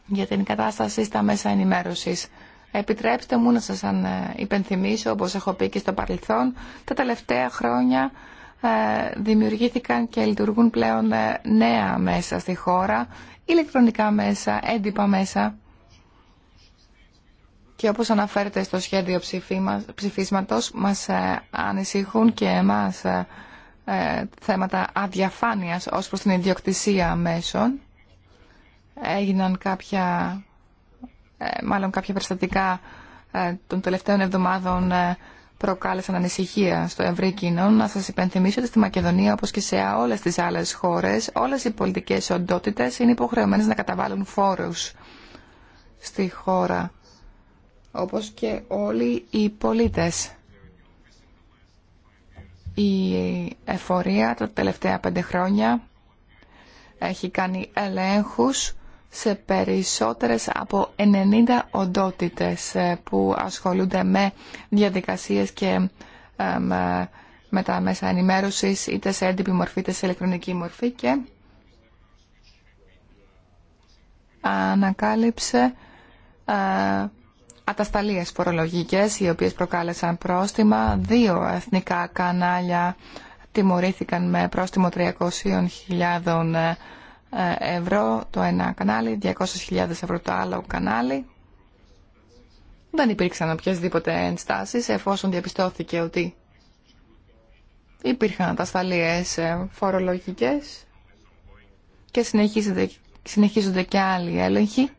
για την κατάσταση στα μέσα ενημέρωσης. Επιτρέψτε μου να σας ε, υπενθυμίσω, όπως έχω πει και στο παρελθόν, τα τελευταία χρόνια ε, δημιουργήθηκαν και λειτουργούν πλέον ε, νέα μέσα στη χώρα, ηλεκτρονικά μέσα, έντυπα μέσα, και όπως αναφέρεται στο σχέδιο ψηφίσματος, μας ε, ανησυχούν και εμάς ε, ε, θέματα αδιαφάνειας ως προς την ιδιοκτησία μέσων. Έγιναν κάποια, μάλλον κάποια περιστατικά των τελευταίων εβδομάδων προκάλεσαν ανησυχία στο ευρύ κοινό. Να σας υπενθυμίσω ότι στη Μακεδονία, όπως και σε όλες τις άλλες χώρες, όλες οι πολιτικές οντότητες είναι υποχρεωμένες να καταβάλουν φόρους στη χώρα όπως και όλοι οι πολίτες. Η εφορία τα τελευταία πέντε χρόνια έχει κάνει ελέγχους σε περισσότερες από 90 οντότητες ε, που ασχολούνται με διαδικασίες και ε, με τα μέσα ενημέρωσης είτε σε έντυπη μορφή είτε σε ηλεκτρονική μορφή και ανακάλυψε ε, ατασταλίες φορολογικές οι οποίες προκάλεσαν πρόστιμα. Δύο εθνικά κανάλια τιμωρήθηκαν με πρόστιμο 300.000 ε, ευρώ το ένα κανάλι, 200.000 ευρώ το άλλο κανάλι. Δεν υπήρξαν οποιασδήποτε ενστάσεις εφόσον διαπιστώθηκε ότι υπήρχαν ατασταλίες ε, φορολογικές και συνεχίζονται, συνεχίζονται και άλλοι έλεγχοι.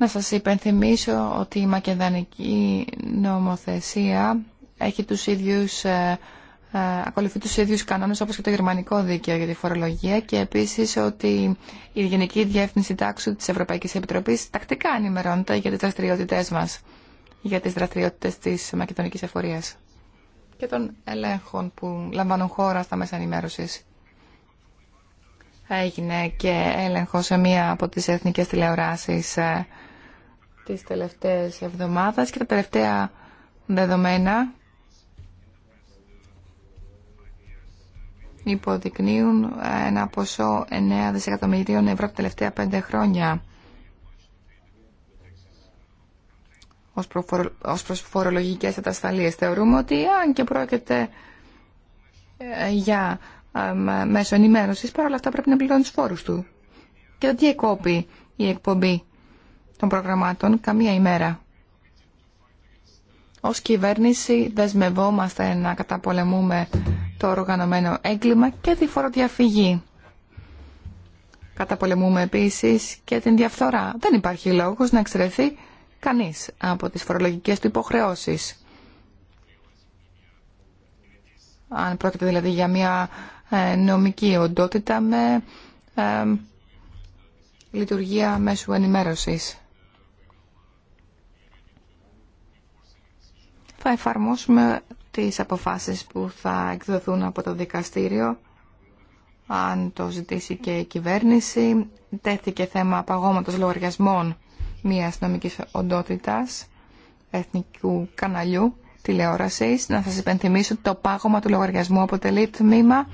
Να σας υπενθυμίσω ότι η μακεδανική νομοθεσία έχει τους ίδιους, ε, ε, ακολουθεί τους ίδιους κανόνες όπως και το γερμανικό δίκαιο για τη φορολογία και επίσης ότι η Γενική Διεύθυνση Τάξου της Ευρωπαϊκής Επιτροπής τακτικά ενημερώνεται για τις δραστηριότητε μας, για τις δραστηριότητες της μακεδονικής εφορίας και των ελέγχων που λαμβάνουν χώρα στα μέσα ενημέρωσης. Έγινε και έλεγχο σε μία από τις εθνικές τηλεοράσεις ε, τις τελευταίες εβδομάδες και τα τελευταία δεδομένα υποδεικνύουν ένα ποσό 9 δισεκατομμυρίων ευρώ τα τελευταία πέντε χρόνια ως προς φορολογικές ατασφαλίες. Θεωρούμε ότι αν και πρόκειται ε, για μέσο ενημέρωσης, παρόλα αυτά πρέπει να πληρώνει τους φόρους του. Και ότι εκόπη η εκπομπή των προγραμμάτων καμία ημέρα. Ως κυβέρνηση δεσμευόμαστε να καταπολεμούμε το οργανωμένο έγκλημα και τη φοροδιαφυγή. Καταπολεμούμε επίσης και την διαφθορά. Δεν υπάρχει λόγος να εξαιρεθεί κανείς από τις φορολογικές του υποχρεώσεις. Αν πρόκειται δηλαδή για μια ε, νομική οντότητα με ε, λειτουργία μέσου ενημέρωσης. θα εφαρμόσουμε τις αποφάσεις που θα εκδοθούν από το δικαστήριο αν το ζητήσει και η κυβέρνηση. Τέθηκε θέμα παγώματος λογαριασμών μιας νομικής οντότητας εθνικού καναλιού τηλεόρασης. Να σας υπενθυμίσω ότι το πάγωμα του λογαριασμού αποτελεί τμήμα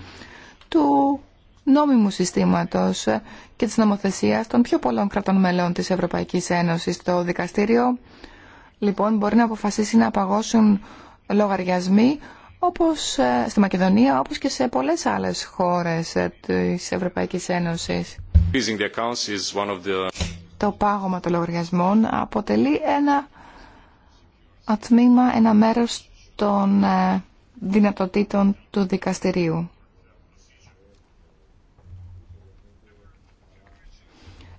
του νόμιμου συστήματος και της νομοθεσίας των πιο πολλών κρατών μελών της Ευρωπαϊκής Ένωσης. Το δικαστήριο λοιπόν μπορεί να αποφασίσει να παγώσουν λογαριασμοί όπως ε, στη Μακεδονία όπως και σε πολλές άλλες χώρες ε, της Ευρωπαϊκής Ένωσης. Το πάγωμα των λογαριασμών αποτελεί ένα τμήμα, ένα μέρος των ε, δυνατοτήτων του δικαστηρίου.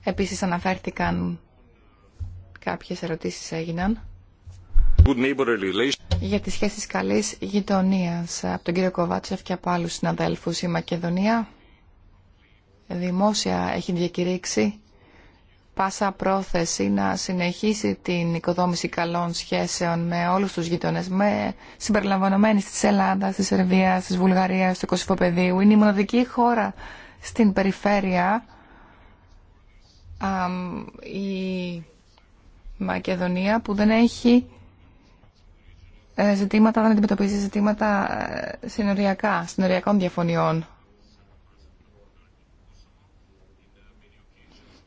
Επίσης αναφέρθηκαν Κάποιες ερωτήσεις έγιναν για τις σχέσεις καλής γειτονίας από τον κύριο Κοβάτσεφ και από άλλους συναδέλφους. Η Μακεδονία δημόσια έχει διακηρύξει πάσα πρόθεση να συνεχίσει την οικοδόμηση καλών σχέσεων με όλους τους γείτονες, με συμπεριλαμβανομένης της Ελλάδας, της Σερβίας, της Βουλγαρίας, του Κωσυφοπεδίου. Είναι η μοναδική χώρα στην περιφέρεια η Μακεδονία που δεν έχει ε, ζητήματα, δεν αντιμετωπίζει ζητήματα ε, συνοριακά, συνοριακών διαφωνιών.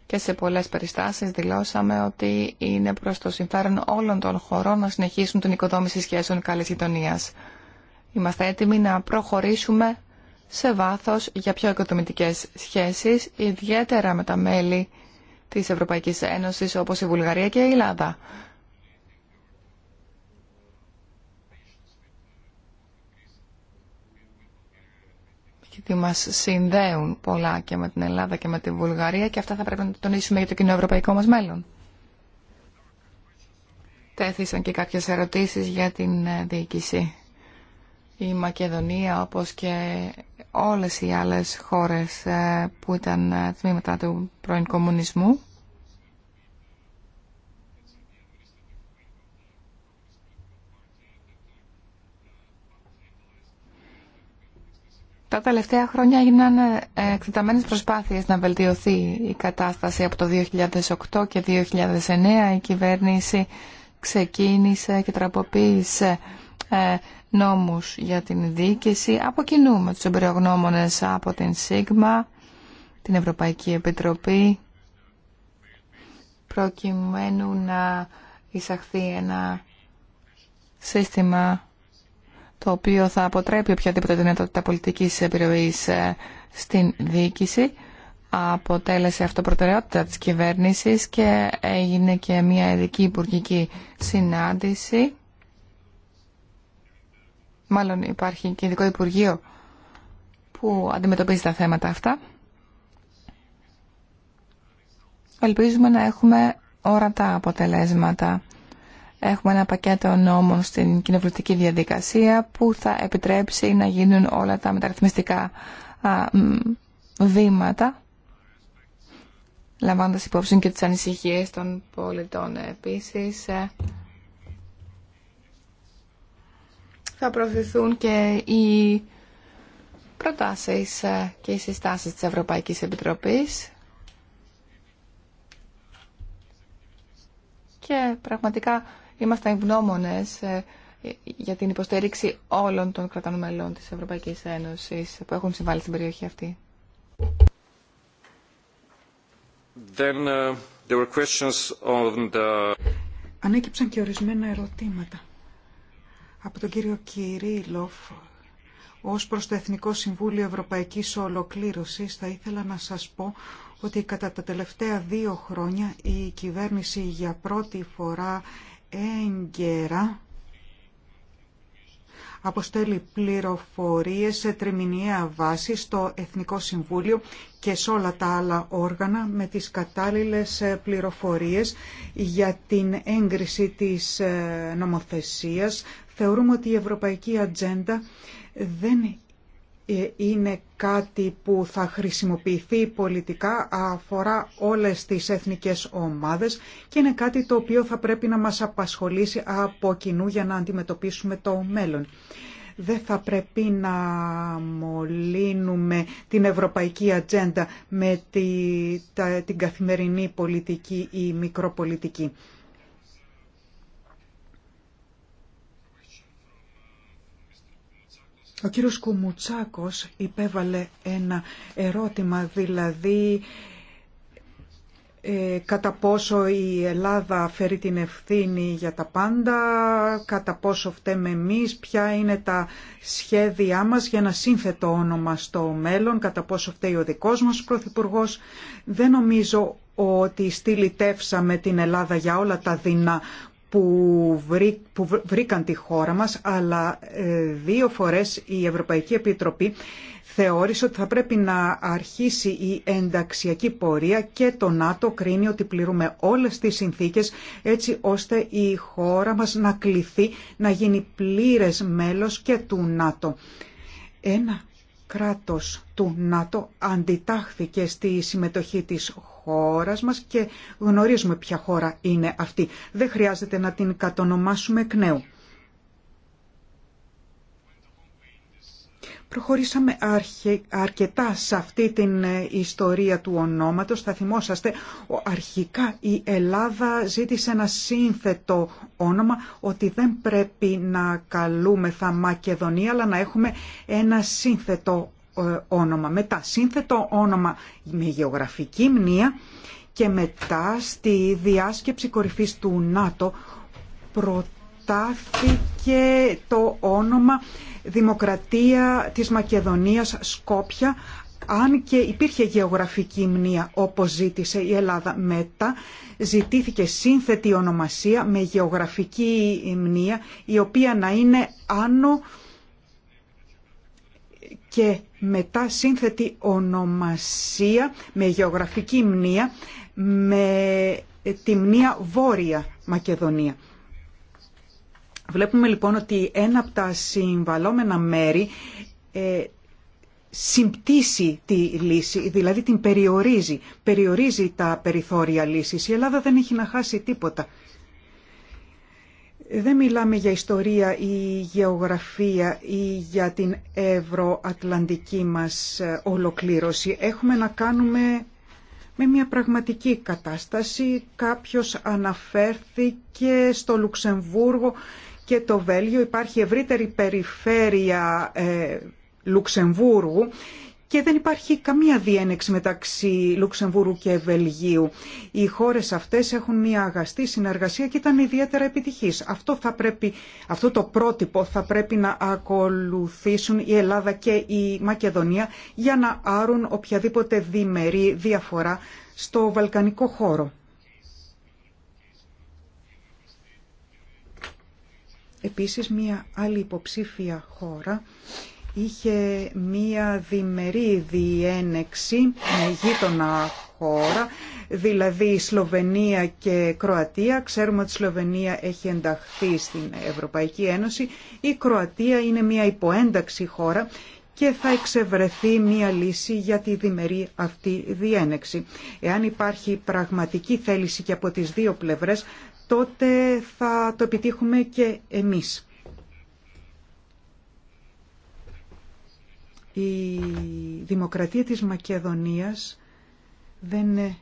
Και σε πολλές περιστάσεις δηλώσαμε ότι είναι προς το συμφέρον όλων των χωρών να συνεχίσουν την οικοδόμηση σχέσεων καλής γειτονία. Είμαστε έτοιμοι να προχωρήσουμε σε βάθος για πιο οικοδομητικές σχέσεις, ιδιαίτερα με τα μέλη της Ευρωπαϊκής Ένωσης όπως η Βουλγαρία και η Ελλάδα. γιατί μας συνδέουν πολλά και με την Ελλάδα και με την Βουλγαρία και αυτά θα πρέπει να τονίσουμε για το κοινό ευρωπαϊκό μας μέλλον. Τέθησαν και κάποιες ερωτήσεις για την ε, διοίκηση. Η Μακεδονία όπως και όλες οι άλλες χώρες ε, που ήταν ε, τμήματα του πρώην κομμουνισμού. Τα τελευταία χρόνια έγιναν ε, εκτεταμένες προσπάθειες να βελτιωθεί η κατάσταση από το 2008 και 2009. Η κυβέρνηση ξεκίνησε και τραποποίησε ε, νόμους για την διοίκηση από κοινού με τους από την ΣΥΓΜΑ, την Ευρωπαϊκή Επιτροπή, προκειμένου να εισαχθεί ένα σύστημα το οποίο θα αποτρέπει οποιαδήποτε δυνατότητα πολιτικής επιρροής ε, στην διοίκηση. Αποτέλεσε αυτό προτεραιότητα της κυβέρνησης και έγινε και μια ειδική υπουργική συνάντηση μάλλον υπάρχει και ειδικό Υπουργείο που αντιμετωπίζει τα θέματα αυτά. Ελπίζουμε να έχουμε όρατα αποτελέσματα. Έχουμε ένα πακέτο νόμων στην κοινοβουλευτική διαδικασία που θα επιτρέψει να γίνουν όλα τα μεταρρυθμιστικά βήματα λαμβάνοντας υπόψη και τις ανησυχίες των πολιτών. Επίσης, ε, θα προωθηθούν και οι προτάσεις ε, και οι συστάσεις της Ευρωπαϊκής Επιτροπής και πραγματικά είμαστε ευγνώμονες ε, για την υποστήριξη όλων των κρατών μελών της Ευρωπαϊκής Ένωσης που έχουν συμβάλει στην περιοχή αυτή. Then, uh, there were questions on the... Ανέκυψαν και ορισμένα ερωτήματα από τον κύριο Κυρίλοφ ως προς το Εθνικό Συμβούλιο Ευρωπαϊκής Ολοκλήρωσης θα ήθελα να σας πω ότι κατά τα τελευταία δύο χρόνια η κυβέρνηση για πρώτη φορά έγκαιρα αποστέλει πληροφορίες σε τριμηνιαία βάση στο Εθνικό Συμβούλιο και σε όλα τα άλλα όργανα με τις κατάλληλες πληροφορίες για την έγκριση της ε, νομοθεσίας Θεωρούμε ότι η ευρωπαϊκή ατζέντα δεν ε, είναι κάτι που θα χρησιμοποιηθεί πολιτικά, αφορά όλες τις εθνικές ομάδες και είναι κάτι το οποίο θα πρέπει να μας απασχολήσει από κοινού για να αντιμετωπίσουμε το μέλλον. Δεν θα πρέπει να μολύνουμε την ευρωπαϊκή ατζέντα με τη, την καθημερινή πολιτική ή μικροπολιτική. Ο κύριος Κουμουτσάκος υπέβαλε ένα ερώτημα, δηλαδή ε, κατά πόσο η Ελλάδα φέρει την ευθύνη για τα πάντα, κατά πόσο φταίμε εμείς, ποια είναι τα σχέδιά μας για ένα σύνθετο όνομα στο μέλλον, κατά πόσο φταίει ο δικός μας πρωθυπουργός. Δεν νομίζω ότι στυλιτεύσαμε την Ελλάδα για όλα τα δεινά που, βρήκαν τη χώρα μας, αλλά ε, δύο φορές η Ευρωπαϊκή Επιτροπή θεώρησε ότι θα πρέπει να αρχίσει η ενταξιακή πορεία και το ΝΑΤΟ κρίνει ότι πληρούμε όλες τις συνθήκες έτσι ώστε η χώρα μας να κληθεί να γίνει πλήρες μέλος και του ΝΑΤΟ. Ένα κράτος του ΝΑΤΟ αντιτάχθηκε στη συμμετοχή της χώρας μας και γνωρίζουμε ποια χώρα είναι αυτή. Δεν χρειάζεται να την κατονομάσουμε εκ νέου. Προχωρήσαμε αρκετά σε αυτή την ε, ιστορία του ονόματος. Θα θυμόσαστε, αρχικά η Ελλάδα ζήτησε ένα σύνθετο όνομα ότι δεν πρέπει να καλούμεθα Μακεδονία, αλλά να έχουμε ένα σύνθετο ε, όνομα. Μετά σύνθετο όνομα με γεωγραφική μνήα και μετά στη διάσκεψη κορυφής του ΝΑΤΟ προτάθηκε το όνομα Δημοκρατία της Μακεδονίας Σκόπια αν και υπήρχε γεωγραφική μνήα όπως ζήτησε η Ελλάδα μετά, ζητήθηκε σύνθετη ονομασία με γεωγραφική μνήα η οποία να είναι άνω και μετά σύνθετη ονομασία με γεωγραφική μνήμα με τη μνήμα Βόρεια Μακεδονία. Βλέπουμε λοιπόν ότι ένα από τα συμβαλόμενα μέρη ε, συμπτήσει τη λύση, δηλαδή την περιορίζει, περιορίζει τα περιθώρια λύσης. Η Ελλάδα δεν έχει να χάσει τίποτα δεν μιλάμε για ιστορία ή γεωγραφία ή για την ευρωατλαντική μας ε, ολοκλήρωση. Έχουμε να κάνουμε με μια πραγματική κατάσταση. Κάποιος αναφέρθηκε στο Λουξεμβούργο και το Βέλγιο. Υπάρχει ευρύτερη περιφέρεια ε, Λουξεμβούργου και δεν υπάρχει καμία διένεξη μεταξύ Λουξεμβούρου και Βελγίου. Οι χώρες αυτές έχουν μια αγαστή συνεργασία και ήταν ιδιαίτερα επιτυχής. Αυτό, αυτό το πρότυπο θα πρέπει να ακολουθήσουν η Ελλάδα και η Μακεδονία για να άρουν οποιαδήποτε διμερή διαφορά στο βαλκανικό χώρο. Επίσης, μια άλλη υποψήφια χώρα είχε μία διμερή διένεξη με γείτονα χώρα, δηλαδή Σλοβενία και Κροατία. Ξέρουμε ότι η Σλοβενία έχει ενταχθεί στην Ευρωπαϊκή Ένωση. Η Κροατία είναι μία υποένταξη χώρα και θα εξευρεθεί μία λύση για τη διμερή αυτή διένεξη. Εάν υπάρχει πραγματική θέληση και από τις δύο πλευρές, τότε θα το επιτύχουμε και εμείς. Η δημοκρατία της Μακεδονίας δεν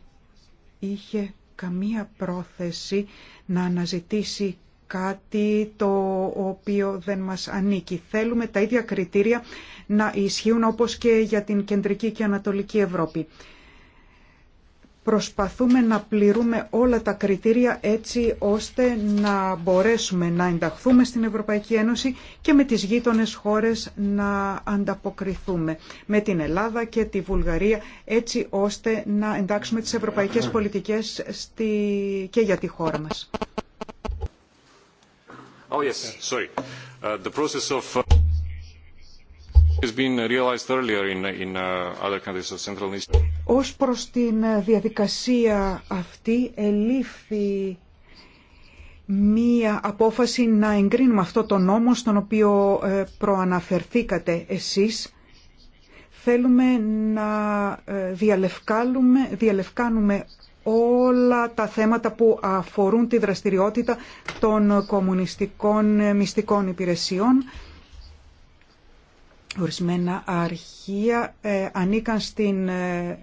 είχε καμία πρόθεση να αναζητήσει κάτι το οποίο δεν μας ανήκει. Θέλουμε τα ίδια κριτήρια να ισχύουν όπως και για την Κεντρική και Ανατολική Ευρώπη προσπαθούμε να πληρούμε όλα τα κριτήρια έτσι ώστε να μπορέσουμε να ενταχθούμε στην Ευρωπαϊκή Ένωση και με τις γείτονες χώρες να ανταποκριθούμε με την Ελλάδα και τη Βουλγαρία έτσι ώστε να εντάξουμε τις ευρωπαϊκές πολιτικές στη... και για τη χώρα μας. Oh, uh, uh, Uh, Ως προς την ε, διαδικασία αυτή ελήφθη μία απόφαση να εγκρίνουμε αυτό το νόμο στον οποίο ε, προαναφερθήκατε εσείς. Θέλουμε να ε, διαλευκάνουμε, διαλευκάνουμε όλα τα θέματα που αφορούν τη δραστηριότητα των κομμουνιστικών μυστικών υπηρεσιών Ορισμένα αρχεία ε, ανήκαν στην, ε,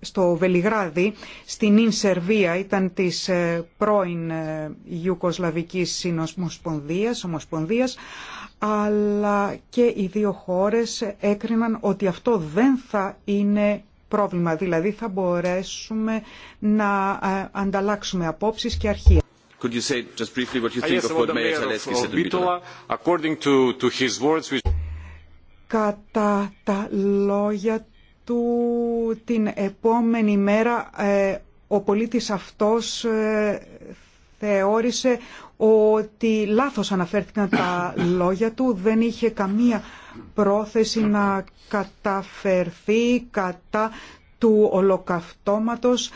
στο Βελιγράδι, στην Ιν Σερβία, ήταν της ε, πρώην ε, Ιουκοσλαβικής Συνομοσπονδίας, Ομοσπονδίας, αλλά και οι δύο χώρες έκριναν ότι αυτό δεν θα είναι πρόβλημα, δηλαδή θα μπορέσουμε να ανταλλάξουμε απόψεις και αρχεία. Could you say just briefly what you think of what Mayor Zaleski According to, to his words, κατά τα λόγια του την επόμενη μέρα ε, ο πολίτης αυτός ε, θεώρησε ότι λάθος αναφέρθηκαν τα λόγια του, δεν είχε καμία πρόθεση να καταφερθεί κατά του ολοκαυτώματος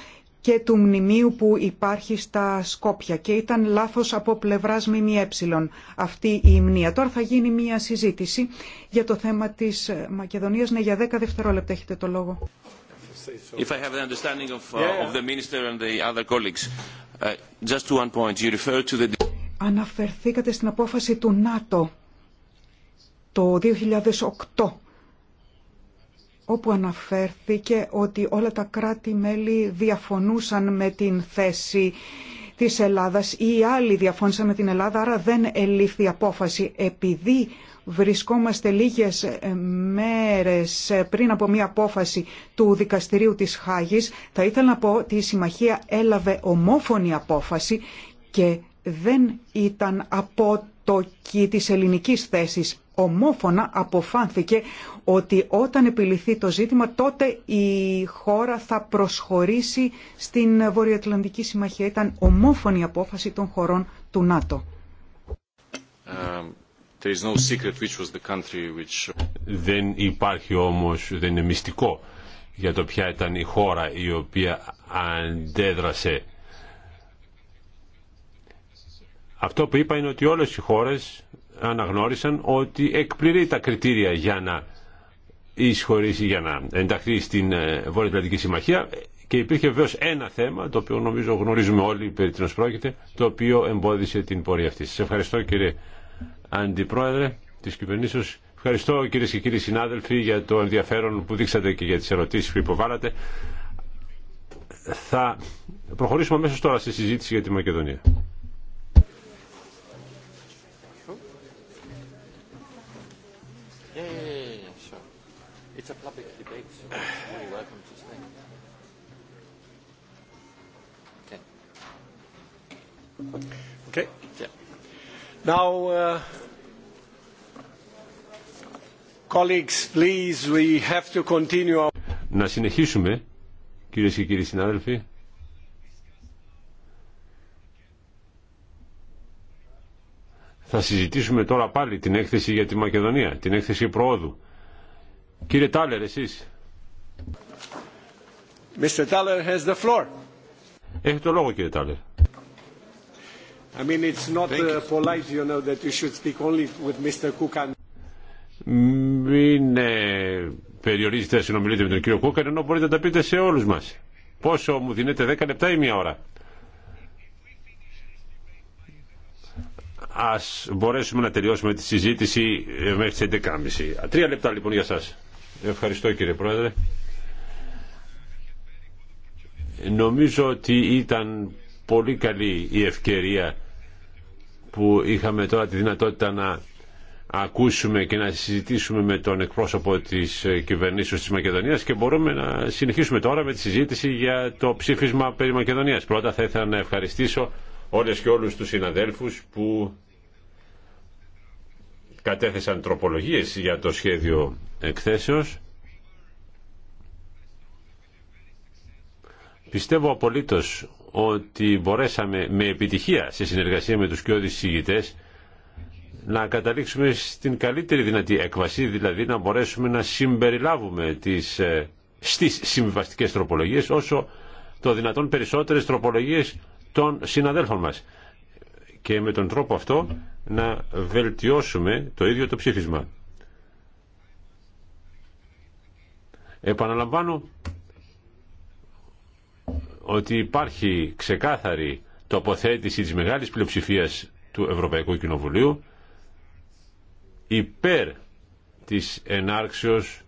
και του μνημείου που υπάρχει στα Σκόπια και ήταν λάθος από πλευράς ΜΜΕ αυτή η μνήμα. Τώρα θα γίνει μια συζήτηση για το θέμα της ε, Μακεδονίας. Ναι, για 10 δευτερόλεπτα έχετε το λόγο. Αναφερθήκατε στην απόφαση του ΝΑΤΟ το 2008 όπου αναφέρθηκε ότι όλα τα κράτη-μέλη διαφωνούσαν με την θέση της Ελλάδας ή οι άλλοι διαφώνησαν με την Ελλάδα, άρα δεν ελήφθη απόφαση. Επειδή βρισκόμαστε λίγες ε, μέρες πριν από μια απόφαση του Δικαστηρίου της Χάγης, θα ήθελα να πω ότι η Συμμαχία έλαβε ομόφωνη απόφαση και δεν ήταν από το της ελληνικής θέσης ομόφωνα αποφάνθηκε ότι όταν επιληθεί το ζήτημα τότε η χώρα θα προσχωρήσει στην Βορειοατλαντική Συμμαχία. Ήταν ομόφωνη απόφαση των χωρών του ΝΑΤΟ. Um, δεν υπάρχει όμως, δεν είναι μυστικό για το ποια ήταν η χώρα η οποία αντέδρασε. Αυτό που είπα είναι ότι όλες οι χώρες αναγνώρισαν ότι εκπληρεί τα κριτήρια για να εισχωρήσει για να ενταχθεί στην ε, Βορειοατλαντική Συμμαχία και υπήρχε βεβαίω ένα θέμα, το οποίο νομίζω γνωρίζουμε όλοι περί τίνος πρόκειται, το οποίο εμπόδισε την πορεία αυτή. Σας ευχαριστώ κύριε Αντιπρόεδρε της Κυβερνήσεως. Ευχαριστώ κυρίε και κύριοι συνάδελφοι για το ενδιαφέρον που δείξατε και για τις ερωτήσεις που υποβάλλατε. Θα προχωρήσουμε αμέσως τώρα στη συζήτηση για τη Μακεδονία. It's a public debate, so you're welcome to stay. Okay. Okay. Yeah. Now, uh, colleagues, please, we have to continue. Να συνεχίσουμε, κύριε και κύριοι συνάδελφοι. Θα συζητήσουμε τώρα πάλι την έκθεση για τη Μακεδονία, την έκθεση προόδου. Κύριε Τάλερ, εσείς. Mr. Έχει το λόγο, κύριε Τάλερ. Μην περιορίζετε να συνομιλείτε με τον κύριο Κούκαν, ενώ μπορείτε να τα πείτε σε όλους μας. Πόσο μου δίνετε, 10 λεπτά ή μία ώρα. Ας μπορέσουμε να τελειώσουμε τη συζήτηση ε, μέχρι τις 11.30. Τρία λεπτά λοιπόν για σας. Ευχαριστώ κύριε Πρόεδρε. Νομίζω ότι ήταν πολύ καλή η ευκαιρία που είχαμε τώρα τη δυνατότητα να ακούσουμε και να συζητήσουμε με τον εκπρόσωπο της κυβερνήσεως της Μακεδονίας και μπορούμε να συνεχίσουμε τώρα με τη συζήτηση για το ψήφισμα περί Μακεδονίας. Πρώτα θα ήθελα να ευχαριστήσω όλες και όλους τους συναδέλφους που κατέθεσαν τροπολογίες για το σχέδιο εκθέσεως. Πιστεύω απολύτως ότι μπορέσαμε με επιτυχία σε συνεργασία με τους κοιόδης συγητές να καταλήξουμε στην καλύτερη δυνατή έκβαση, δηλαδή να μπορέσουμε να συμπεριλάβουμε τις, ε, στις συμβαστικές τροπολογίες όσο το δυνατόν περισσότερες τροπολογίες των συναδέλφων μας. Και με τον τρόπο αυτό να βελτιώσουμε το ίδιο το ψήφισμα. Επαναλαμβάνω ότι υπάρχει ξεκάθαρη τοποθέτηση της μεγάλης πλειοψηφίας του Ευρωπαϊκού Κοινοβουλίου υπέρ της ενάρξεως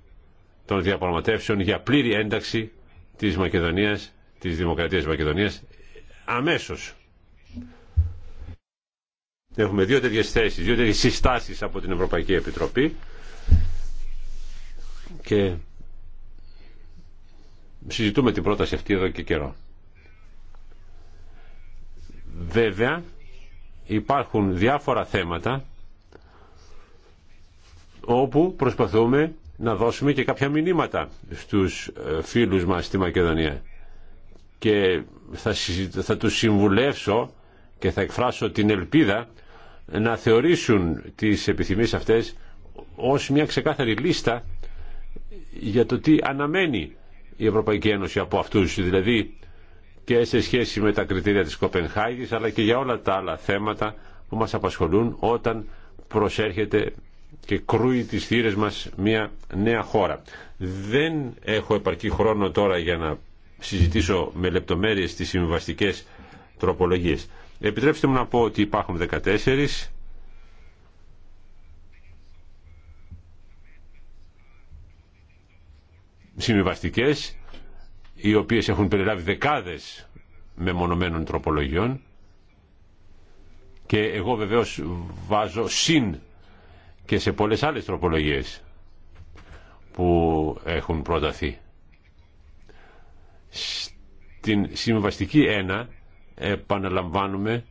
των διαπραγματεύσεων για πλήρη ένταξη της Μακεδονίας, της Δημοκρατίας Μακεδονίας αμέσως. Έχουμε δύο τέτοιε θέσει, δύο τέτοιε συστάσει από την Ευρωπαϊκή Επιτροπή. Και συζητούμε την πρόταση αυτή εδώ και καιρό. Βέβαια, υπάρχουν διάφορα θέματα όπου προσπαθούμε να δώσουμε και κάποια μηνύματα στους ε, φίλους μας στη Μακεδονία. Και θα, του θα τους συμβουλεύσω και θα εκφράσω την ελπίδα να θεωρήσουν τις επιθυμίες αυτές ως μια ξεκάθαρη λίστα για το τι αναμένει η Ευρωπαϊκή Ένωση από αυτούς, δηλαδή και σε σχέση με τα κριτήρια της Κοπενχάγης αλλά και για όλα τα άλλα θέματα που μας απασχολούν όταν προσέρχεται και κρούει τις θύρες μας μια νέα χώρα. Δεν έχω επαρκή χρόνο τώρα για να συζητήσω με λεπτομέρειες τις συμβαστικές τροπολογίες. Επιτρέψτε μου να πω ότι υπάρχουν 14 συμβιβαστικές οι οποίες έχουν περιλάβει δεκάδες μεμονωμένων τροπολογιών και εγώ βεβαίως βάζω συν και σε πολλές άλλες τροπολογίες που έχουν πρόταθεί. Στην συμβιβαστική ένα επαναλαμβάνουμε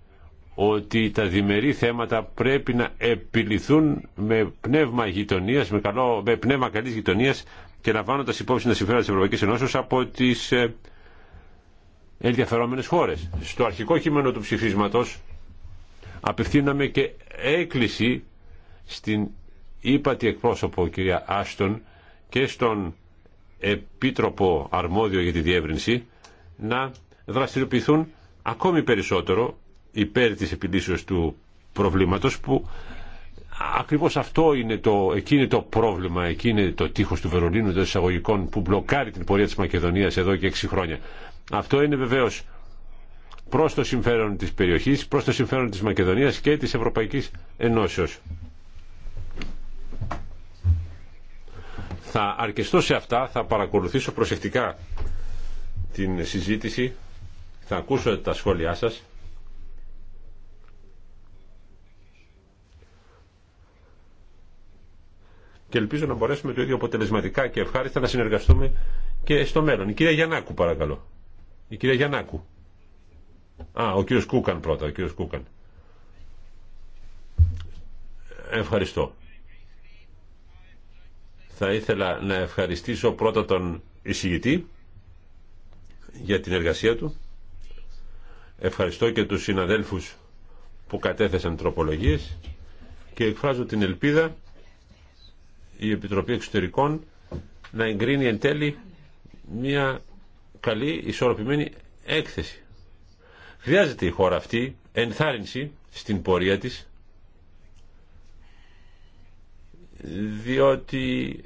ότι τα διμερεί θέματα πρέπει να επιληθούν με πνεύμα γειτονία, με, καλό, με πνεύμα καλής γειτονία, και λαμβάνοντα υπόψη τα συμφέροντα τη Ευρωπαϊκή από τις ε, ενδιαφερόμενε χώρες. Στο αρχικό κείμενο του ψηφίσματος απευθύναμε και έκκληση στην ύπατη εκπρόσωπο κυρία Άστον και στον Επίτροπο Αρμόδιο για τη Διεύρυνση να δραστηριοποιηθούν ακόμη περισσότερο υπέρ της επιλύσεως του προβλήματος που ακριβώς αυτό είναι το, εκεί το πρόβλημα, εκείνο το τείχος του Βερολίνου των εισαγωγικών που μπλοκάρει την πορεία της Μακεδονίας εδώ και 6 χρόνια. Αυτό είναι βεβαίως προς το συμφέρον της περιοχής, προς το συμφέρον της Μακεδονίας και της Ευρωπαϊκής Ενώσεως. Θα αρκεστώ σε αυτά, θα παρακολουθήσω προσεκτικά την συζήτηση θα ακούσω τα σχόλιά σας. Και ελπίζω να μπορέσουμε το ίδιο αποτελεσματικά και ευχάριστα να συνεργαστούμε και στο μέλλον. Η κυρία Γιαννάκου παρακαλώ. Η κυρία Γιαννάκου. Α, ο κύριος Κούκαν πρώτα, ο κύριος Κούκαν. Ευχαριστώ. Θα ήθελα να ευχαριστήσω πρώτα τον εισηγητή για την εργασία του Ευχαριστώ και τους συναδέλφους που κατέθεσαν τροπολογίες και εκφράζω την ελπίδα η Επιτροπή Εξωτερικών να εγκρίνει εν τέλει μια καλή ισορροπημένη έκθεση. Χρειάζεται η χώρα αυτή ενθάρρυνση στην πορεία της διότι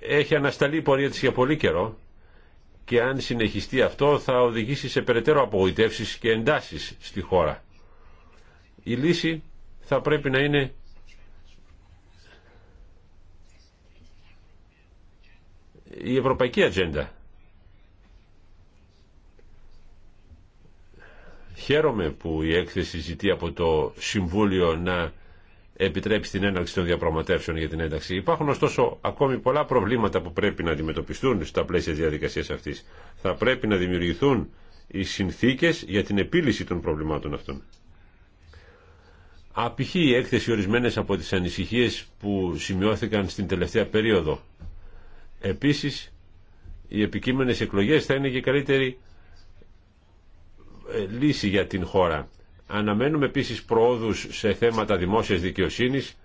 έχει ανασταλεί η πορεία της για πολύ καιρό και αν συνεχιστεί αυτό θα οδηγήσει σε περαιτέρω απογοητεύσεις και εντάσεις στη χώρα. Η λύση θα πρέπει να είναι η ευρωπαϊκή ατζέντα. Χαίρομαι που η έκθεση ζητεί από το Συμβούλιο να επιτρέψει την έναρξη των διαπραγματεύσεων για την ένταξη. Υπάρχουν ωστόσο ακόμη πολλά προβλήματα που πρέπει να αντιμετωπιστούν στα πλαίσια της διαδικασίας αυτής. Θα πρέπει να δημιουργηθούν οι συνθήκες για την επίλυση των προβλημάτων αυτών. Απηχεί η έκθεση ορισμένες από τις ανησυχίε που σημειώθηκαν στην τελευταία περίοδο. Επίση, οι επικείμενε εκλογέ θα είναι και καλύτερη ε, λύση για την χώρα. Αναμένουμε επίσης προόδους σε θέματα δημόσιας δικαιοσύνης,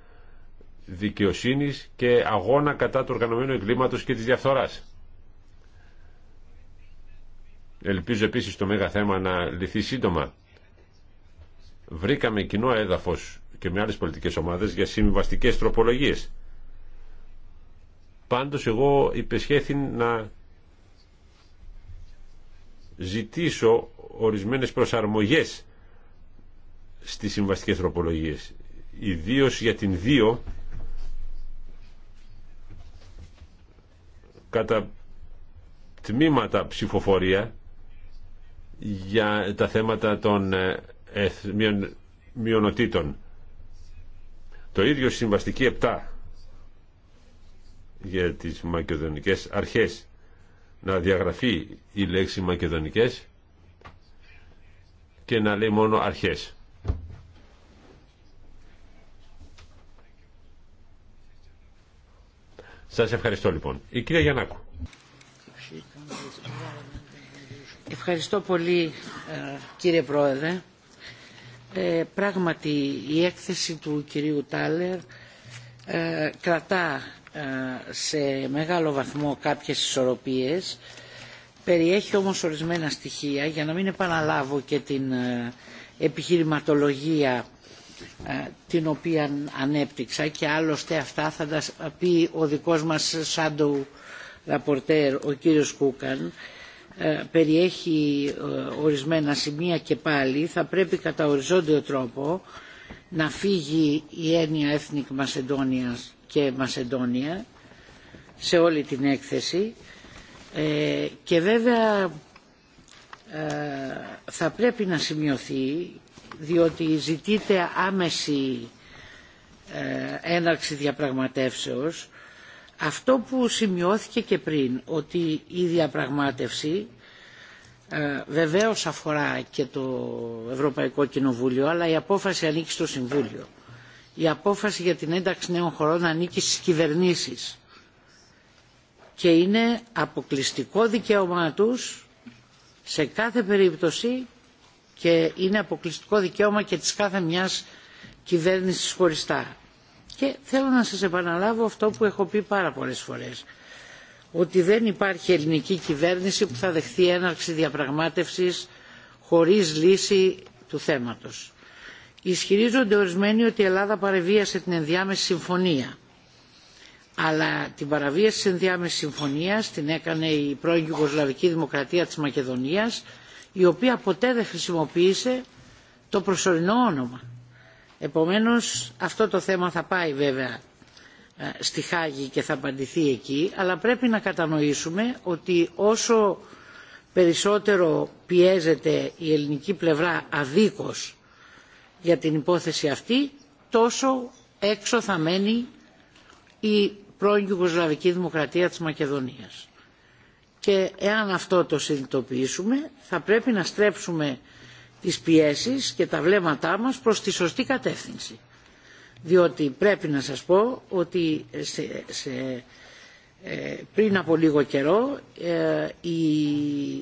δικαιοσύνης και αγώνα κατά του οργανωμένου εγκλήματος και της διαφθοράς. Ελπίζω επίσης το μέγα θέμα να λυθεί σύντομα. Βρήκαμε κοινό έδαφος και με άλλες πολιτικές ομάδες για συμβαστικές τροπολογίες. Πάντως εγώ υπεσχέθη να ζητήσω ορισμένες προσαρμογές στις συμβαστικές τροπολογίες. Ιδίω για την 2 κατά τμήματα ψηφοφορία για τα θέματα των ε, μειονοτήτων. Το ίδιο συμβαστική 7 για τις μακεδονικές αρχές να διαγραφεί η λέξη μακεδονικές και να λέει μόνο αρχές. Σας ευχαριστώ λοιπόν. Η κυρία Γιαννάκου. Ευχαριστώ πολύ ε, κύριε Πρόεδρε. Ε, πράγματι η έκθεση του κυρίου Τάλερ ε, κρατά σε μεγάλο βαθμό κάποιες ισορροπίες περιέχει όμως ορισμένα στοιχεία για να μην επαναλάβω και την επιχειρηματολογία ε, την οποία ανέπτυξα και άλλωστε αυτά θα τα ε, πει ο δικός μας shadow rapporteur ο κύριος Κούκαν ε, περιέχει ορισμένα σημεία και πάλι θα πρέπει κατά οριζόντιο τρόπο να φύγει η έννοια Ethnic Macedonia και Μασεντόνια σε όλη την έκθεση και βέβαια θα πρέπει να σημειωθεί διότι ζητείται άμεση ε, έναρξη διαπραγματεύσεως αυτό που σημειώθηκε και πριν ότι η διαπραγμάτευση ε, βεβαίως αφορά και το Ευρωπαϊκό Κοινοβούλιο αλλά η απόφαση ανήκει στο Συμβούλιο. Η απόφαση για την ένταξη νέων χωρών ανήκει στις κυβερνήσεις και είναι αποκλειστικό δικαίωμά τους σε κάθε περίπτωση και είναι αποκλειστικό δικαίωμα και της κάθε μιας κυβέρνησης χωριστά. Και θέλω να σας επαναλάβω αυτό που έχω πει πάρα πολλές φορές. Ότι δεν υπάρχει ελληνική κυβέρνηση που θα δεχθεί έναρξη διαπραγμάτευσης χωρίς λύση του θέματος. Ισχυρίζονται ορισμένοι ότι η Ελλάδα παρεβίασε την ενδιάμεση συμφωνία. Αλλά την παραβίαση της ενδιάμεσης συμφωνίας την έκανε η πρώην Ιουγκοσλαβική Δημοκρατία της Μακεδονίας η οποία ποτέ δεν χρησιμοποίησε το προσωρινό όνομα. Επομένως αυτό το θέμα θα πάει βέβαια ε, στη Χάγη και θα απαντηθεί εκεί, αλλά πρέπει να κατανοήσουμε ότι όσο περισσότερο πιέζεται η ελληνική πλευρά αδίκως για την υπόθεση αυτή, τόσο έξω θα μένει η πρώην Ιουγκοσλαβική Δημοκρατία της Μακεδονίας και εάν αυτό το συνειδητοποιήσουμε θα πρέπει να στρέψουμε τις πιέσεις και τα βλέμματά μας προς τη σωστή κατεύθυνση. Διότι πρέπει να σας πω ότι ε, πριν από λίγο καιρό ε, η,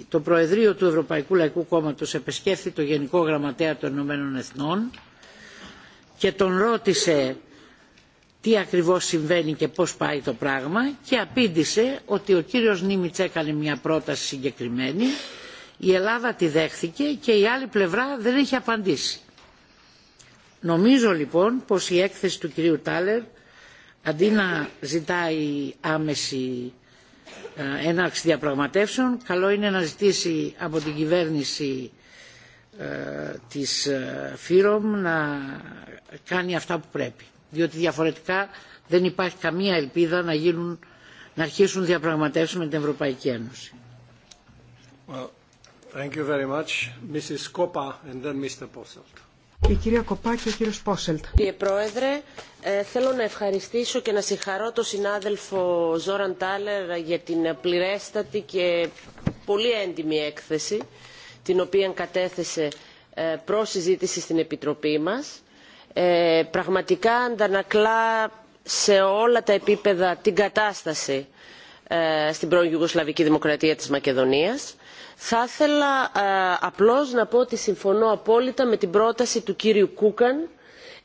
το Προεδρείο του Ευρωπαϊκού Λαϊκού Κόμματος επεσκέφθη το Γενικό Γραμματέα των Ηνωμένων Εθνών και τον ρώτησε τι ακριβώς συμβαίνει και πώς πάει το πράγμα και απήντησε ότι ο κύριος Νίμιτς έκανε μια πρόταση συγκεκριμένη, η Ελλάδα τη δέχθηκε και η άλλη πλευρά δεν είχε απαντήσει. Νομίζω λοιπόν πως η έκθεση του κυρίου Τάλερ αντί να ζητάει άμεση ε, έναρξη διαπραγματεύσεων καλό είναι να ζητήσει από την κυβέρνηση ε, της ε, ΦΥΡΟΜ να κάνει αυτά που πρέπει διότι διαφορετικά δεν υπάρχει καμία ελπίδα να, γίνουν, να αρχίσουν διαπραγματεύσεις με την Ευρωπαϊκή Ένωση. Η κυρία Κοπά και ο κύριος Πόσελτ. Κύριε Πρόεδρε, ε, θέλω να ευχαριστήσω και να συγχαρώ τον συνάδελφο Ζόραν Τάλερ για την πληρέστατη και πολύ έντιμη έκθεση την οποία κατέθεσε ε, συζήτηση στην Επιτροπή μας ε, πραγματικά αντανακλά σε όλα τα επίπεδα την κατάσταση ε, στην πρώην Ιουγκοσλαβική Δημοκρατία της Μακεδονίας. Θα ήθελα ε, απλώς να πω ότι συμφωνώ απόλυτα με την πρόταση του κύριου Κούκαν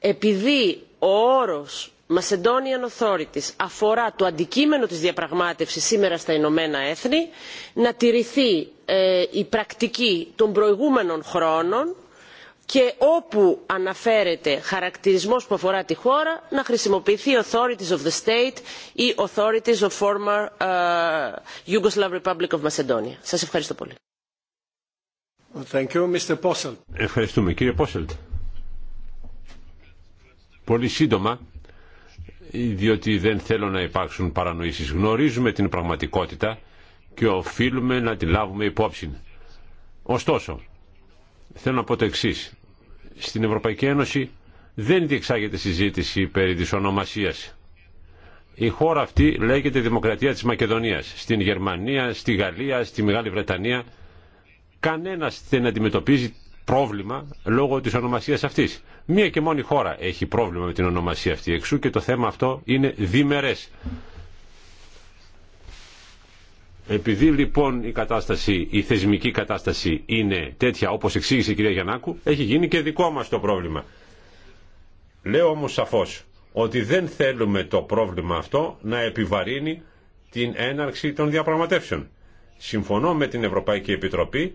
επειδή ο όρος macedonian authorities αφορά το αντικείμενο της διαπραγμάτευσης σήμερα στα ηνωμένα έθνη να τηρηθεί η πρακτική των προηγούμενων χρόνων και όπου αναφέρεται χαρακτηρισμός που αφορά τη χώρα να χρησιμοποιηθεί authorities of the state ή authorities of former ε, Yugoslav Republic of Macedonia. Σας ευχαριστώ πολύ. Ευχαριστούμε. Κύριε Πόσελτ. Πολύ σύντομα, διότι δεν θέλω να υπάρξουν παρανοήσεις. Γνωρίζουμε την πραγματικότητα και οφείλουμε να τη λάβουμε υπόψη. Ωστόσο, Θέλω να πω το εξή. Στην Ευρωπαϊκή Ένωση δεν διεξάγεται συζήτηση περί της ονομασίας. Η χώρα αυτή λέγεται Δημοκρατία της Μακεδονίας. Στην Γερμανία, στη Γαλλία, στη Μεγάλη Βρετανία κανένας δεν αντιμετωπίζει πρόβλημα λόγω της ονομασίας αυτής. Μία και μόνη χώρα έχει πρόβλημα με την ονομασία αυτή εξού και το θέμα αυτό είναι διμερές. Επειδή λοιπόν η κατάσταση, η θεσμική κατάσταση είναι τέτοια όπως εξήγησε η κυρία Γιαννάκου, έχει γίνει και δικό μας το πρόβλημα. Λέω όμως σαφώς ότι δεν θέλουμε το πρόβλημα αυτό να επιβαρύνει την έναρξη των διαπραγματεύσεων. Συμφωνώ με την Ευρωπαϊκή Επιτροπή,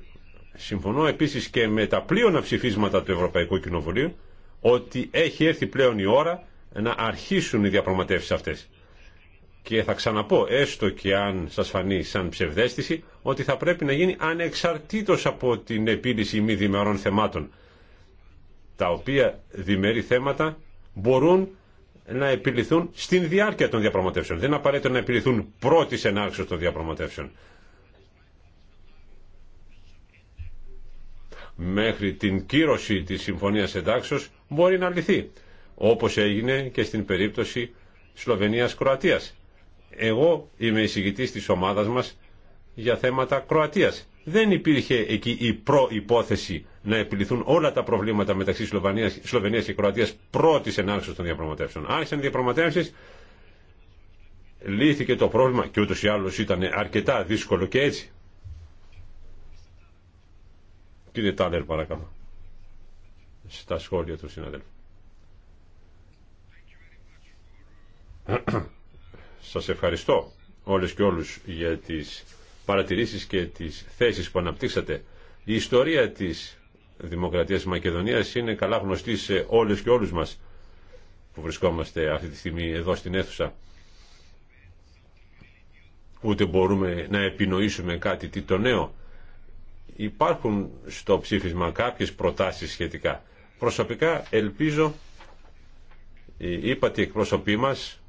συμφωνώ επίσης και με τα πλείονα ψηφίσματα του Ευρωπαϊκού Κοινοβουλίου, ότι έχει έρθει πλέον η ώρα να αρχίσουν οι διαπραγματεύσεις αυτές και θα ξαναπώ, έστω και αν σας φανεί σαν ψευδέστηση, ότι θα πρέπει να γίνει ανεξαρτήτως από την επίλυση μη διμερών θεμάτων, τα οποία διμερή θέματα μπορούν να επιληθούν στην διάρκεια των διαπραγματεύσεων. Δεν απαραίτητο να επιληθούν πρώτη ενάρξεως των διαπραγματεύσεων. Μέχρι την κύρωση της Συμφωνίας Εντάξεως μπορεί να λυθεί, όπως έγινε και στην περίπτωση Σλοβενίας-Κροατίας εγώ είμαι εισηγητής της ομάδας μας για θέματα Κροατίας. Δεν υπήρχε εκεί η προϋπόθεση να επιληθούν όλα τα προβλήματα μεταξύ Σλοβανίας, Σλοβενίας και Κροατίας πρώτης ενάρξης των διαπραγματεύσεων. Άρχισαν οι διαπραγματεύσεις, λύθηκε το πρόβλημα και ούτως ή άλλως ήταν αρκετά δύσκολο και έτσι. Κύριε Τάλερ παρακαλώ, στα σχόλια του συναδέλφου. Σας ευχαριστώ όλες και όλους για τις παρατηρήσεις και τις θέσεις που αναπτύξατε. Η ιστορία της Δημοκρατίας Μακεδονίας είναι καλά γνωστή σε όλες και όλους μας που βρισκόμαστε αυτή τη στιγμή εδώ στην αίθουσα. Ούτε μπορούμε να επινοήσουμε κάτι τι το νέο. Υπάρχουν στο ψήφισμα κάποιες προτάσεις σχετικά. Προσωπικά ελπίζω ε, είπατε εκπροσωπή μας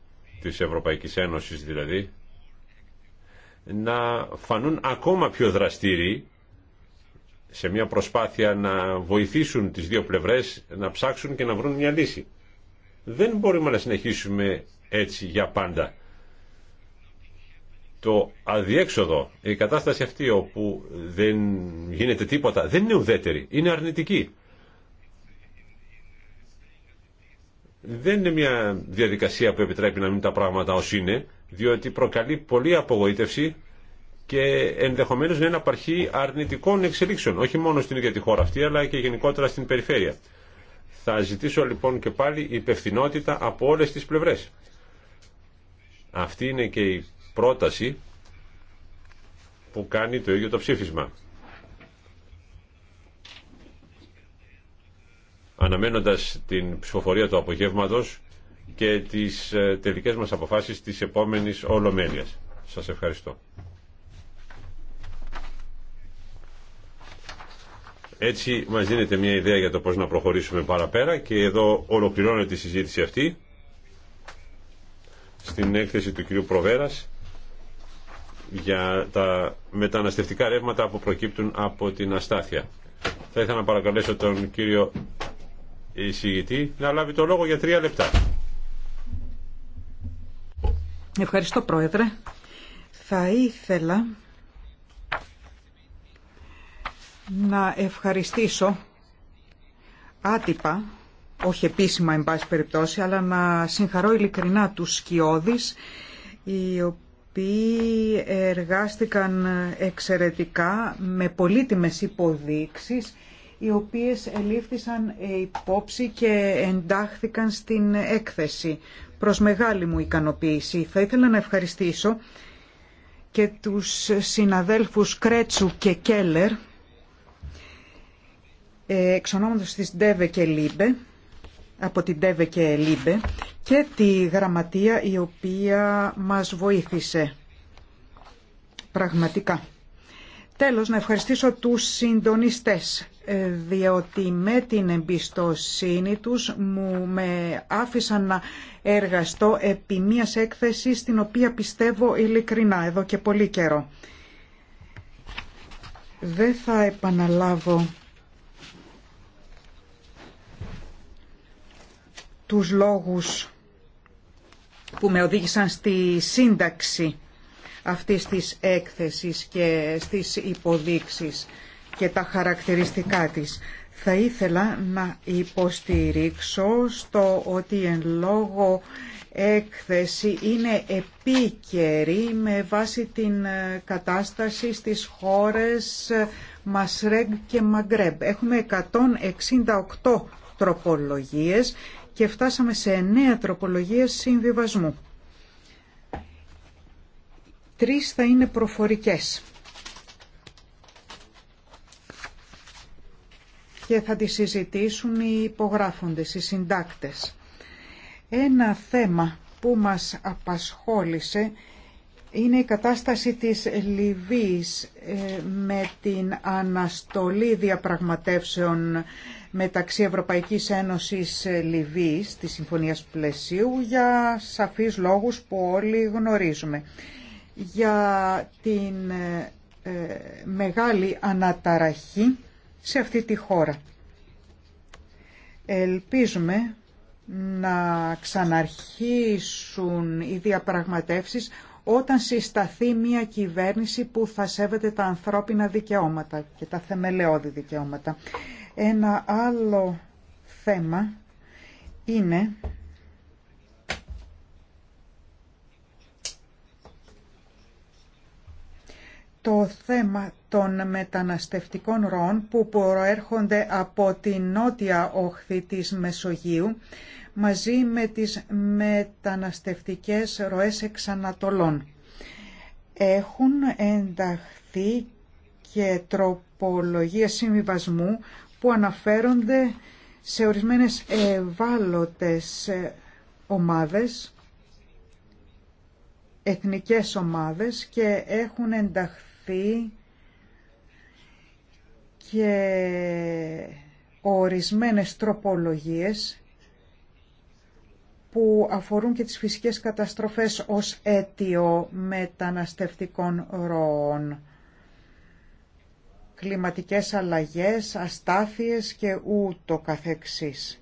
της Ευρωπαϊκής Ένωσης δηλαδή, να φανούν ακόμα πιο δραστήριοι σε μια προσπάθεια να βοηθήσουν τις δύο πλευρές να ψάξουν και να βρουν μια λύση. Δεν μπορούμε να συνεχίσουμε έτσι για πάντα. Το αδιέξοδο, η κατάσταση αυτή όπου δεν γίνεται τίποτα, δεν είναι ουδέτερη, είναι αρνητική. δεν είναι μια διαδικασία που επιτρέπει να μην τα πράγματα ως είναι, διότι προκαλεί πολλή απογοήτευση και ενδεχομένως να είναι απαρχή αρνητικών εξελίξεων, όχι μόνο στην ίδια τη χώρα αυτή, αλλά και γενικότερα στην περιφέρεια. Θα ζητήσω λοιπόν και πάλι υπευθυνότητα από όλες τις πλευρές. Αυτή είναι και η πρόταση που κάνει το ίδιο το ψήφισμα. αναμένοντας την ψηφοφορία του απογεύματος και τις ε, τελικές μας αποφάσεις της επόμενης Ολομέλειας. Σας ευχαριστώ. Έτσι μας δίνεται μια ιδέα για το πώς να προχωρήσουμε παραπέρα και εδώ ολοκληρώνεται η συζήτηση αυτή στην έκθεση του κυρίου Προβέρας για τα μεταναστευτικά ρεύματα που προκύπτουν από την αστάθεια. Θα ήθελα να παρακαλέσω τον κύριο εισηγητή να λάβει το λόγο για τρία λεπτά. Ευχαριστώ Πρόεδρε. Θα ήθελα να ευχαριστήσω άτυπα, όχι επίσημα εν πάση περιπτώσει, αλλά να συγχαρώ ειλικρινά τους σκιώδεις, οι οποίοι εργάστηκαν εξαιρετικά με πολύτιμες υποδείξεις οι οποίες ελήφθησαν υπόψη και εντάχθηκαν στην έκθεση. Προς μεγάλη μου ικανοποίηση. Θα ήθελα να ευχαριστήσω και τους συναδέλφους Κρέτσου και Κέλλερ, ε, εξ ονόματος της Ντέβε και Λίμπε, από την Ντέβε και Λίμπε, και τη γραμματεία η οποία μας βοήθησε πραγματικά. Τέλος, να ευχαριστήσω τους συντονιστές ε, διότι με την εμπιστοσύνη τους μου με άφησαν να εργαστώ επί μιας έκθεσης στην οποία πιστεύω ειλικρινά εδώ και πολύ καιρό. Δεν θα επαναλάβω τους λόγους που με οδήγησαν στη σύνταξη αυτής της έκθεσης και στις υποδείξεις και τα χαρακτηριστικά της. Θα ήθελα να υποστηρίξω στο ότι εν λόγω έκθεση είναι επίκαιρη με βάση την ε, κατάσταση στις χώρες ε, Μασρέγ και Μαγκρέμπ. Έχουμε 168 τροπολογίες και φτάσαμε σε 9 τροπολογίες συμβιβασμού. Τρεις θα είναι προφορικές. και θα τη συζητήσουν οι υπογράφοντες, οι συντάκτες. Ένα θέμα που μας απασχόλησε είναι η κατάσταση της Λιβύης ε, με την αναστολή διαπραγματεύσεων μεταξύ Ευρωπαϊκής Ένωσης ε, Λιβύης, της Συμφωνίας Πλαισίου, για σαφείς λόγους που όλοι γνωρίζουμε. Για την ε, μεγάλη αναταραχή σε αυτή τη χώρα. Ελπίζουμε να ξαναρχίσουν οι διαπραγματεύσεις όταν συσταθεί μια κυβέρνηση που θα σέβεται τα ανθρώπινα δικαιώματα και τα θεμελιώδη δικαιώματα. Ένα άλλο θέμα είναι το θέμα των μεταναστευτικών ροών που προέρχονται από την νότια όχθη της Μεσογείου μαζί με τις μεταναστευτικές ροές εξανατολών. Έχουν ενταχθεί και τροπολογίες συμβιβασμού που αναφέρονται σε ορισμένες ευάλωτες ομάδες, εθνικές ομάδες και έχουν ενταχθεί και ορισμένες τροπολογίες που αφορούν και τις φυσικές καταστροφές ως αίτιο μεταναστευτικών ροών. Κλιματικές αλλαγές, αστάθειες και ούτω καθεξής.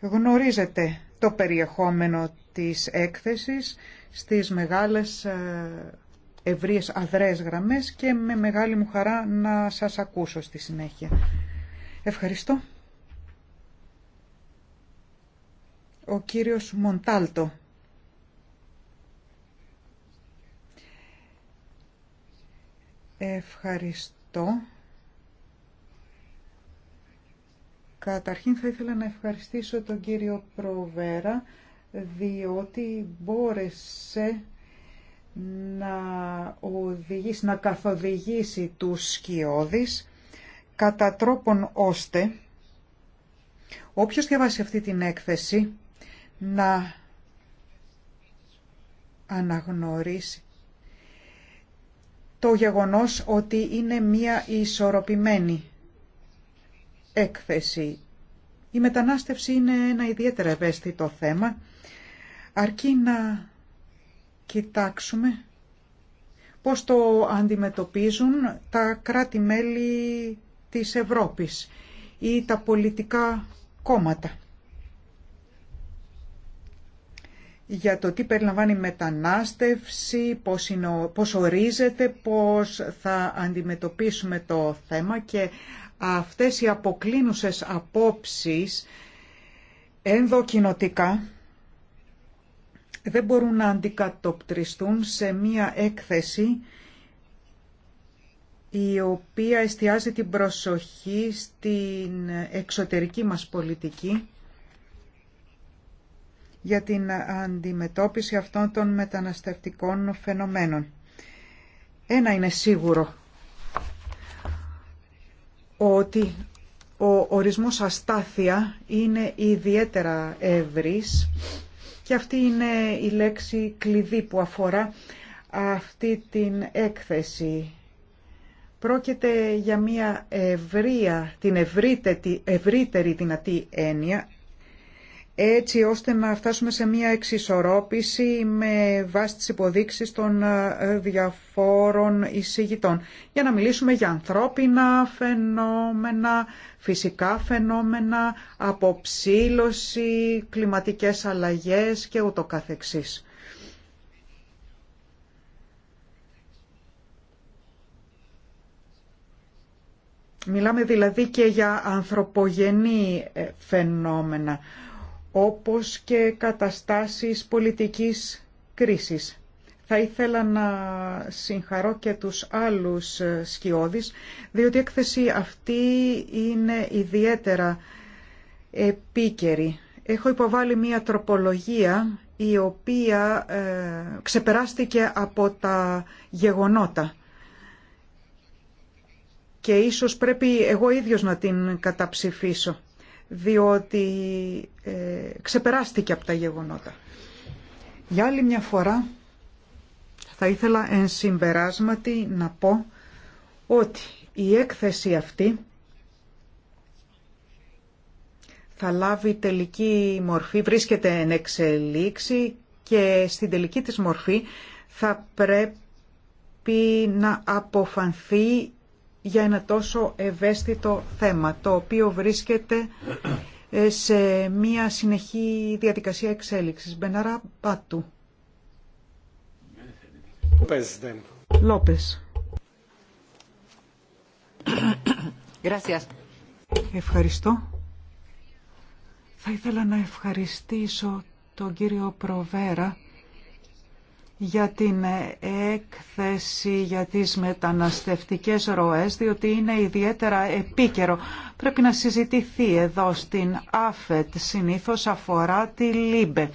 Γνωρίζετε το περιεχόμενο της έκθεσης στις μεγάλες ε, ευρείες αδρές γραμμές και με μεγάλη μου χαρά να σας ακούσω στη συνέχεια. Ευχαριστώ. Ο κύριος Μοντάλτο. Ευχαριστώ. Καταρχήν θα ήθελα να ευχαριστήσω τον κύριο Προβέρα διότι μπόρεσε να, οδηγήσει, να καθοδηγήσει τους σκιώδεις κατά τρόπον ώστε όποιος διαβάσει αυτή την έκθεση να αναγνωρίσει το γεγονός ότι είναι μία ισορροπημένη έκθεση. Η μετανάστευση είναι ένα ιδιαίτερα ευαίσθητο θέμα αρκεί να κοιτάξουμε πώς το αντιμετωπίζουν τα κράτη-μέλη της Ευρώπης ή τα πολιτικά κόμματα. για το τι περιλαμβάνει μετανάστευση, πώς, πώς ορίζεται, πώς θα αντιμετωπίσουμε το θέμα και αυτές οι αποκλίνουσες απόψεις ενδοκινοτικά δεν μπορούν να αντικατοπτριστούν σε μία έκθεση η οποία εστιάζει την προσοχή στην εξωτερική μας πολιτική για την αντιμετώπιση αυτών των μεταναστευτικών φαινομένων. Ένα είναι σίγουρο, ότι ο ορισμός αστάθεια είναι ιδιαίτερα εύρης και αυτή είναι η λέξη κλειδί που αφορά αυτή την έκθεση. Πρόκειται για μια την ευρύτερη δυνατή έννοια έτσι ώστε να φτάσουμε σε μια εξισορρόπηση με βάση τις υποδείξεις των ε, διαφόρων εισηγητών για να μιλήσουμε για ανθρώπινα φαινόμενα, φυσικά φαινόμενα, αποψήλωση, κλιματικές αλλαγές και ούτω καθεξής. Μιλάμε δηλαδή και για ανθρωπογενή ε, φαινόμενα όπως και καταστάσεις πολιτικής κρίσης. Θα ήθελα να συγχαρώ και τους άλλους ε, σκιώδεις, διότι η έκθεση αυτή είναι ιδιαίτερα επίκαιρη. Έχω υποβάλει μία τροπολογία η οποία ε, ξεπεράστηκε από τα γεγονότα και ίσως πρέπει εγώ ίδιος να την καταψηφίσω διότι ε, ξεπεράστηκε από τα γεγονότα. Για άλλη μια φορά θα ήθελα εν συμπεράσματι να πω ότι η έκθεση αυτή θα λάβει τελική μορφή, βρίσκεται εν εξελίξη και στην τελική της μορφή θα πρέπει να αποφανθεί για ένα τόσο ευαίσθητο θέμα, το οποίο βρίσκεται ε, σε μια συνεχή διαδικασία εξέλιξης. Μπενάρα Πάτου. Λόπες. Ευχαριστώ. Θα ήθελα να ευχαριστήσω τον κύριο Προβέρα για την έκθεση για τις μεταναστευτικές ροές, διότι είναι ιδιαίτερα επίκαιρο. Πρέπει να συζητηθεί εδώ στην ΑΦΕΤ, συνήθως αφορά τη ΛΥΜΠΕ.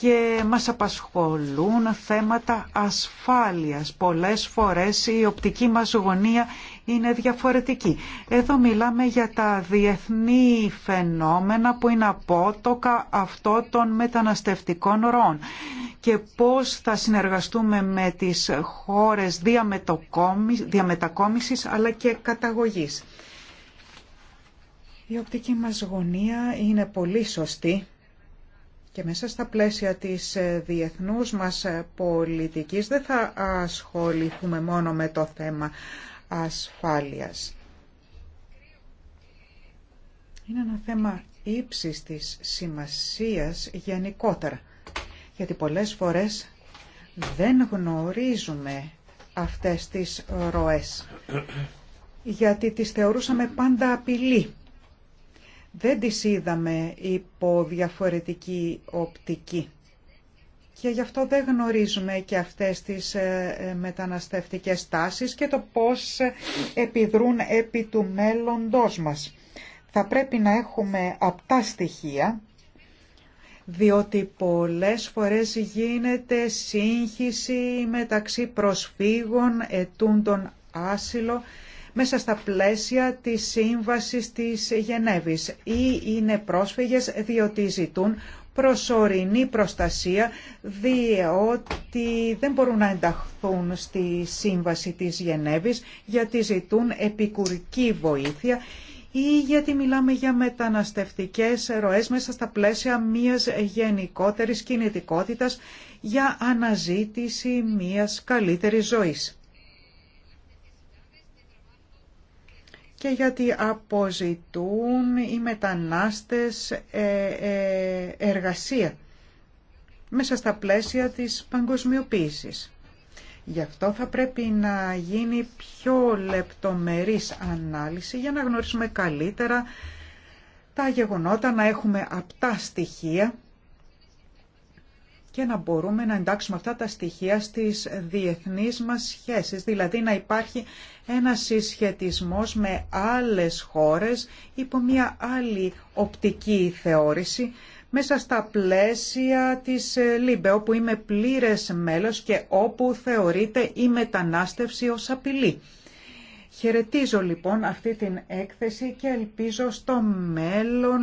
Και μας απασχολούν θέματα ασφάλειας. Πολλές φορές η οπτική μας γωνία είναι διαφορετική. Εδώ μιλάμε για τα διεθνή φαινόμενα που είναι απότοκα αυτό των μεταναστευτικών ροών και πώς θα συνεργαστούμε με τις χώρες διαμετακόμισης αλλά και καταγωγής. Η οπτική μας γωνία είναι πολύ σωστή και μέσα στα πλαίσια της ε, διεθνούς μας ε, πολιτικής δεν θα ασχοληθούμε μόνο με το θέμα ασφάλειας. Είναι ένα θέμα ύψης της σημασίας γενικότερα, γιατί πολλές φορές δεν γνωρίζουμε αυτές τις ροές, γιατί τις θεωρούσαμε πάντα απειλή. Δεν τις είδαμε υπό διαφορετική οπτική και γι' αυτό δεν γνωρίζουμε και αυτές τις ε, ε, μεταναστευτικές τάσεις και το πώς επιδρούν επί του μέλλοντός μας. Θα πρέπει να έχουμε απτά στοιχεία, διότι πολλές φορές γίνεται σύγχυση μεταξύ προσφύγων, ετούντων άσυλο, μέσα στα πλαίσια της σύμβασης της Γενέβης ή είναι πρόσφυγες διότι ζητούν προσωρινή προστασία διότι δεν μπορούν να ενταχθούν στη σύμβαση της Γενέβης γιατί ζητούν επικουρική βοήθεια ή γιατί μιλάμε για μεταναστευτικές ροές μέσα στα πλαίσια μιας γενικότερης κινητικότητας για αναζήτηση μιας καλύτερης ζωής. και γιατί αποζητούν οι μετανάστες ε, ε, εργασία μέσα στα πλαίσια της παγκοσμιοποίησης. Γι' αυτό θα πρέπει να γίνει πιο λεπτομερής ανάλυση για να γνωρίσουμε καλύτερα τα γεγονότα, να έχουμε απτά στοιχεία και να μπορούμε να εντάξουμε αυτά τα στοιχεία στις διεθνείς μας σχέσεις, δηλαδή να υπάρχει ένα συσχετισμός με άλλες χώρες υπό μια άλλη οπτική θεώρηση μέσα στα πλαίσια της ε, ΛΥΜΠΕ, όπου είμαι πλήρες μέλος και όπου θεωρείται η μετανάστευση ως απειλή. Χαιρετίζω λοιπόν αυτή την έκθεση και ελπίζω στο μέλλον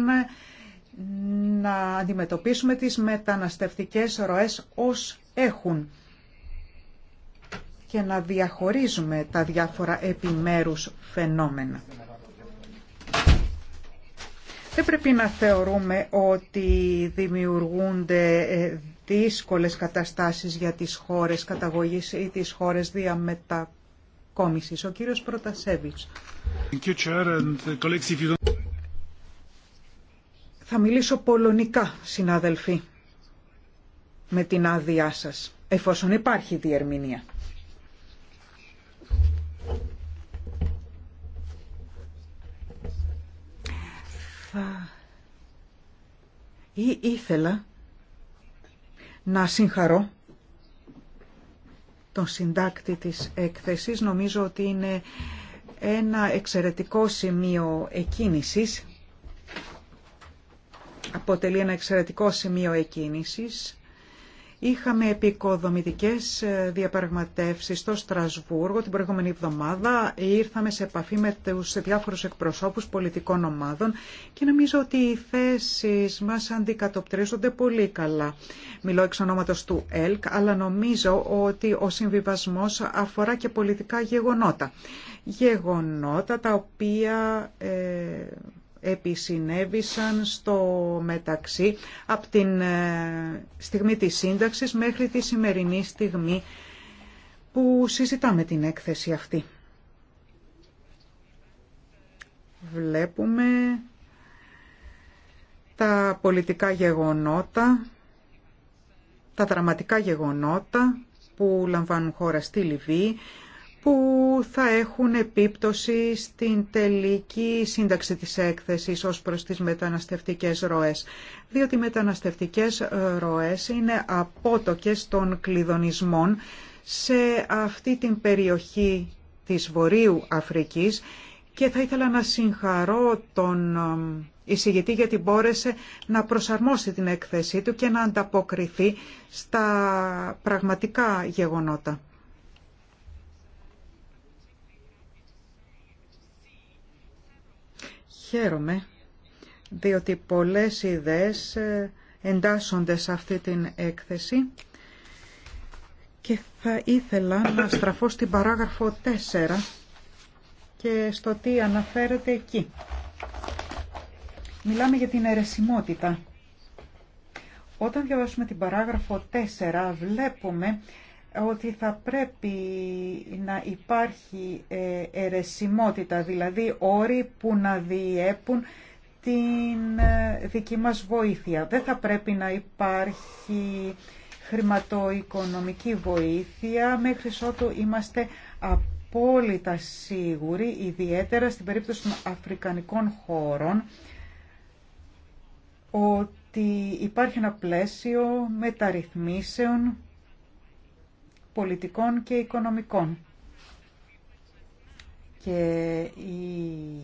να αντιμετωπίσουμε τις μεταναστευτικές ροές ως έχουν και να διαχωρίζουμε τα διάφορα επιμέρους φαινόμενα. Δεν πρέπει να θεωρούμε ότι δημιουργούνται ε, δύσκολες καταστάσεις για τις χώρες καταγωγής ή τις χώρες διαμετακόμισης. Ο κύριος Πρωτασέβης. Θα μιλήσω πολωνικά, συνάδελφοι, με την άδειά σας, εφόσον υπάρχει διερμηνία. Θα... Ή ήθελα να συγχαρώ τον συντάκτη της έκθεσης. Νομίζω ότι είναι ένα εξαιρετικό σημείο εκκίνησης αποτελεί ένα εξαιρετικό σημείο εκκίνησης. Είχαμε επικοδομητικές ε, διαπραγματεύσεις στο Στρασβούργο την προηγούμενη εβδομάδα. Ήρθαμε σε επαφή με τους διάφορους εκπροσώπους πολιτικών ομάδων και νομίζω ότι οι θέσεις μας αντικατοπτρίζονται πολύ καλά. Μιλώ εξ ονόματος του ΕΛΚ, αλλά νομίζω ότι ο συμβιβασμός αφορά και πολιτικά γεγονότα. Γεγονότα τα οποία... Ε, επισυνέβησαν στο μεταξύ από την ε, στιγμή της σύνταξης μέχρι τη σημερινή στιγμή που συζητάμε την έκθεση αυτή. Βλέπουμε τα πολιτικά γεγονότα, τα δραματικά γεγονότα που λαμβάνουν χώρα στη Λιβύη, που θα έχουν επίπτωση στην τελική σύνταξη της έκθεσης ως προς τις μεταναστευτικές ροές. Διότι οι μεταναστευτικές ε, ροές είναι απότοκες των κλειδονισμών σε αυτή την περιοχή της Βορείου Αφρικής και θα ήθελα να συγχαρώ τον ε, εισηγητή γιατί μπόρεσε να προσαρμόσει την έκθεσή του και να ανταποκριθεί στα πραγματικά γεγονότα. Χαίρομαι, διότι πολλές ιδέες ε, εντάσσονται σε αυτή την έκθεση και θα ήθελα να στραφώ στην παράγραφο 4 και στο τι αναφέρεται εκεί. Μιλάμε για την αιρεσιμότητα. Όταν διαβάσουμε την παράγραφο 4 βλέπουμε ότι θα πρέπει να υπάρχει ερεσιμότητα, δηλαδή όροι που να διέπουν την ε, δική μας βοήθεια. Δεν θα πρέπει να υπάρχει χρηματοοικονομική βοήθεια μέχρι ότου είμαστε απόλυτα σίγουροι, ιδιαίτερα στην περίπτωση των αφρικανικών χώρων, ότι υπάρχει ένα πλαίσιο μεταρρυθμίσεων πολιτικών και οικονομικών. Και οι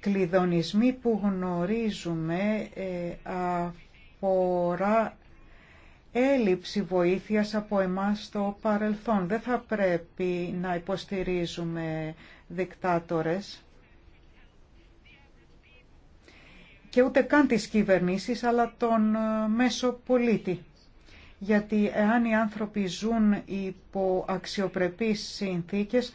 κλειδονισμοί που γνωρίζουμε ε, αφορά έλλειψη βοήθειας από εμάς στο παρελθόν. Δεν θα πρέπει να υποστηρίζουμε δικτάτορες και ούτε καν τις κυβερνήσεις αλλά τον ε, μέσο πολίτη γιατί εάν οι άνθρωποι ζουν υπό αξιοπρεπείς συνθήκες,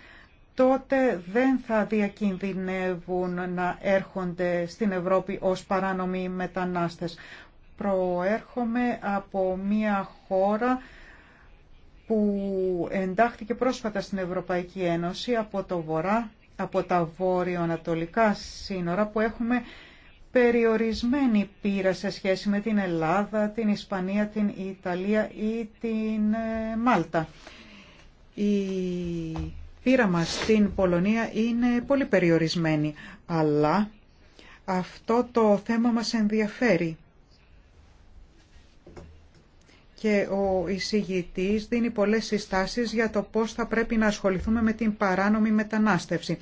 τότε δεν θα διακινδυνεύουν να έρχονται στην Ευρώπη ως παράνομοι μετανάστες. Προέρχομαι από μια χώρα που εντάχθηκε πρόσφατα στην Ευρωπαϊκή Ένωση από το βορρά, από τα βόρειο-ανατολικά σύνορα που έχουμε περιορισμένη πείρα σε σχέση με την Ελλάδα, την Ισπανία, την Ιταλία ή την ε, Μάλτα. Η πείρα μας στην Πολωνία είναι πολύ περιορισμένη, αλλά αυτό το θέμα μας ενδιαφέρει. Και ο εισηγητής δίνει πολλές συστάσεις για το πώς θα πρέπει να ασχοληθούμε με την παράνομη μετανάστευση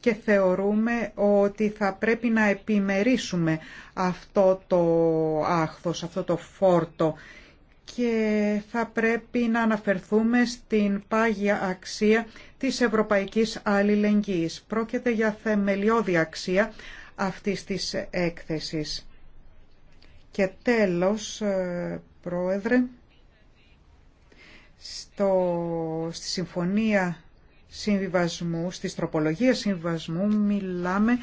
και θεωρούμε ότι θα πρέπει να επιμερίσουμε αυτό το άχθος, αυτό το φόρτο και θα πρέπει να αναφερθούμε στην πάγια αξία της ευρωπαϊκής αλληλεγγύης. Πρόκειται για θεμελιώδη αξία αυτής της έκθεσης. Και τέλος, ε, Πρόεδρε, στο, στη Συμφωνία συμβιβασμού, στις τροπολογίες συμβιβασμού μιλάμε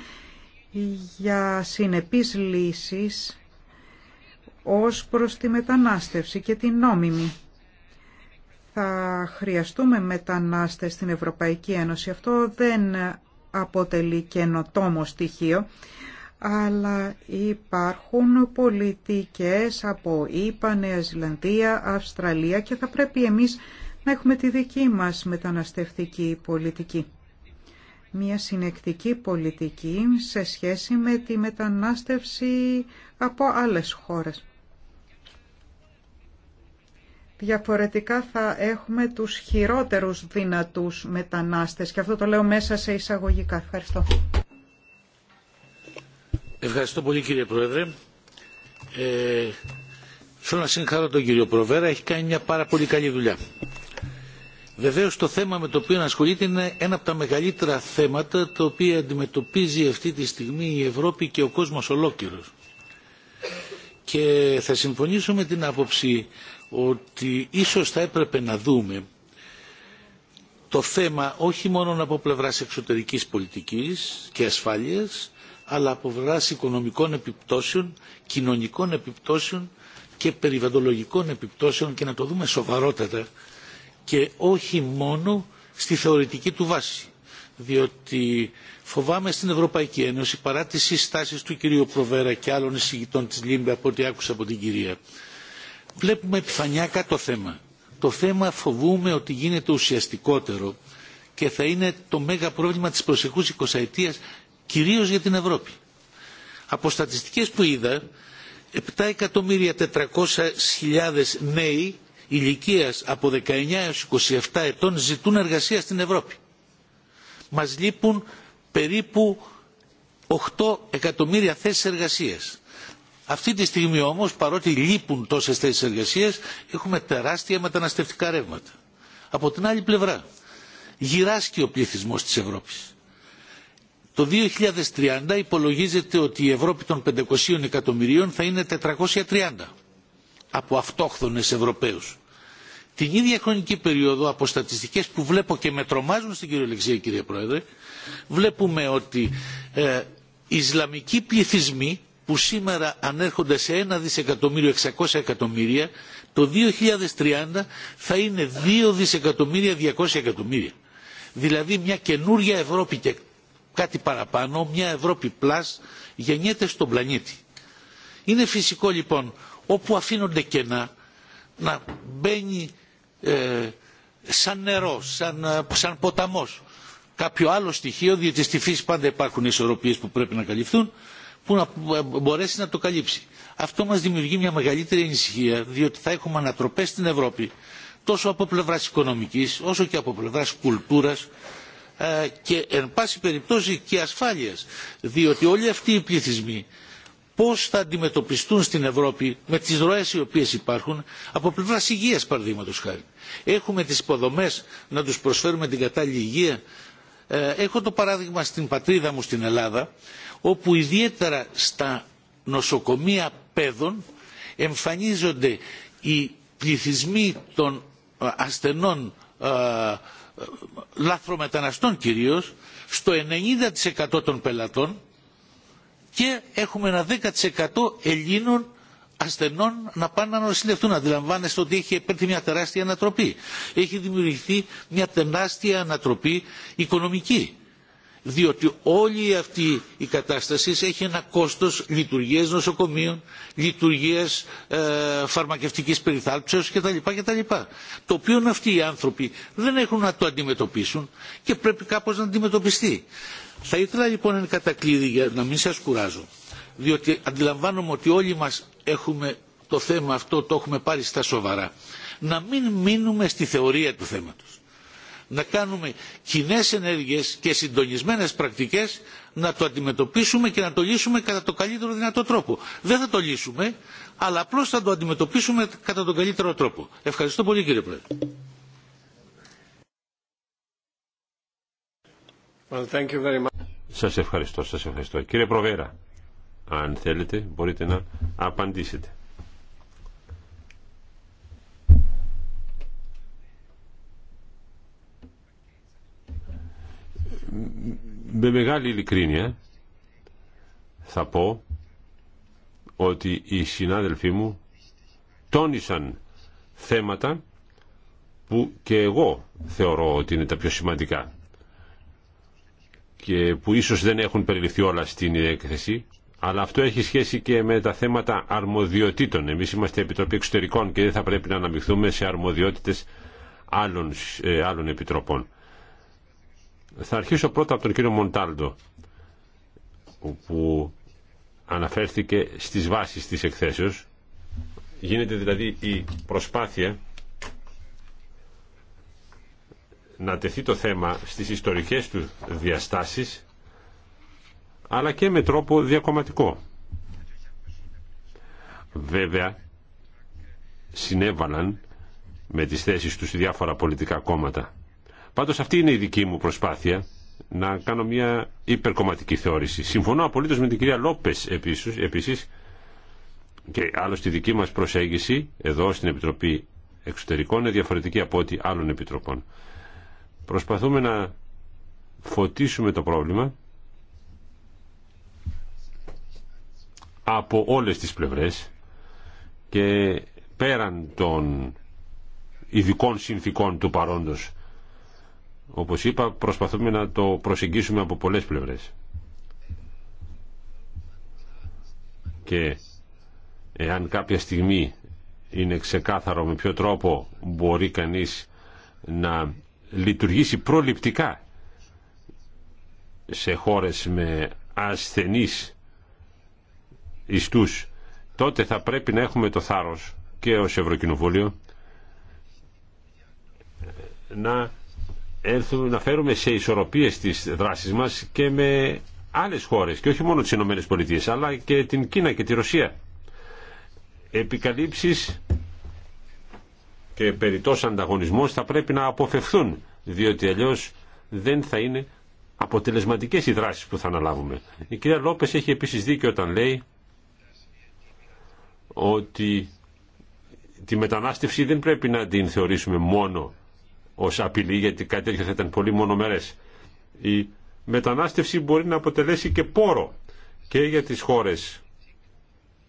για συνεπείς λύσεις ως προς τη μετανάστευση και την νόμιμη. Θα χρειαστούμε μετανάστες στην Ευρωπαϊκή Ένωση. Αυτό δεν αποτελεί καινοτόμο στοιχείο, αλλά υπάρχουν πολιτικές από ΙΠΑ, Νέα Ζηλανδία, Αυστραλία και θα πρέπει εμείς να έχουμε τη δική μας μεταναστευτική πολιτική. Μια συνεκτική πολιτική σε σχέση με τη μετανάστευση από άλλες χώρες. Διαφορετικά θα έχουμε τους χειρότερους δυνατούς μετανάστες και αυτό το λέω μέσα σε εισαγωγικά. Ευχαριστώ. Ευχαριστώ πολύ κύριε Πρόεδρε. Ε, θέλω να συγχαρώ τον κύριο Προβέρα. Έχει κάνει μια πάρα πολύ καλή δουλειά. Βεβαίως το θέμα με το οποίο ασχολείται είναι ένα από τα μεγαλύτερα θέματα τα οποία αντιμετωπίζει αυτή τη στιγμή η Ευρώπη και ο κόσμος ολόκληρος. Και θα συμφωνήσω με την άποψη ότι ίσως θα έπρεπε να δούμε το θέμα όχι μόνο από πλευράς εξωτερικής πολιτικής και ασφάλειας αλλά από πλευράς οικονομικών επιπτώσεων, κοινωνικών επιπτώσεων και περιβαλλοντολογικών επιπτώσεων και να το δούμε σοβαρότατα και όχι μόνο στη θεωρητική του βάση. Διότι φοβάμαι στην Ευρωπαϊκή Ένωση, παρά τις συστάσεις του κυρίου Προβέρα και άλλων εισηγητών της Λίμπη από ό,τι άκουσα από την κυρία, βλέπουμε επιφανειακά το θέμα. Το θέμα φοβούμε ότι γίνεται ουσιαστικότερο και θα είναι το μέγα πρόβλημα της προσεχούς 20 κυρίως για την Ευρώπη. Από στατιστικές που είδα, 7.400.000 νέοι ηλικίας από 19 έως 27 ετών ζητούν εργασία στην Ευρώπη. Μας λείπουν περίπου 8 εκατομμύρια θέσεις εργασίας. Αυτή τη στιγμή όμως παρότι λείπουν τόσες θέσεις εργασίας έχουμε τεράστια μεταναστευτικά ρεύματα. Από την άλλη πλευρά γυράσκει ο πληθυσμός της Ευρώπης. Το 2030 υπολογίζεται ότι η Ευρώπη των 500 εκατομμυρίων θα είναι 430 από αυτόχθονες Ευρωπαίους. Την ίδια χρονική περίοδο από στατιστικές που βλέπω και με τρομάζουν στην κυριολεξία κύριε Πρόεδρε βλέπουμε ότι ε, Ισλαμικοί πληθυσμοί που σήμερα ανέρχονται σε 1 δισεκατομμύριο 600 εκατομμύρια το 2030 θα είναι 2 δισεκατομμύρια 200 εκατομμύρια. Δηλαδή μια καινούρια Ευρώπη και κάτι παραπάνω, μια Ευρώπη πλάς γεννιέται στον πλανήτη. Είναι φυσικό λοιπόν όπου αφήνονται κενά να μπαίνει ε, σαν νερό, σαν, ε, σαν ποταμός κάποιο άλλο στοιχείο, διότι στη φύση πάντα υπάρχουν ισορροπίες που πρέπει να καλυφθούν, που να ε, μπορέσει να το καλύψει. Αυτό μας δημιουργεί μια μεγαλύτερη ανησυχία, διότι θα έχουμε ανατροπές στην Ευρώπη, τόσο από πλευράς οικονομικής, όσο και από πλευράς κουλτούρας και εν πάση περιπτώσει και ασφάλειας, διότι όλοι αυτοί οι πληθυσμοί πώς θα αντιμετωπιστούν στην Ευρώπη με τις ροές οι οποίες υπάρχουν από πλευρά υγείας παραδείγματος χάρη. Έχουμε τις υποδομές να τους προσφέρουμε την κατάλληλη υγεία. Ε, έχω το παράδειγμα στην πατρίδα μου στην Ελλάδα όπου ιδιαίτερα στα νοσοκομεία παιδών εμφανίζονται οι πληθυσμοί των ε, ασθενών ε, λάθρομεταναστών κυρίως στο 90% των πελατών και έχουμε ένα 10% Ελλήνων ασθενών να πάνε να νοσηλευτούν. Αντιλαμβάνεστε ότι έχει επέλθει μια τεράστια ανατροπή. Έχει δημιουργηθεί μια τεράστια ανατροπή οικονομική. Διότι όλη αυτή η κατάσταση έχει ένα κόστος λειτουργίας νοσοκομείων, λειτουργίας ε, φαρμακευτικής περιθάλψεως κτλ, κτλ. Το οποίο αυτοί οι άνθρωποι δεν έχουν να το αντιμετωπίσουν και πρέπει κάπως να αντιμετωπιστεί. Θα ήθελα λοιπόν εν κατακλείδη για να μην σας κουράζω, διότι αντιλαμβάνομαι ότι όλοι μας έχουμε το θέμα αυτό, το έχουμε πάρει στα σοβαρά, να μην μείνουμε στη θεωρία του θέματος. Να κάνουμε κοινέ ενέργειες και συντονισμένες πρακτικές να το αντιμετωπίσουμε και να το λύσουμε κατά το καλύτερο δυνατό τρόπο. Δεν θα το λύσουμε, αλλά απλώς θα το αντιμετωπίσουμε κατά τον καλύτερο τρόπο. Ευχαριστώ πολύ κύριε Πρόεδρε. Σας ευχαριστώ, σας ευχαριστώ. Κύριε Προβέρα, αν θέλετε μπορείτε να απαντήσετε. Με μεγάλη ειλικρίνεια θα πω ότι οι συνάδελφοί μου τόνισαν θέματα που και εγώ θεωρώ ότι είναι τα πιο σημαντικά και που ίσως δεν έχουν περιληφθεί όλα στην έκθεση, αλλά αυτό έχει σχέση και με τα θέματα αρμοδιοτήτων. Εμείς είμαστε Επιτροπή Εξωτερικών και δεν θα πρέπει να αναμειχθούμε σε αρμοδιότητες άλλων, ε, άλλων επιτροπών. Θα αρχίσω πρώτα από τον κύριο Μοντάλντο, που αναφέρθηκε στις βάσεις της εκθέσεως. Γίνεται δηλαδή η προσπάθεια να τεθεί το θέμα στις ιστορικές του διαστάσεις αλλά και με τρόπο διακομματικό. Βέβαια, συνέβαλαν με τις θέσεις τους διάφορα πολιτικά κόμματα. Πάντως αυτή είναι η δική μου προσπάθεια να κάνω μια υπερκομματική θεώρηση. Συμφωνώ απολύτως με την κυρία Λόπες επίσης, επίσης και άλλωστε η δική μας προσέγγιση εδώ στην Επιτροπή Εξωτερικών είναι διαφορετική από ό,τι άλλων επιτροπών. Προσπαθούμε να φωτίσουμε το πρόβλημα από όλες τις πλευρές και πέραν των ειδικών συνθήκων του παρόντος. Όπως είπα, προσπαθούμε να το προσεγγίσουμε από πολλές πλευρές. Και εάν κάποια στιγμή είναι ξεκάθαρο με ποιο τρόπο μπορεί κανείς να λειτουργήσει προληπτικά σε χώρες με ασθενείς ιστούς, τότε θα πρέπει να έχουμε το θάρρος και ως Ευρωκοινοβούλιο να, έρθουμε, να φέρουμε σε ισορροπίες τις δράσεις μας και με άλλες χώρες και όχι μόνο τις Ηνωμένες Πολιτείες αλλά και την Κίνα και τη Ρωσία επικαλύψεις και περιττός ανταγωνισμός θα πρέπει να αποφευθούν, διότι αλλιώς δεν θα είναι αποτελεσματικές οι δράσεις που θα αναλάβουμε. Η κυρία Λόπες έχει επίσης δίκιο όταν λέει ότι τη μετανάστευση δεν πρέπει να την θεωρήσουμε μόνο ως απειλή, γιατί κάτι τέτοιο θα ήταν πολύ μονομερές. Η μετανάστευση μπορεί να αποτελέσει και πόρο και για τις χώρες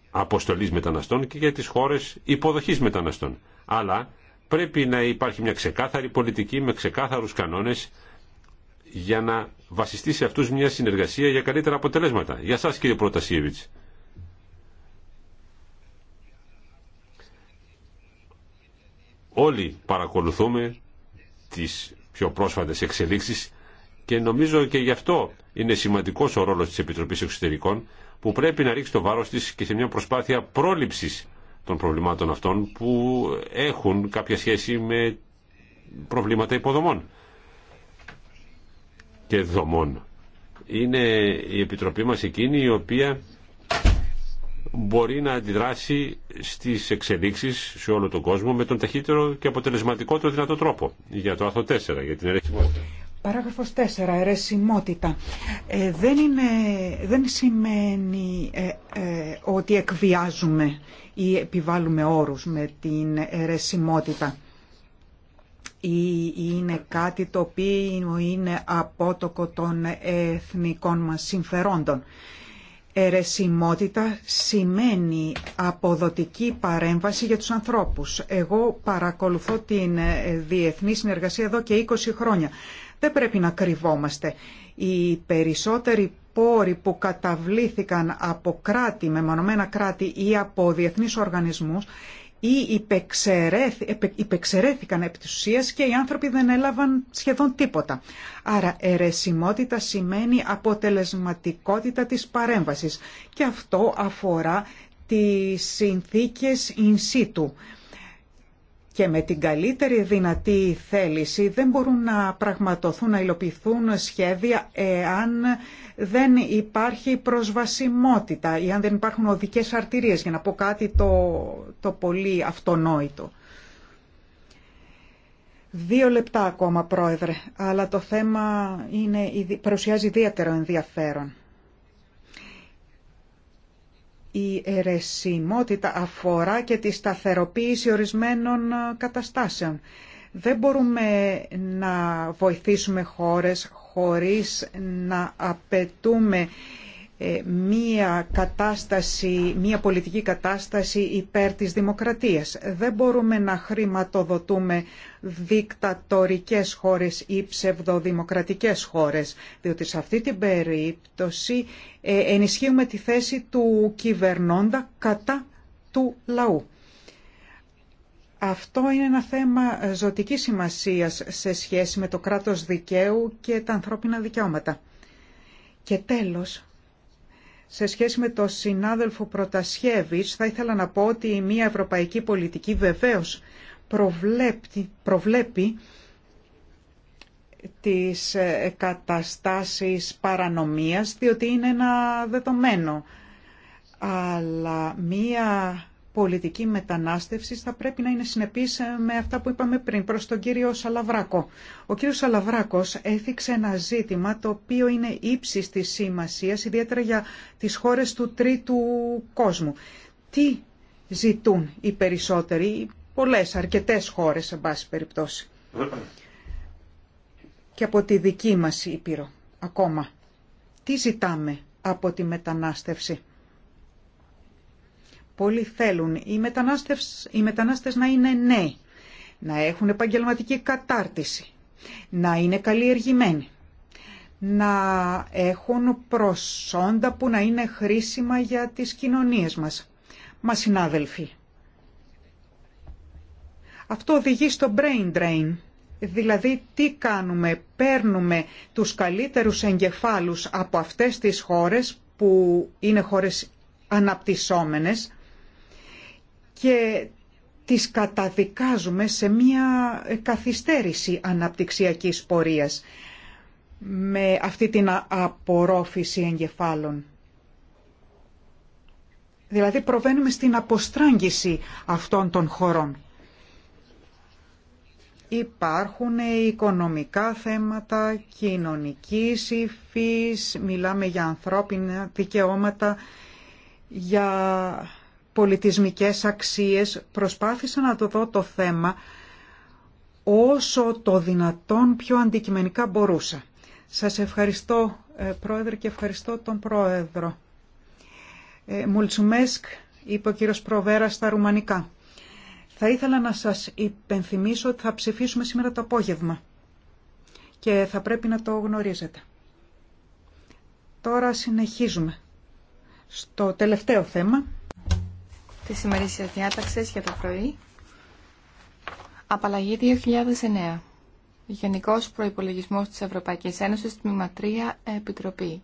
αποστολής μεταναστών και για τις χώρες υποδοχής μεταναστών αλλά πρέπει να υπάρχει μια ξεκάθαρη πολιτική με ξεκάθαρους κανόνες για να βασιστεί σε αυτούς μια συνεργασία για καλύτερα αποτελέσματα. Για σας κύριε Πρωτασίεβιτς. Όλοι παρακολουθούμε τις πιο πρόσφατες εξελίξεις και νομίζω και γι' αυτό είναι σημαντικός ο ρόλος της Επιτροπής Εξωτερικών που πρέπει να ρίξει το βάρος της και σε μια προσπάθεια πρόληψης των προβλημάτων αυτών που έχουν κάποια σχέση με προβλήματα υποδομών και δομών. Είναι η Επιτροπή μας εκείνη η οποία μπορεί να αντιδράσει στις εξελίξεις σε όλο τον κόσμο με τον ταχύτερο και αποτελεσματικότερο δυνατό τρόπο για το άρθρο 4, για την ερεσιμότητα. Παράγραφος 4. Ερεσιμότητα. Ε, δεν, είναι, δεν σημαίνει ε, ε, ότι εκβιάζουμε ή επιβάλλουμε όρους με την ερεσιμότητα ή είναι κάτι το οποίο είναι απότοκο των εθνικών μας συμφερόντων. Ερεσιμότητα σημαίνει αποδοτική παρέμβαση για τους ανθρώπους. Εγώ παρακολουθώ την διεθνή συνεργασία εδώ και 20 χρόνια. Δεν πρέπει να κρυβόμαστε. Οι περισσότεροι πόροι που καταβλήθηκαν από κράτη, μεμονωμένα κράτη ή από διεθνείς οργανισμούς ή υπεξαιρέθηκαν επί της ουσίας και οι άνθρωποι δεν έλαβαν σχεδόν τίποτα. Άρα αιρεσιμότητα σημαίνει αποτελεσματικότητα της παρέμβασης και αυτό αφορά τις συνθήκες in situ και με την καλύτερη δυνατή θέληση δεν μπορούν να πραγματοθούν, να υλοποιηθούν σχέδια εάν δεν υπάρχει προσβασιμότητα ή αν δεν υπάρχουν οδικές αρτηρίες, για να πω κάτι το, το πολύ αυτονόητο. Δύο λεπτά ακόμα, Πρόεδρε, αλλά το θέμα είναι, παρουσιάζει ιδιαίτερο ενδιαφέρον η αιρεσιμότητα αφορά και τη σταθεροποίηση ορισμένων ε, καταστάσεων. Δεν μπορούμε να βοηθήσουμε χώρες χωρίς να απαιτούμε ε, μία κατάσταση, μία πολιτική κατάσταση υπέρ της δημοκρατίας. Δεν μπορούμε να χρηματοδοτούμε δικτατορικές χώρες ή ψευδοδημοκρατικές χώρες, διότι σε αυτή την περίπτωση ε, ενισχύουμε τη θέση του κυβερνώντα κατά του λαού. Αυτό είναι ένα θέμα ζωτικής σημασίας σε σχέση με το κράτος δικαίου και τα ανθρώπινα δικαιώματα. Και τέλος, σε σχέση με το συνάδελφο Προτασχέβης, θα ήθελα να πω ότι μια ευρωπαϊκή πολιτική βεβαίως προβλέπει, προβλέπει τις ε, καταστάσεις παρανομίας, διότι είναι ένα δεδομένο. Αλλά μία πολιτική μετανάστευση θα πρέπει να είναι συνεπής ε, με αυτά που είπαμε πριν προς τον κύριο Σαλαβράκο. Ο κύριος Σαλαβράκος έθιξε ένα ζήτημα το οποίο είναι ύψης της σημασίας, ιδιαίτερα για τις χώρες του τρίτου κόσμου. Τι ζητούν οι περισσότεροι, πολλές, αρκετές χώρες, σε πάση περιπτώσει. Και από τη δική μας Ήπειρο, ακόμα. Τι ζητάμε από τη μετανάστευση. Πολλοί θέλουν οι, οι μετανάστες να είναι νέοι, να έχουν επαγγελματική κατάρτιση, να είναι καλλιεργημένοι, να έχουν προσόντα που να είναι χρήσιμα για τις κοινωνίες μας. Μα συνάδελφοι, αυτό οδηγεί στο brain drain. Δηλαδή τι κάνουμε, παίρνουμε τους καλύτερους εγκεφάλους από αυτές τις χώρες που είναι χώρες αναπτυσσόμενες και τις καταδικάζουμε σε μια καθυστέρηση αναπτυξιακής πορείας με αυτή την απορρόφηση εγκεφάλων. Δηλαδή προβαίνουμε στην αποστράγγιση αυτών των χωρών. Υπάρχουν οικονομικά θέματα, κοινωνικής υφής, μιλάμε για ανθρώπινα δικαιώματα, για πολιτισμικές αξίες. Προσπάθησα να το δω το θέμα όσο το δυνατόν πιο αντικειμενικά μπορούσα. Σας ευχαριστώ ε, Πρόεδρε και ευχαριστώ τον Πρόεδρο. Ε, Μουλτσουμέσκ, είπε ο κύριος Προβέρα στα ρουμανικά. Θα ήθελα να σας υπενθυμίσω ότι θα ψηφίσουμε σήμερα το απόγευμα και θα πρέπει να το γνωρίζετε. Τώρα συνεχίζουμε στο τελευταίο θέμα. Τη ημερήσια διάταξη για το πρωί. Απαλλαγή 2009. Γενικός Προϋπολογισμός της Ευρωπαϊκής Ένωσης, τμήμα 3, Επιτροπή.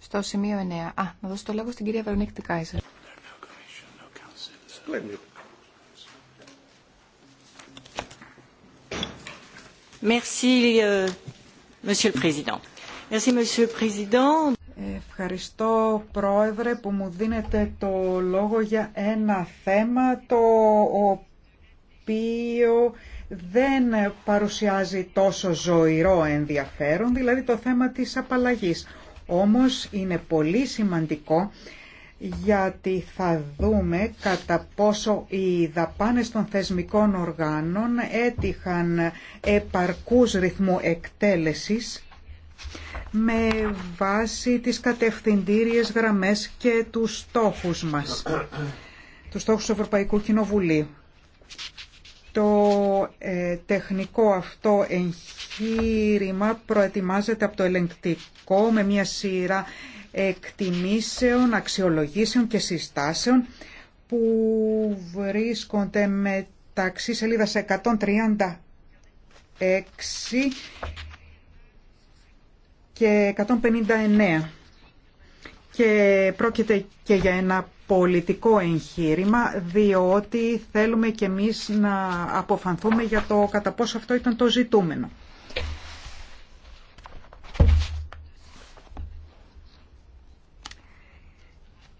Στο σημείο 9. Α, να δώσω το λόγο στην κυρία Βερονίκη Τικάιζερ. Euh, Ευχαριστώ Πρόεδρε που μου δίνετε το λόγο για ένα θέμα το οποίο δεν παρουσιάζει τόσο ζωηρό ενδιαφέρον, δηλαδή το θέμα της απαλλαγής. Όμως είναι πολύ σημαντικό γιατί θα δούμε κατά πόσο οι δαπάνες των θεσμικών οργάνων έτυχαν επαρκούς ρυθμού εκτέλεσης με βάση τις κατευθυντήριες γραμμές και τους στόχους μας, τους στόχους του Ευρωπαϊκού Κοινοβουλίου. Το ε, τεχνικό αυτό εγχείρημα προετοιμάζεται από το ελεγκτικό με μια σειρά εκτιμήσεων, αξιολογήσεων και συστάσεων που βρίσκονται μεταξύ σελίδας 136 και 159 και πρόκειται και για ένα πολιτικό εγχείρημα διότι θέλουμε και εμείς να αποφανθούμε για το κατά πόσο αυτό ήταν το ζητούμενο.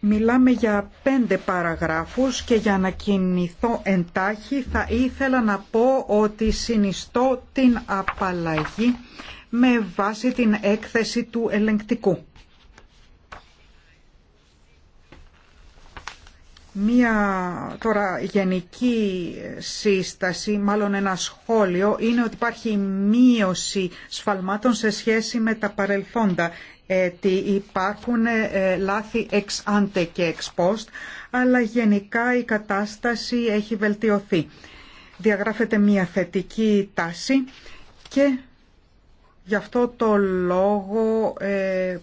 Μιλάμε για πέντε παραγράφους και για να κινηθώ εντάχει θα ήθελα να πω ότι συνιστώ την απαλλαγή με βάση την έκθεση του ελεγκτικού. Μία τώρα γενική σύσταση, μάλλον ένα σχόλιο, είναι ότι υπάρχει μείωση σφαλμάτων σε σχέση με τα παρελθόντα ότι υπάρχουν ε, λάθη εξ άντε και εξ post, αλλά γενικά η κατάσταση έχει βελτιωθεί. Διαγράφεται μια θετική τάση και γι' αυτό το λόγο ε,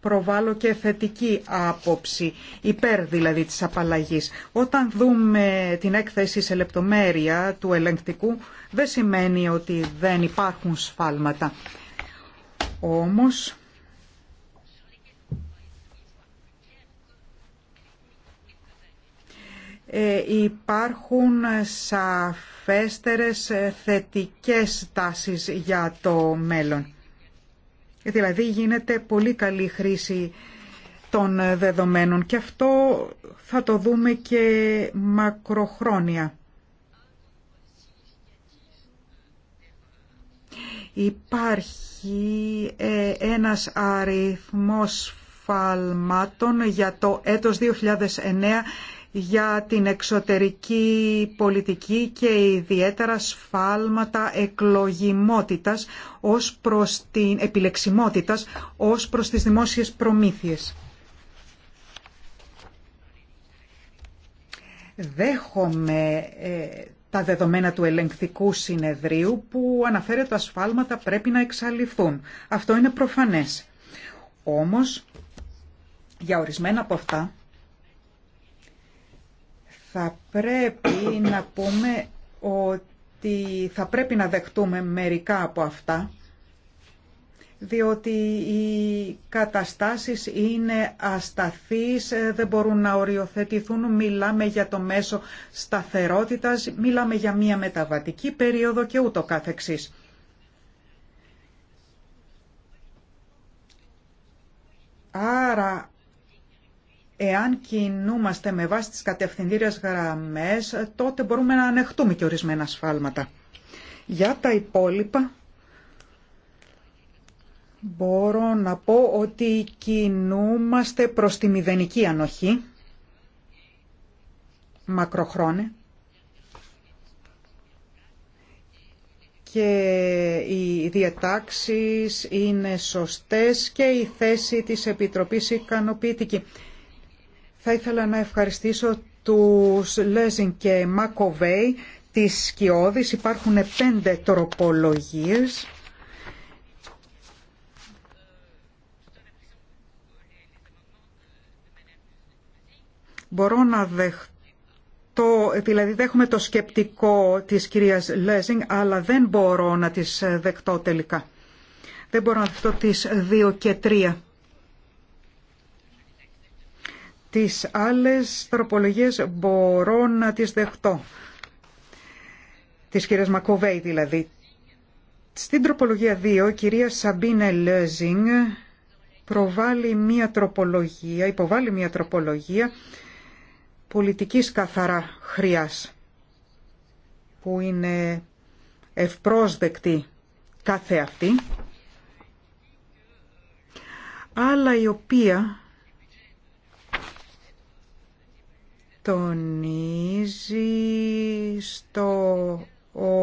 προβάλλω και θετική άποψη, υπέρ δηλαδή της απαλλαγής. Όταν δούμε την έκθεση σε λεπτομέρεια του ελεγκτικού, δεν σημαίνει ότι δεν υπάρχουν σφάλματα. Όμως Ε, υπάρχουν σαφέστερες ε, θετικές τάσεις για το μέλλον. Δηλαδή γίνεται πολύ καλή χρήση των δεδομένων και αυτό θα το δούμε και μακροχρόνια. Υπάρχει ε, ένας αριθμός φαλμάτων για το έτος 2009 για την εξωτερική πολιτική και ιδιαίτερα σφάλματα εκλογιμότητας ως προς την επιλεξιμότητας ως προς τις δημόσιες προμήθειες. Δέχομαι ε, τα δεδομένα του ελεγκτικού συνεδρίου που αναφέρεται τα σφάλματα πρέπει να εξαλειφθούν. Αυτό είναι προφανές. Όμως, για ορισμένα από αυτά, θα πρέπει να πούμε ότι θα πρέπει να δεχτούμε μερικά από αυτά διότι οι καταστάσεις είναι ασταθείς, δεν μπορούν να οριοθετηθούν. Μιλάμε για το μέσο σταθερότητας, μιλάμε για μια μεταβατική περίοδο και ούτω καθεξής. Άρα Εάν κινούμαστε με βάση τις κατευθυντήριες γραμμές, τότε μπορούμε να ανεχτούμε και ορισμένα ασφάλματα. Για τα υπόλοιπα, μπορώ να πω ότι κινούμαστε προς τη μηδενική ανοχή, μακροχρόνια, και οι διατάξεις είναι σωστές και η θέση της Επιτροπής ικανοποιητική. Θα ήθελα να ευχαριστήσω τους Λέζιν και Μακοβέι της Σκιώδης. Υπάρχουν πέντε τροπολογίες. Μπορώ να δεχτώ το, δηλαδή δέχομαι το σκεπτικό της κυρίας Λέζινγκ, αλλά δεν μπορώ να τις δεχτώ τελικά. Δεν μπορώ να δεχτώ τις δύο και τρία. Τις άλλες τροπολογίες μπορώ να τις δεχτώ. Της κυρίας Μακοβέη δηλαδή. Στην τροπολογία 2, η κυρία Σαμπίνε Λέζινγκ προβάλλει μία τροπολογία, υποβάλλει μία τροπολογία πολιτικής καθαρά χρειάς, που είναι ευπρόσδεκτη κάθε αυτή, αλλά η οποία τονίζει στο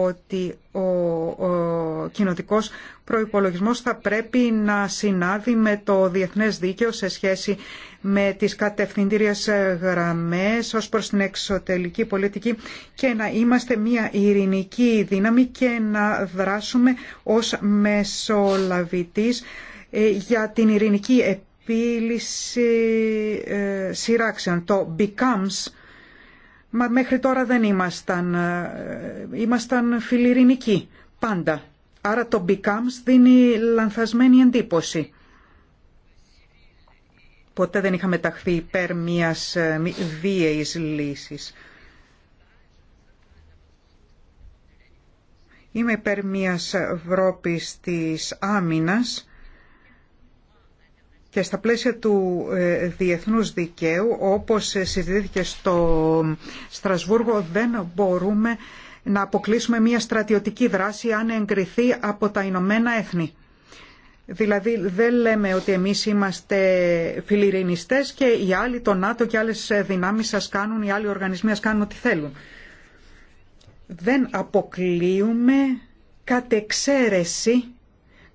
ότι ο, ο κοινοτικός προϋπολογισμός θα πρέπει να συνάδει με το διεθνές δίκαιο σε σχέση με τις κατευθυντήριε γραμμές ως προς την εξωτερική πολιτική και να είμαστε μια ειρηνική δύναμη και να δράσουμε ως μεσολαβητής ε, για την ειρηνική επίλυση ε, σειράξεων, το becomes. Μα μέχρι τώρα δεν ήμασταν, ε, ήμασταν φιλιρινικοί πάντα. Άρα το becomes δίνει λανθασμένη εντύπωση. Ποτέ δεν είχαμε ταχθεί υπέρ μιας ε, βίαιης λύσης. Είμαι υπέρ μιας Ευρώπης της άμυνας και στα πλαίσια του ε, διεθνούς δικαίου, όπως ε, συζητήθηκε στο Στρασβούργο, δεν μπορούμε να αποκλείσουμε μια στρατιωτική δράση αν εγκριθεί από τα Ηνωμένα Έθνη. Δηλαδή δεν λέμε ότι εμείς είμαστε φιλιρινιστές και οι άλλοι, το ΝΑΤΟ και άλλες δυνάμεις σας κάνουν, οι άλλοι οργανισμοί σας κάνουν ό,τι θέλουν. Δεν αποκλείουμε εξαίρεση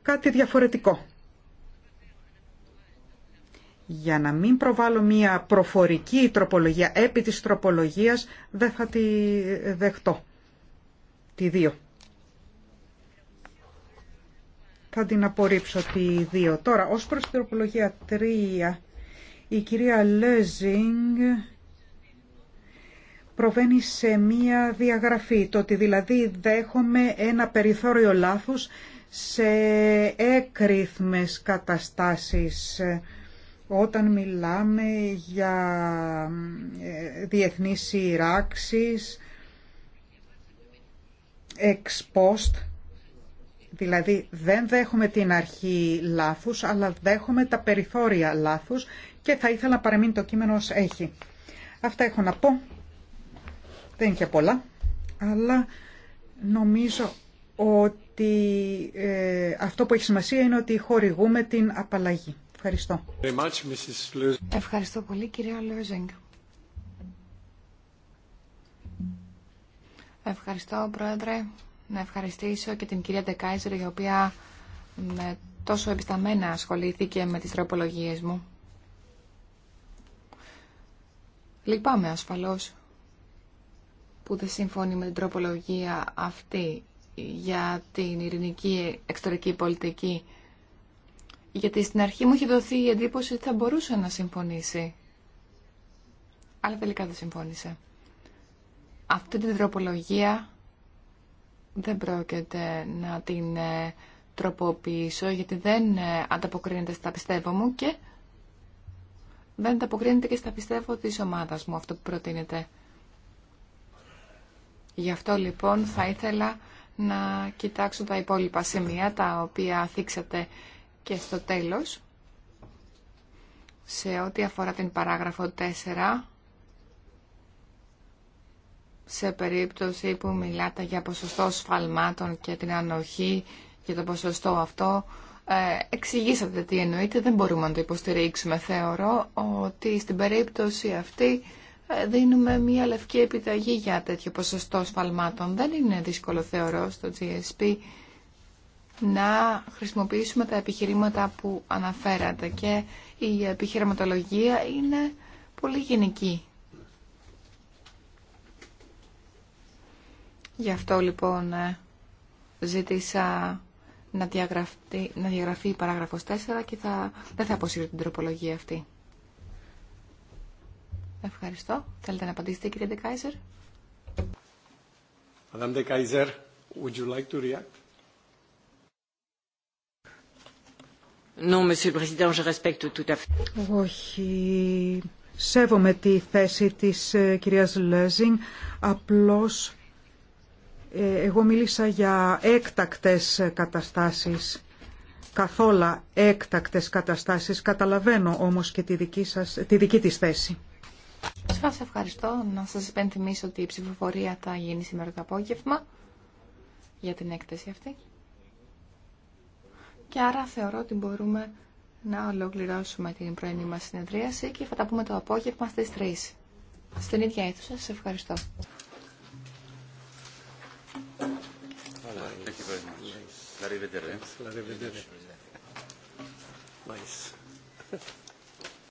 κάτι διαφορετικό για να μην προβάλλω μία προφορική τροπολογία επί της τροπολογίας δεν θα τη δεχτώ τη 2 θα την απορρίψω τη 2 τώρα ως προς την τροπολογία 3 η κυρία Λέζινγκ προβαίνει σε μία διαγραφή το ότι δηλαδή δέχομαι ένα περιθώριο λάθους σε έκριθμες καταστάσεις όταν μιλάμε για ε, διεθνείς σειράξεις, ex δηλαδή δεν δέχομαι την αρχή λάθους, αλλά δέχομαι τα περιθώρια λάθους και θα ήθελα να παραμείνει το κείμενο ως έχει. Αυτά έχω να πω. Δεν είναι και πολλά, αλλά νομίζω ότι ε, αυτό που έχει σημασία είναι ότι χορηγούμε την απαλλαγή. Ευχαριστώ. Ευχαριστώ πολύ κυρία Λόζενγκ. Ευχαριστώ Πρόεδρε. Να ευχαριστήσω και την κυρία Ντεκάιζερ η οποία με τόσο επισταμένα ασχολήθηκε με τις τροπολογίες μου. Λυπάμαι ασφαλώς που δεν συμφωνεί με την τροπολογία αυτή για την ειρηνική εξωτερική πολιτική γιατί στην αρχή μου είχε δοθεί η εντύπωση ότι θα μπορούσε να συμφωνήσει. Αλλά τελικά δεν συμφώνησε. Αυτή την τροπολογία δεν πρόκειται να την ε, τροποποιήσω γιατί δεν ε, ανταποκρίνεται στα πιστεύω μου και δεν ανταποκρίνεται και στα πιστεύω της ομάδας μου αυτό που προτείνεται. Γι' αυτό λοιπόν θα ήθελα να κοιτάξω τα υπόλοιπα σημεία τα οποία θίξατε και στο τέλος, σε ό,τι αφορά την παράγραφο 4, σε περίπτωση που μιλάτε για ποσοστό σφαλμάτων και την ανοχή για το ποσοστό αυτό, ε, εξηγήσατε τι εννοείται, δεν μπορούμε να το υποστηρίξουμε. Θεωρώ ότι στην περίπτωση αυτή ε, δίνουμε μια λευκή επιταγή για τέτοιο ποσοστό σφαλμάτων. Δεν είναι δύσκολο θεωρώ στο GSP να χρησιμοποιήσουμε τα επιχειρήματα που αναφέρατε και η επιχειρηματολογία είναι πολύ γενική. Γι' αυτό λοιπόν ε, ζήτησα να διαγραφεί, να διαγραφεί η παράγραφος 4 και θα, δεν θα αποσύρω την τροπολογία αυτή. Ευχαριστώ. Θέλετε να απαντήσετε κύριε Ντεκάιζερ. Madame Kaiser, would you like to react? Όχι. Σέβομαι τη θέση της ε, κυρίας Λέζινγκ. Απλώς ε, εγώ μίλησα για έκτακτες καταστάσεις καθόλου έκτακτες καταστάσεις. Καταλαβαίνω όμως και τη δική, σας, τη δική της θέση. Σας ευχαριστώ. Να σας υπενθυμίσω ότι η ψηφοφορία θα γίνει σήμερα το απόγευμα για την έκθεση αυτή. Και άρα θεωρώ ότι μπορούμε να ολοκληρώσουμε την πρωινή μας συνεδρίαση και θα τα πούμε το απόγευμα στις 3. Στην ίδια αίθουσα. Σας ευχαριστώ.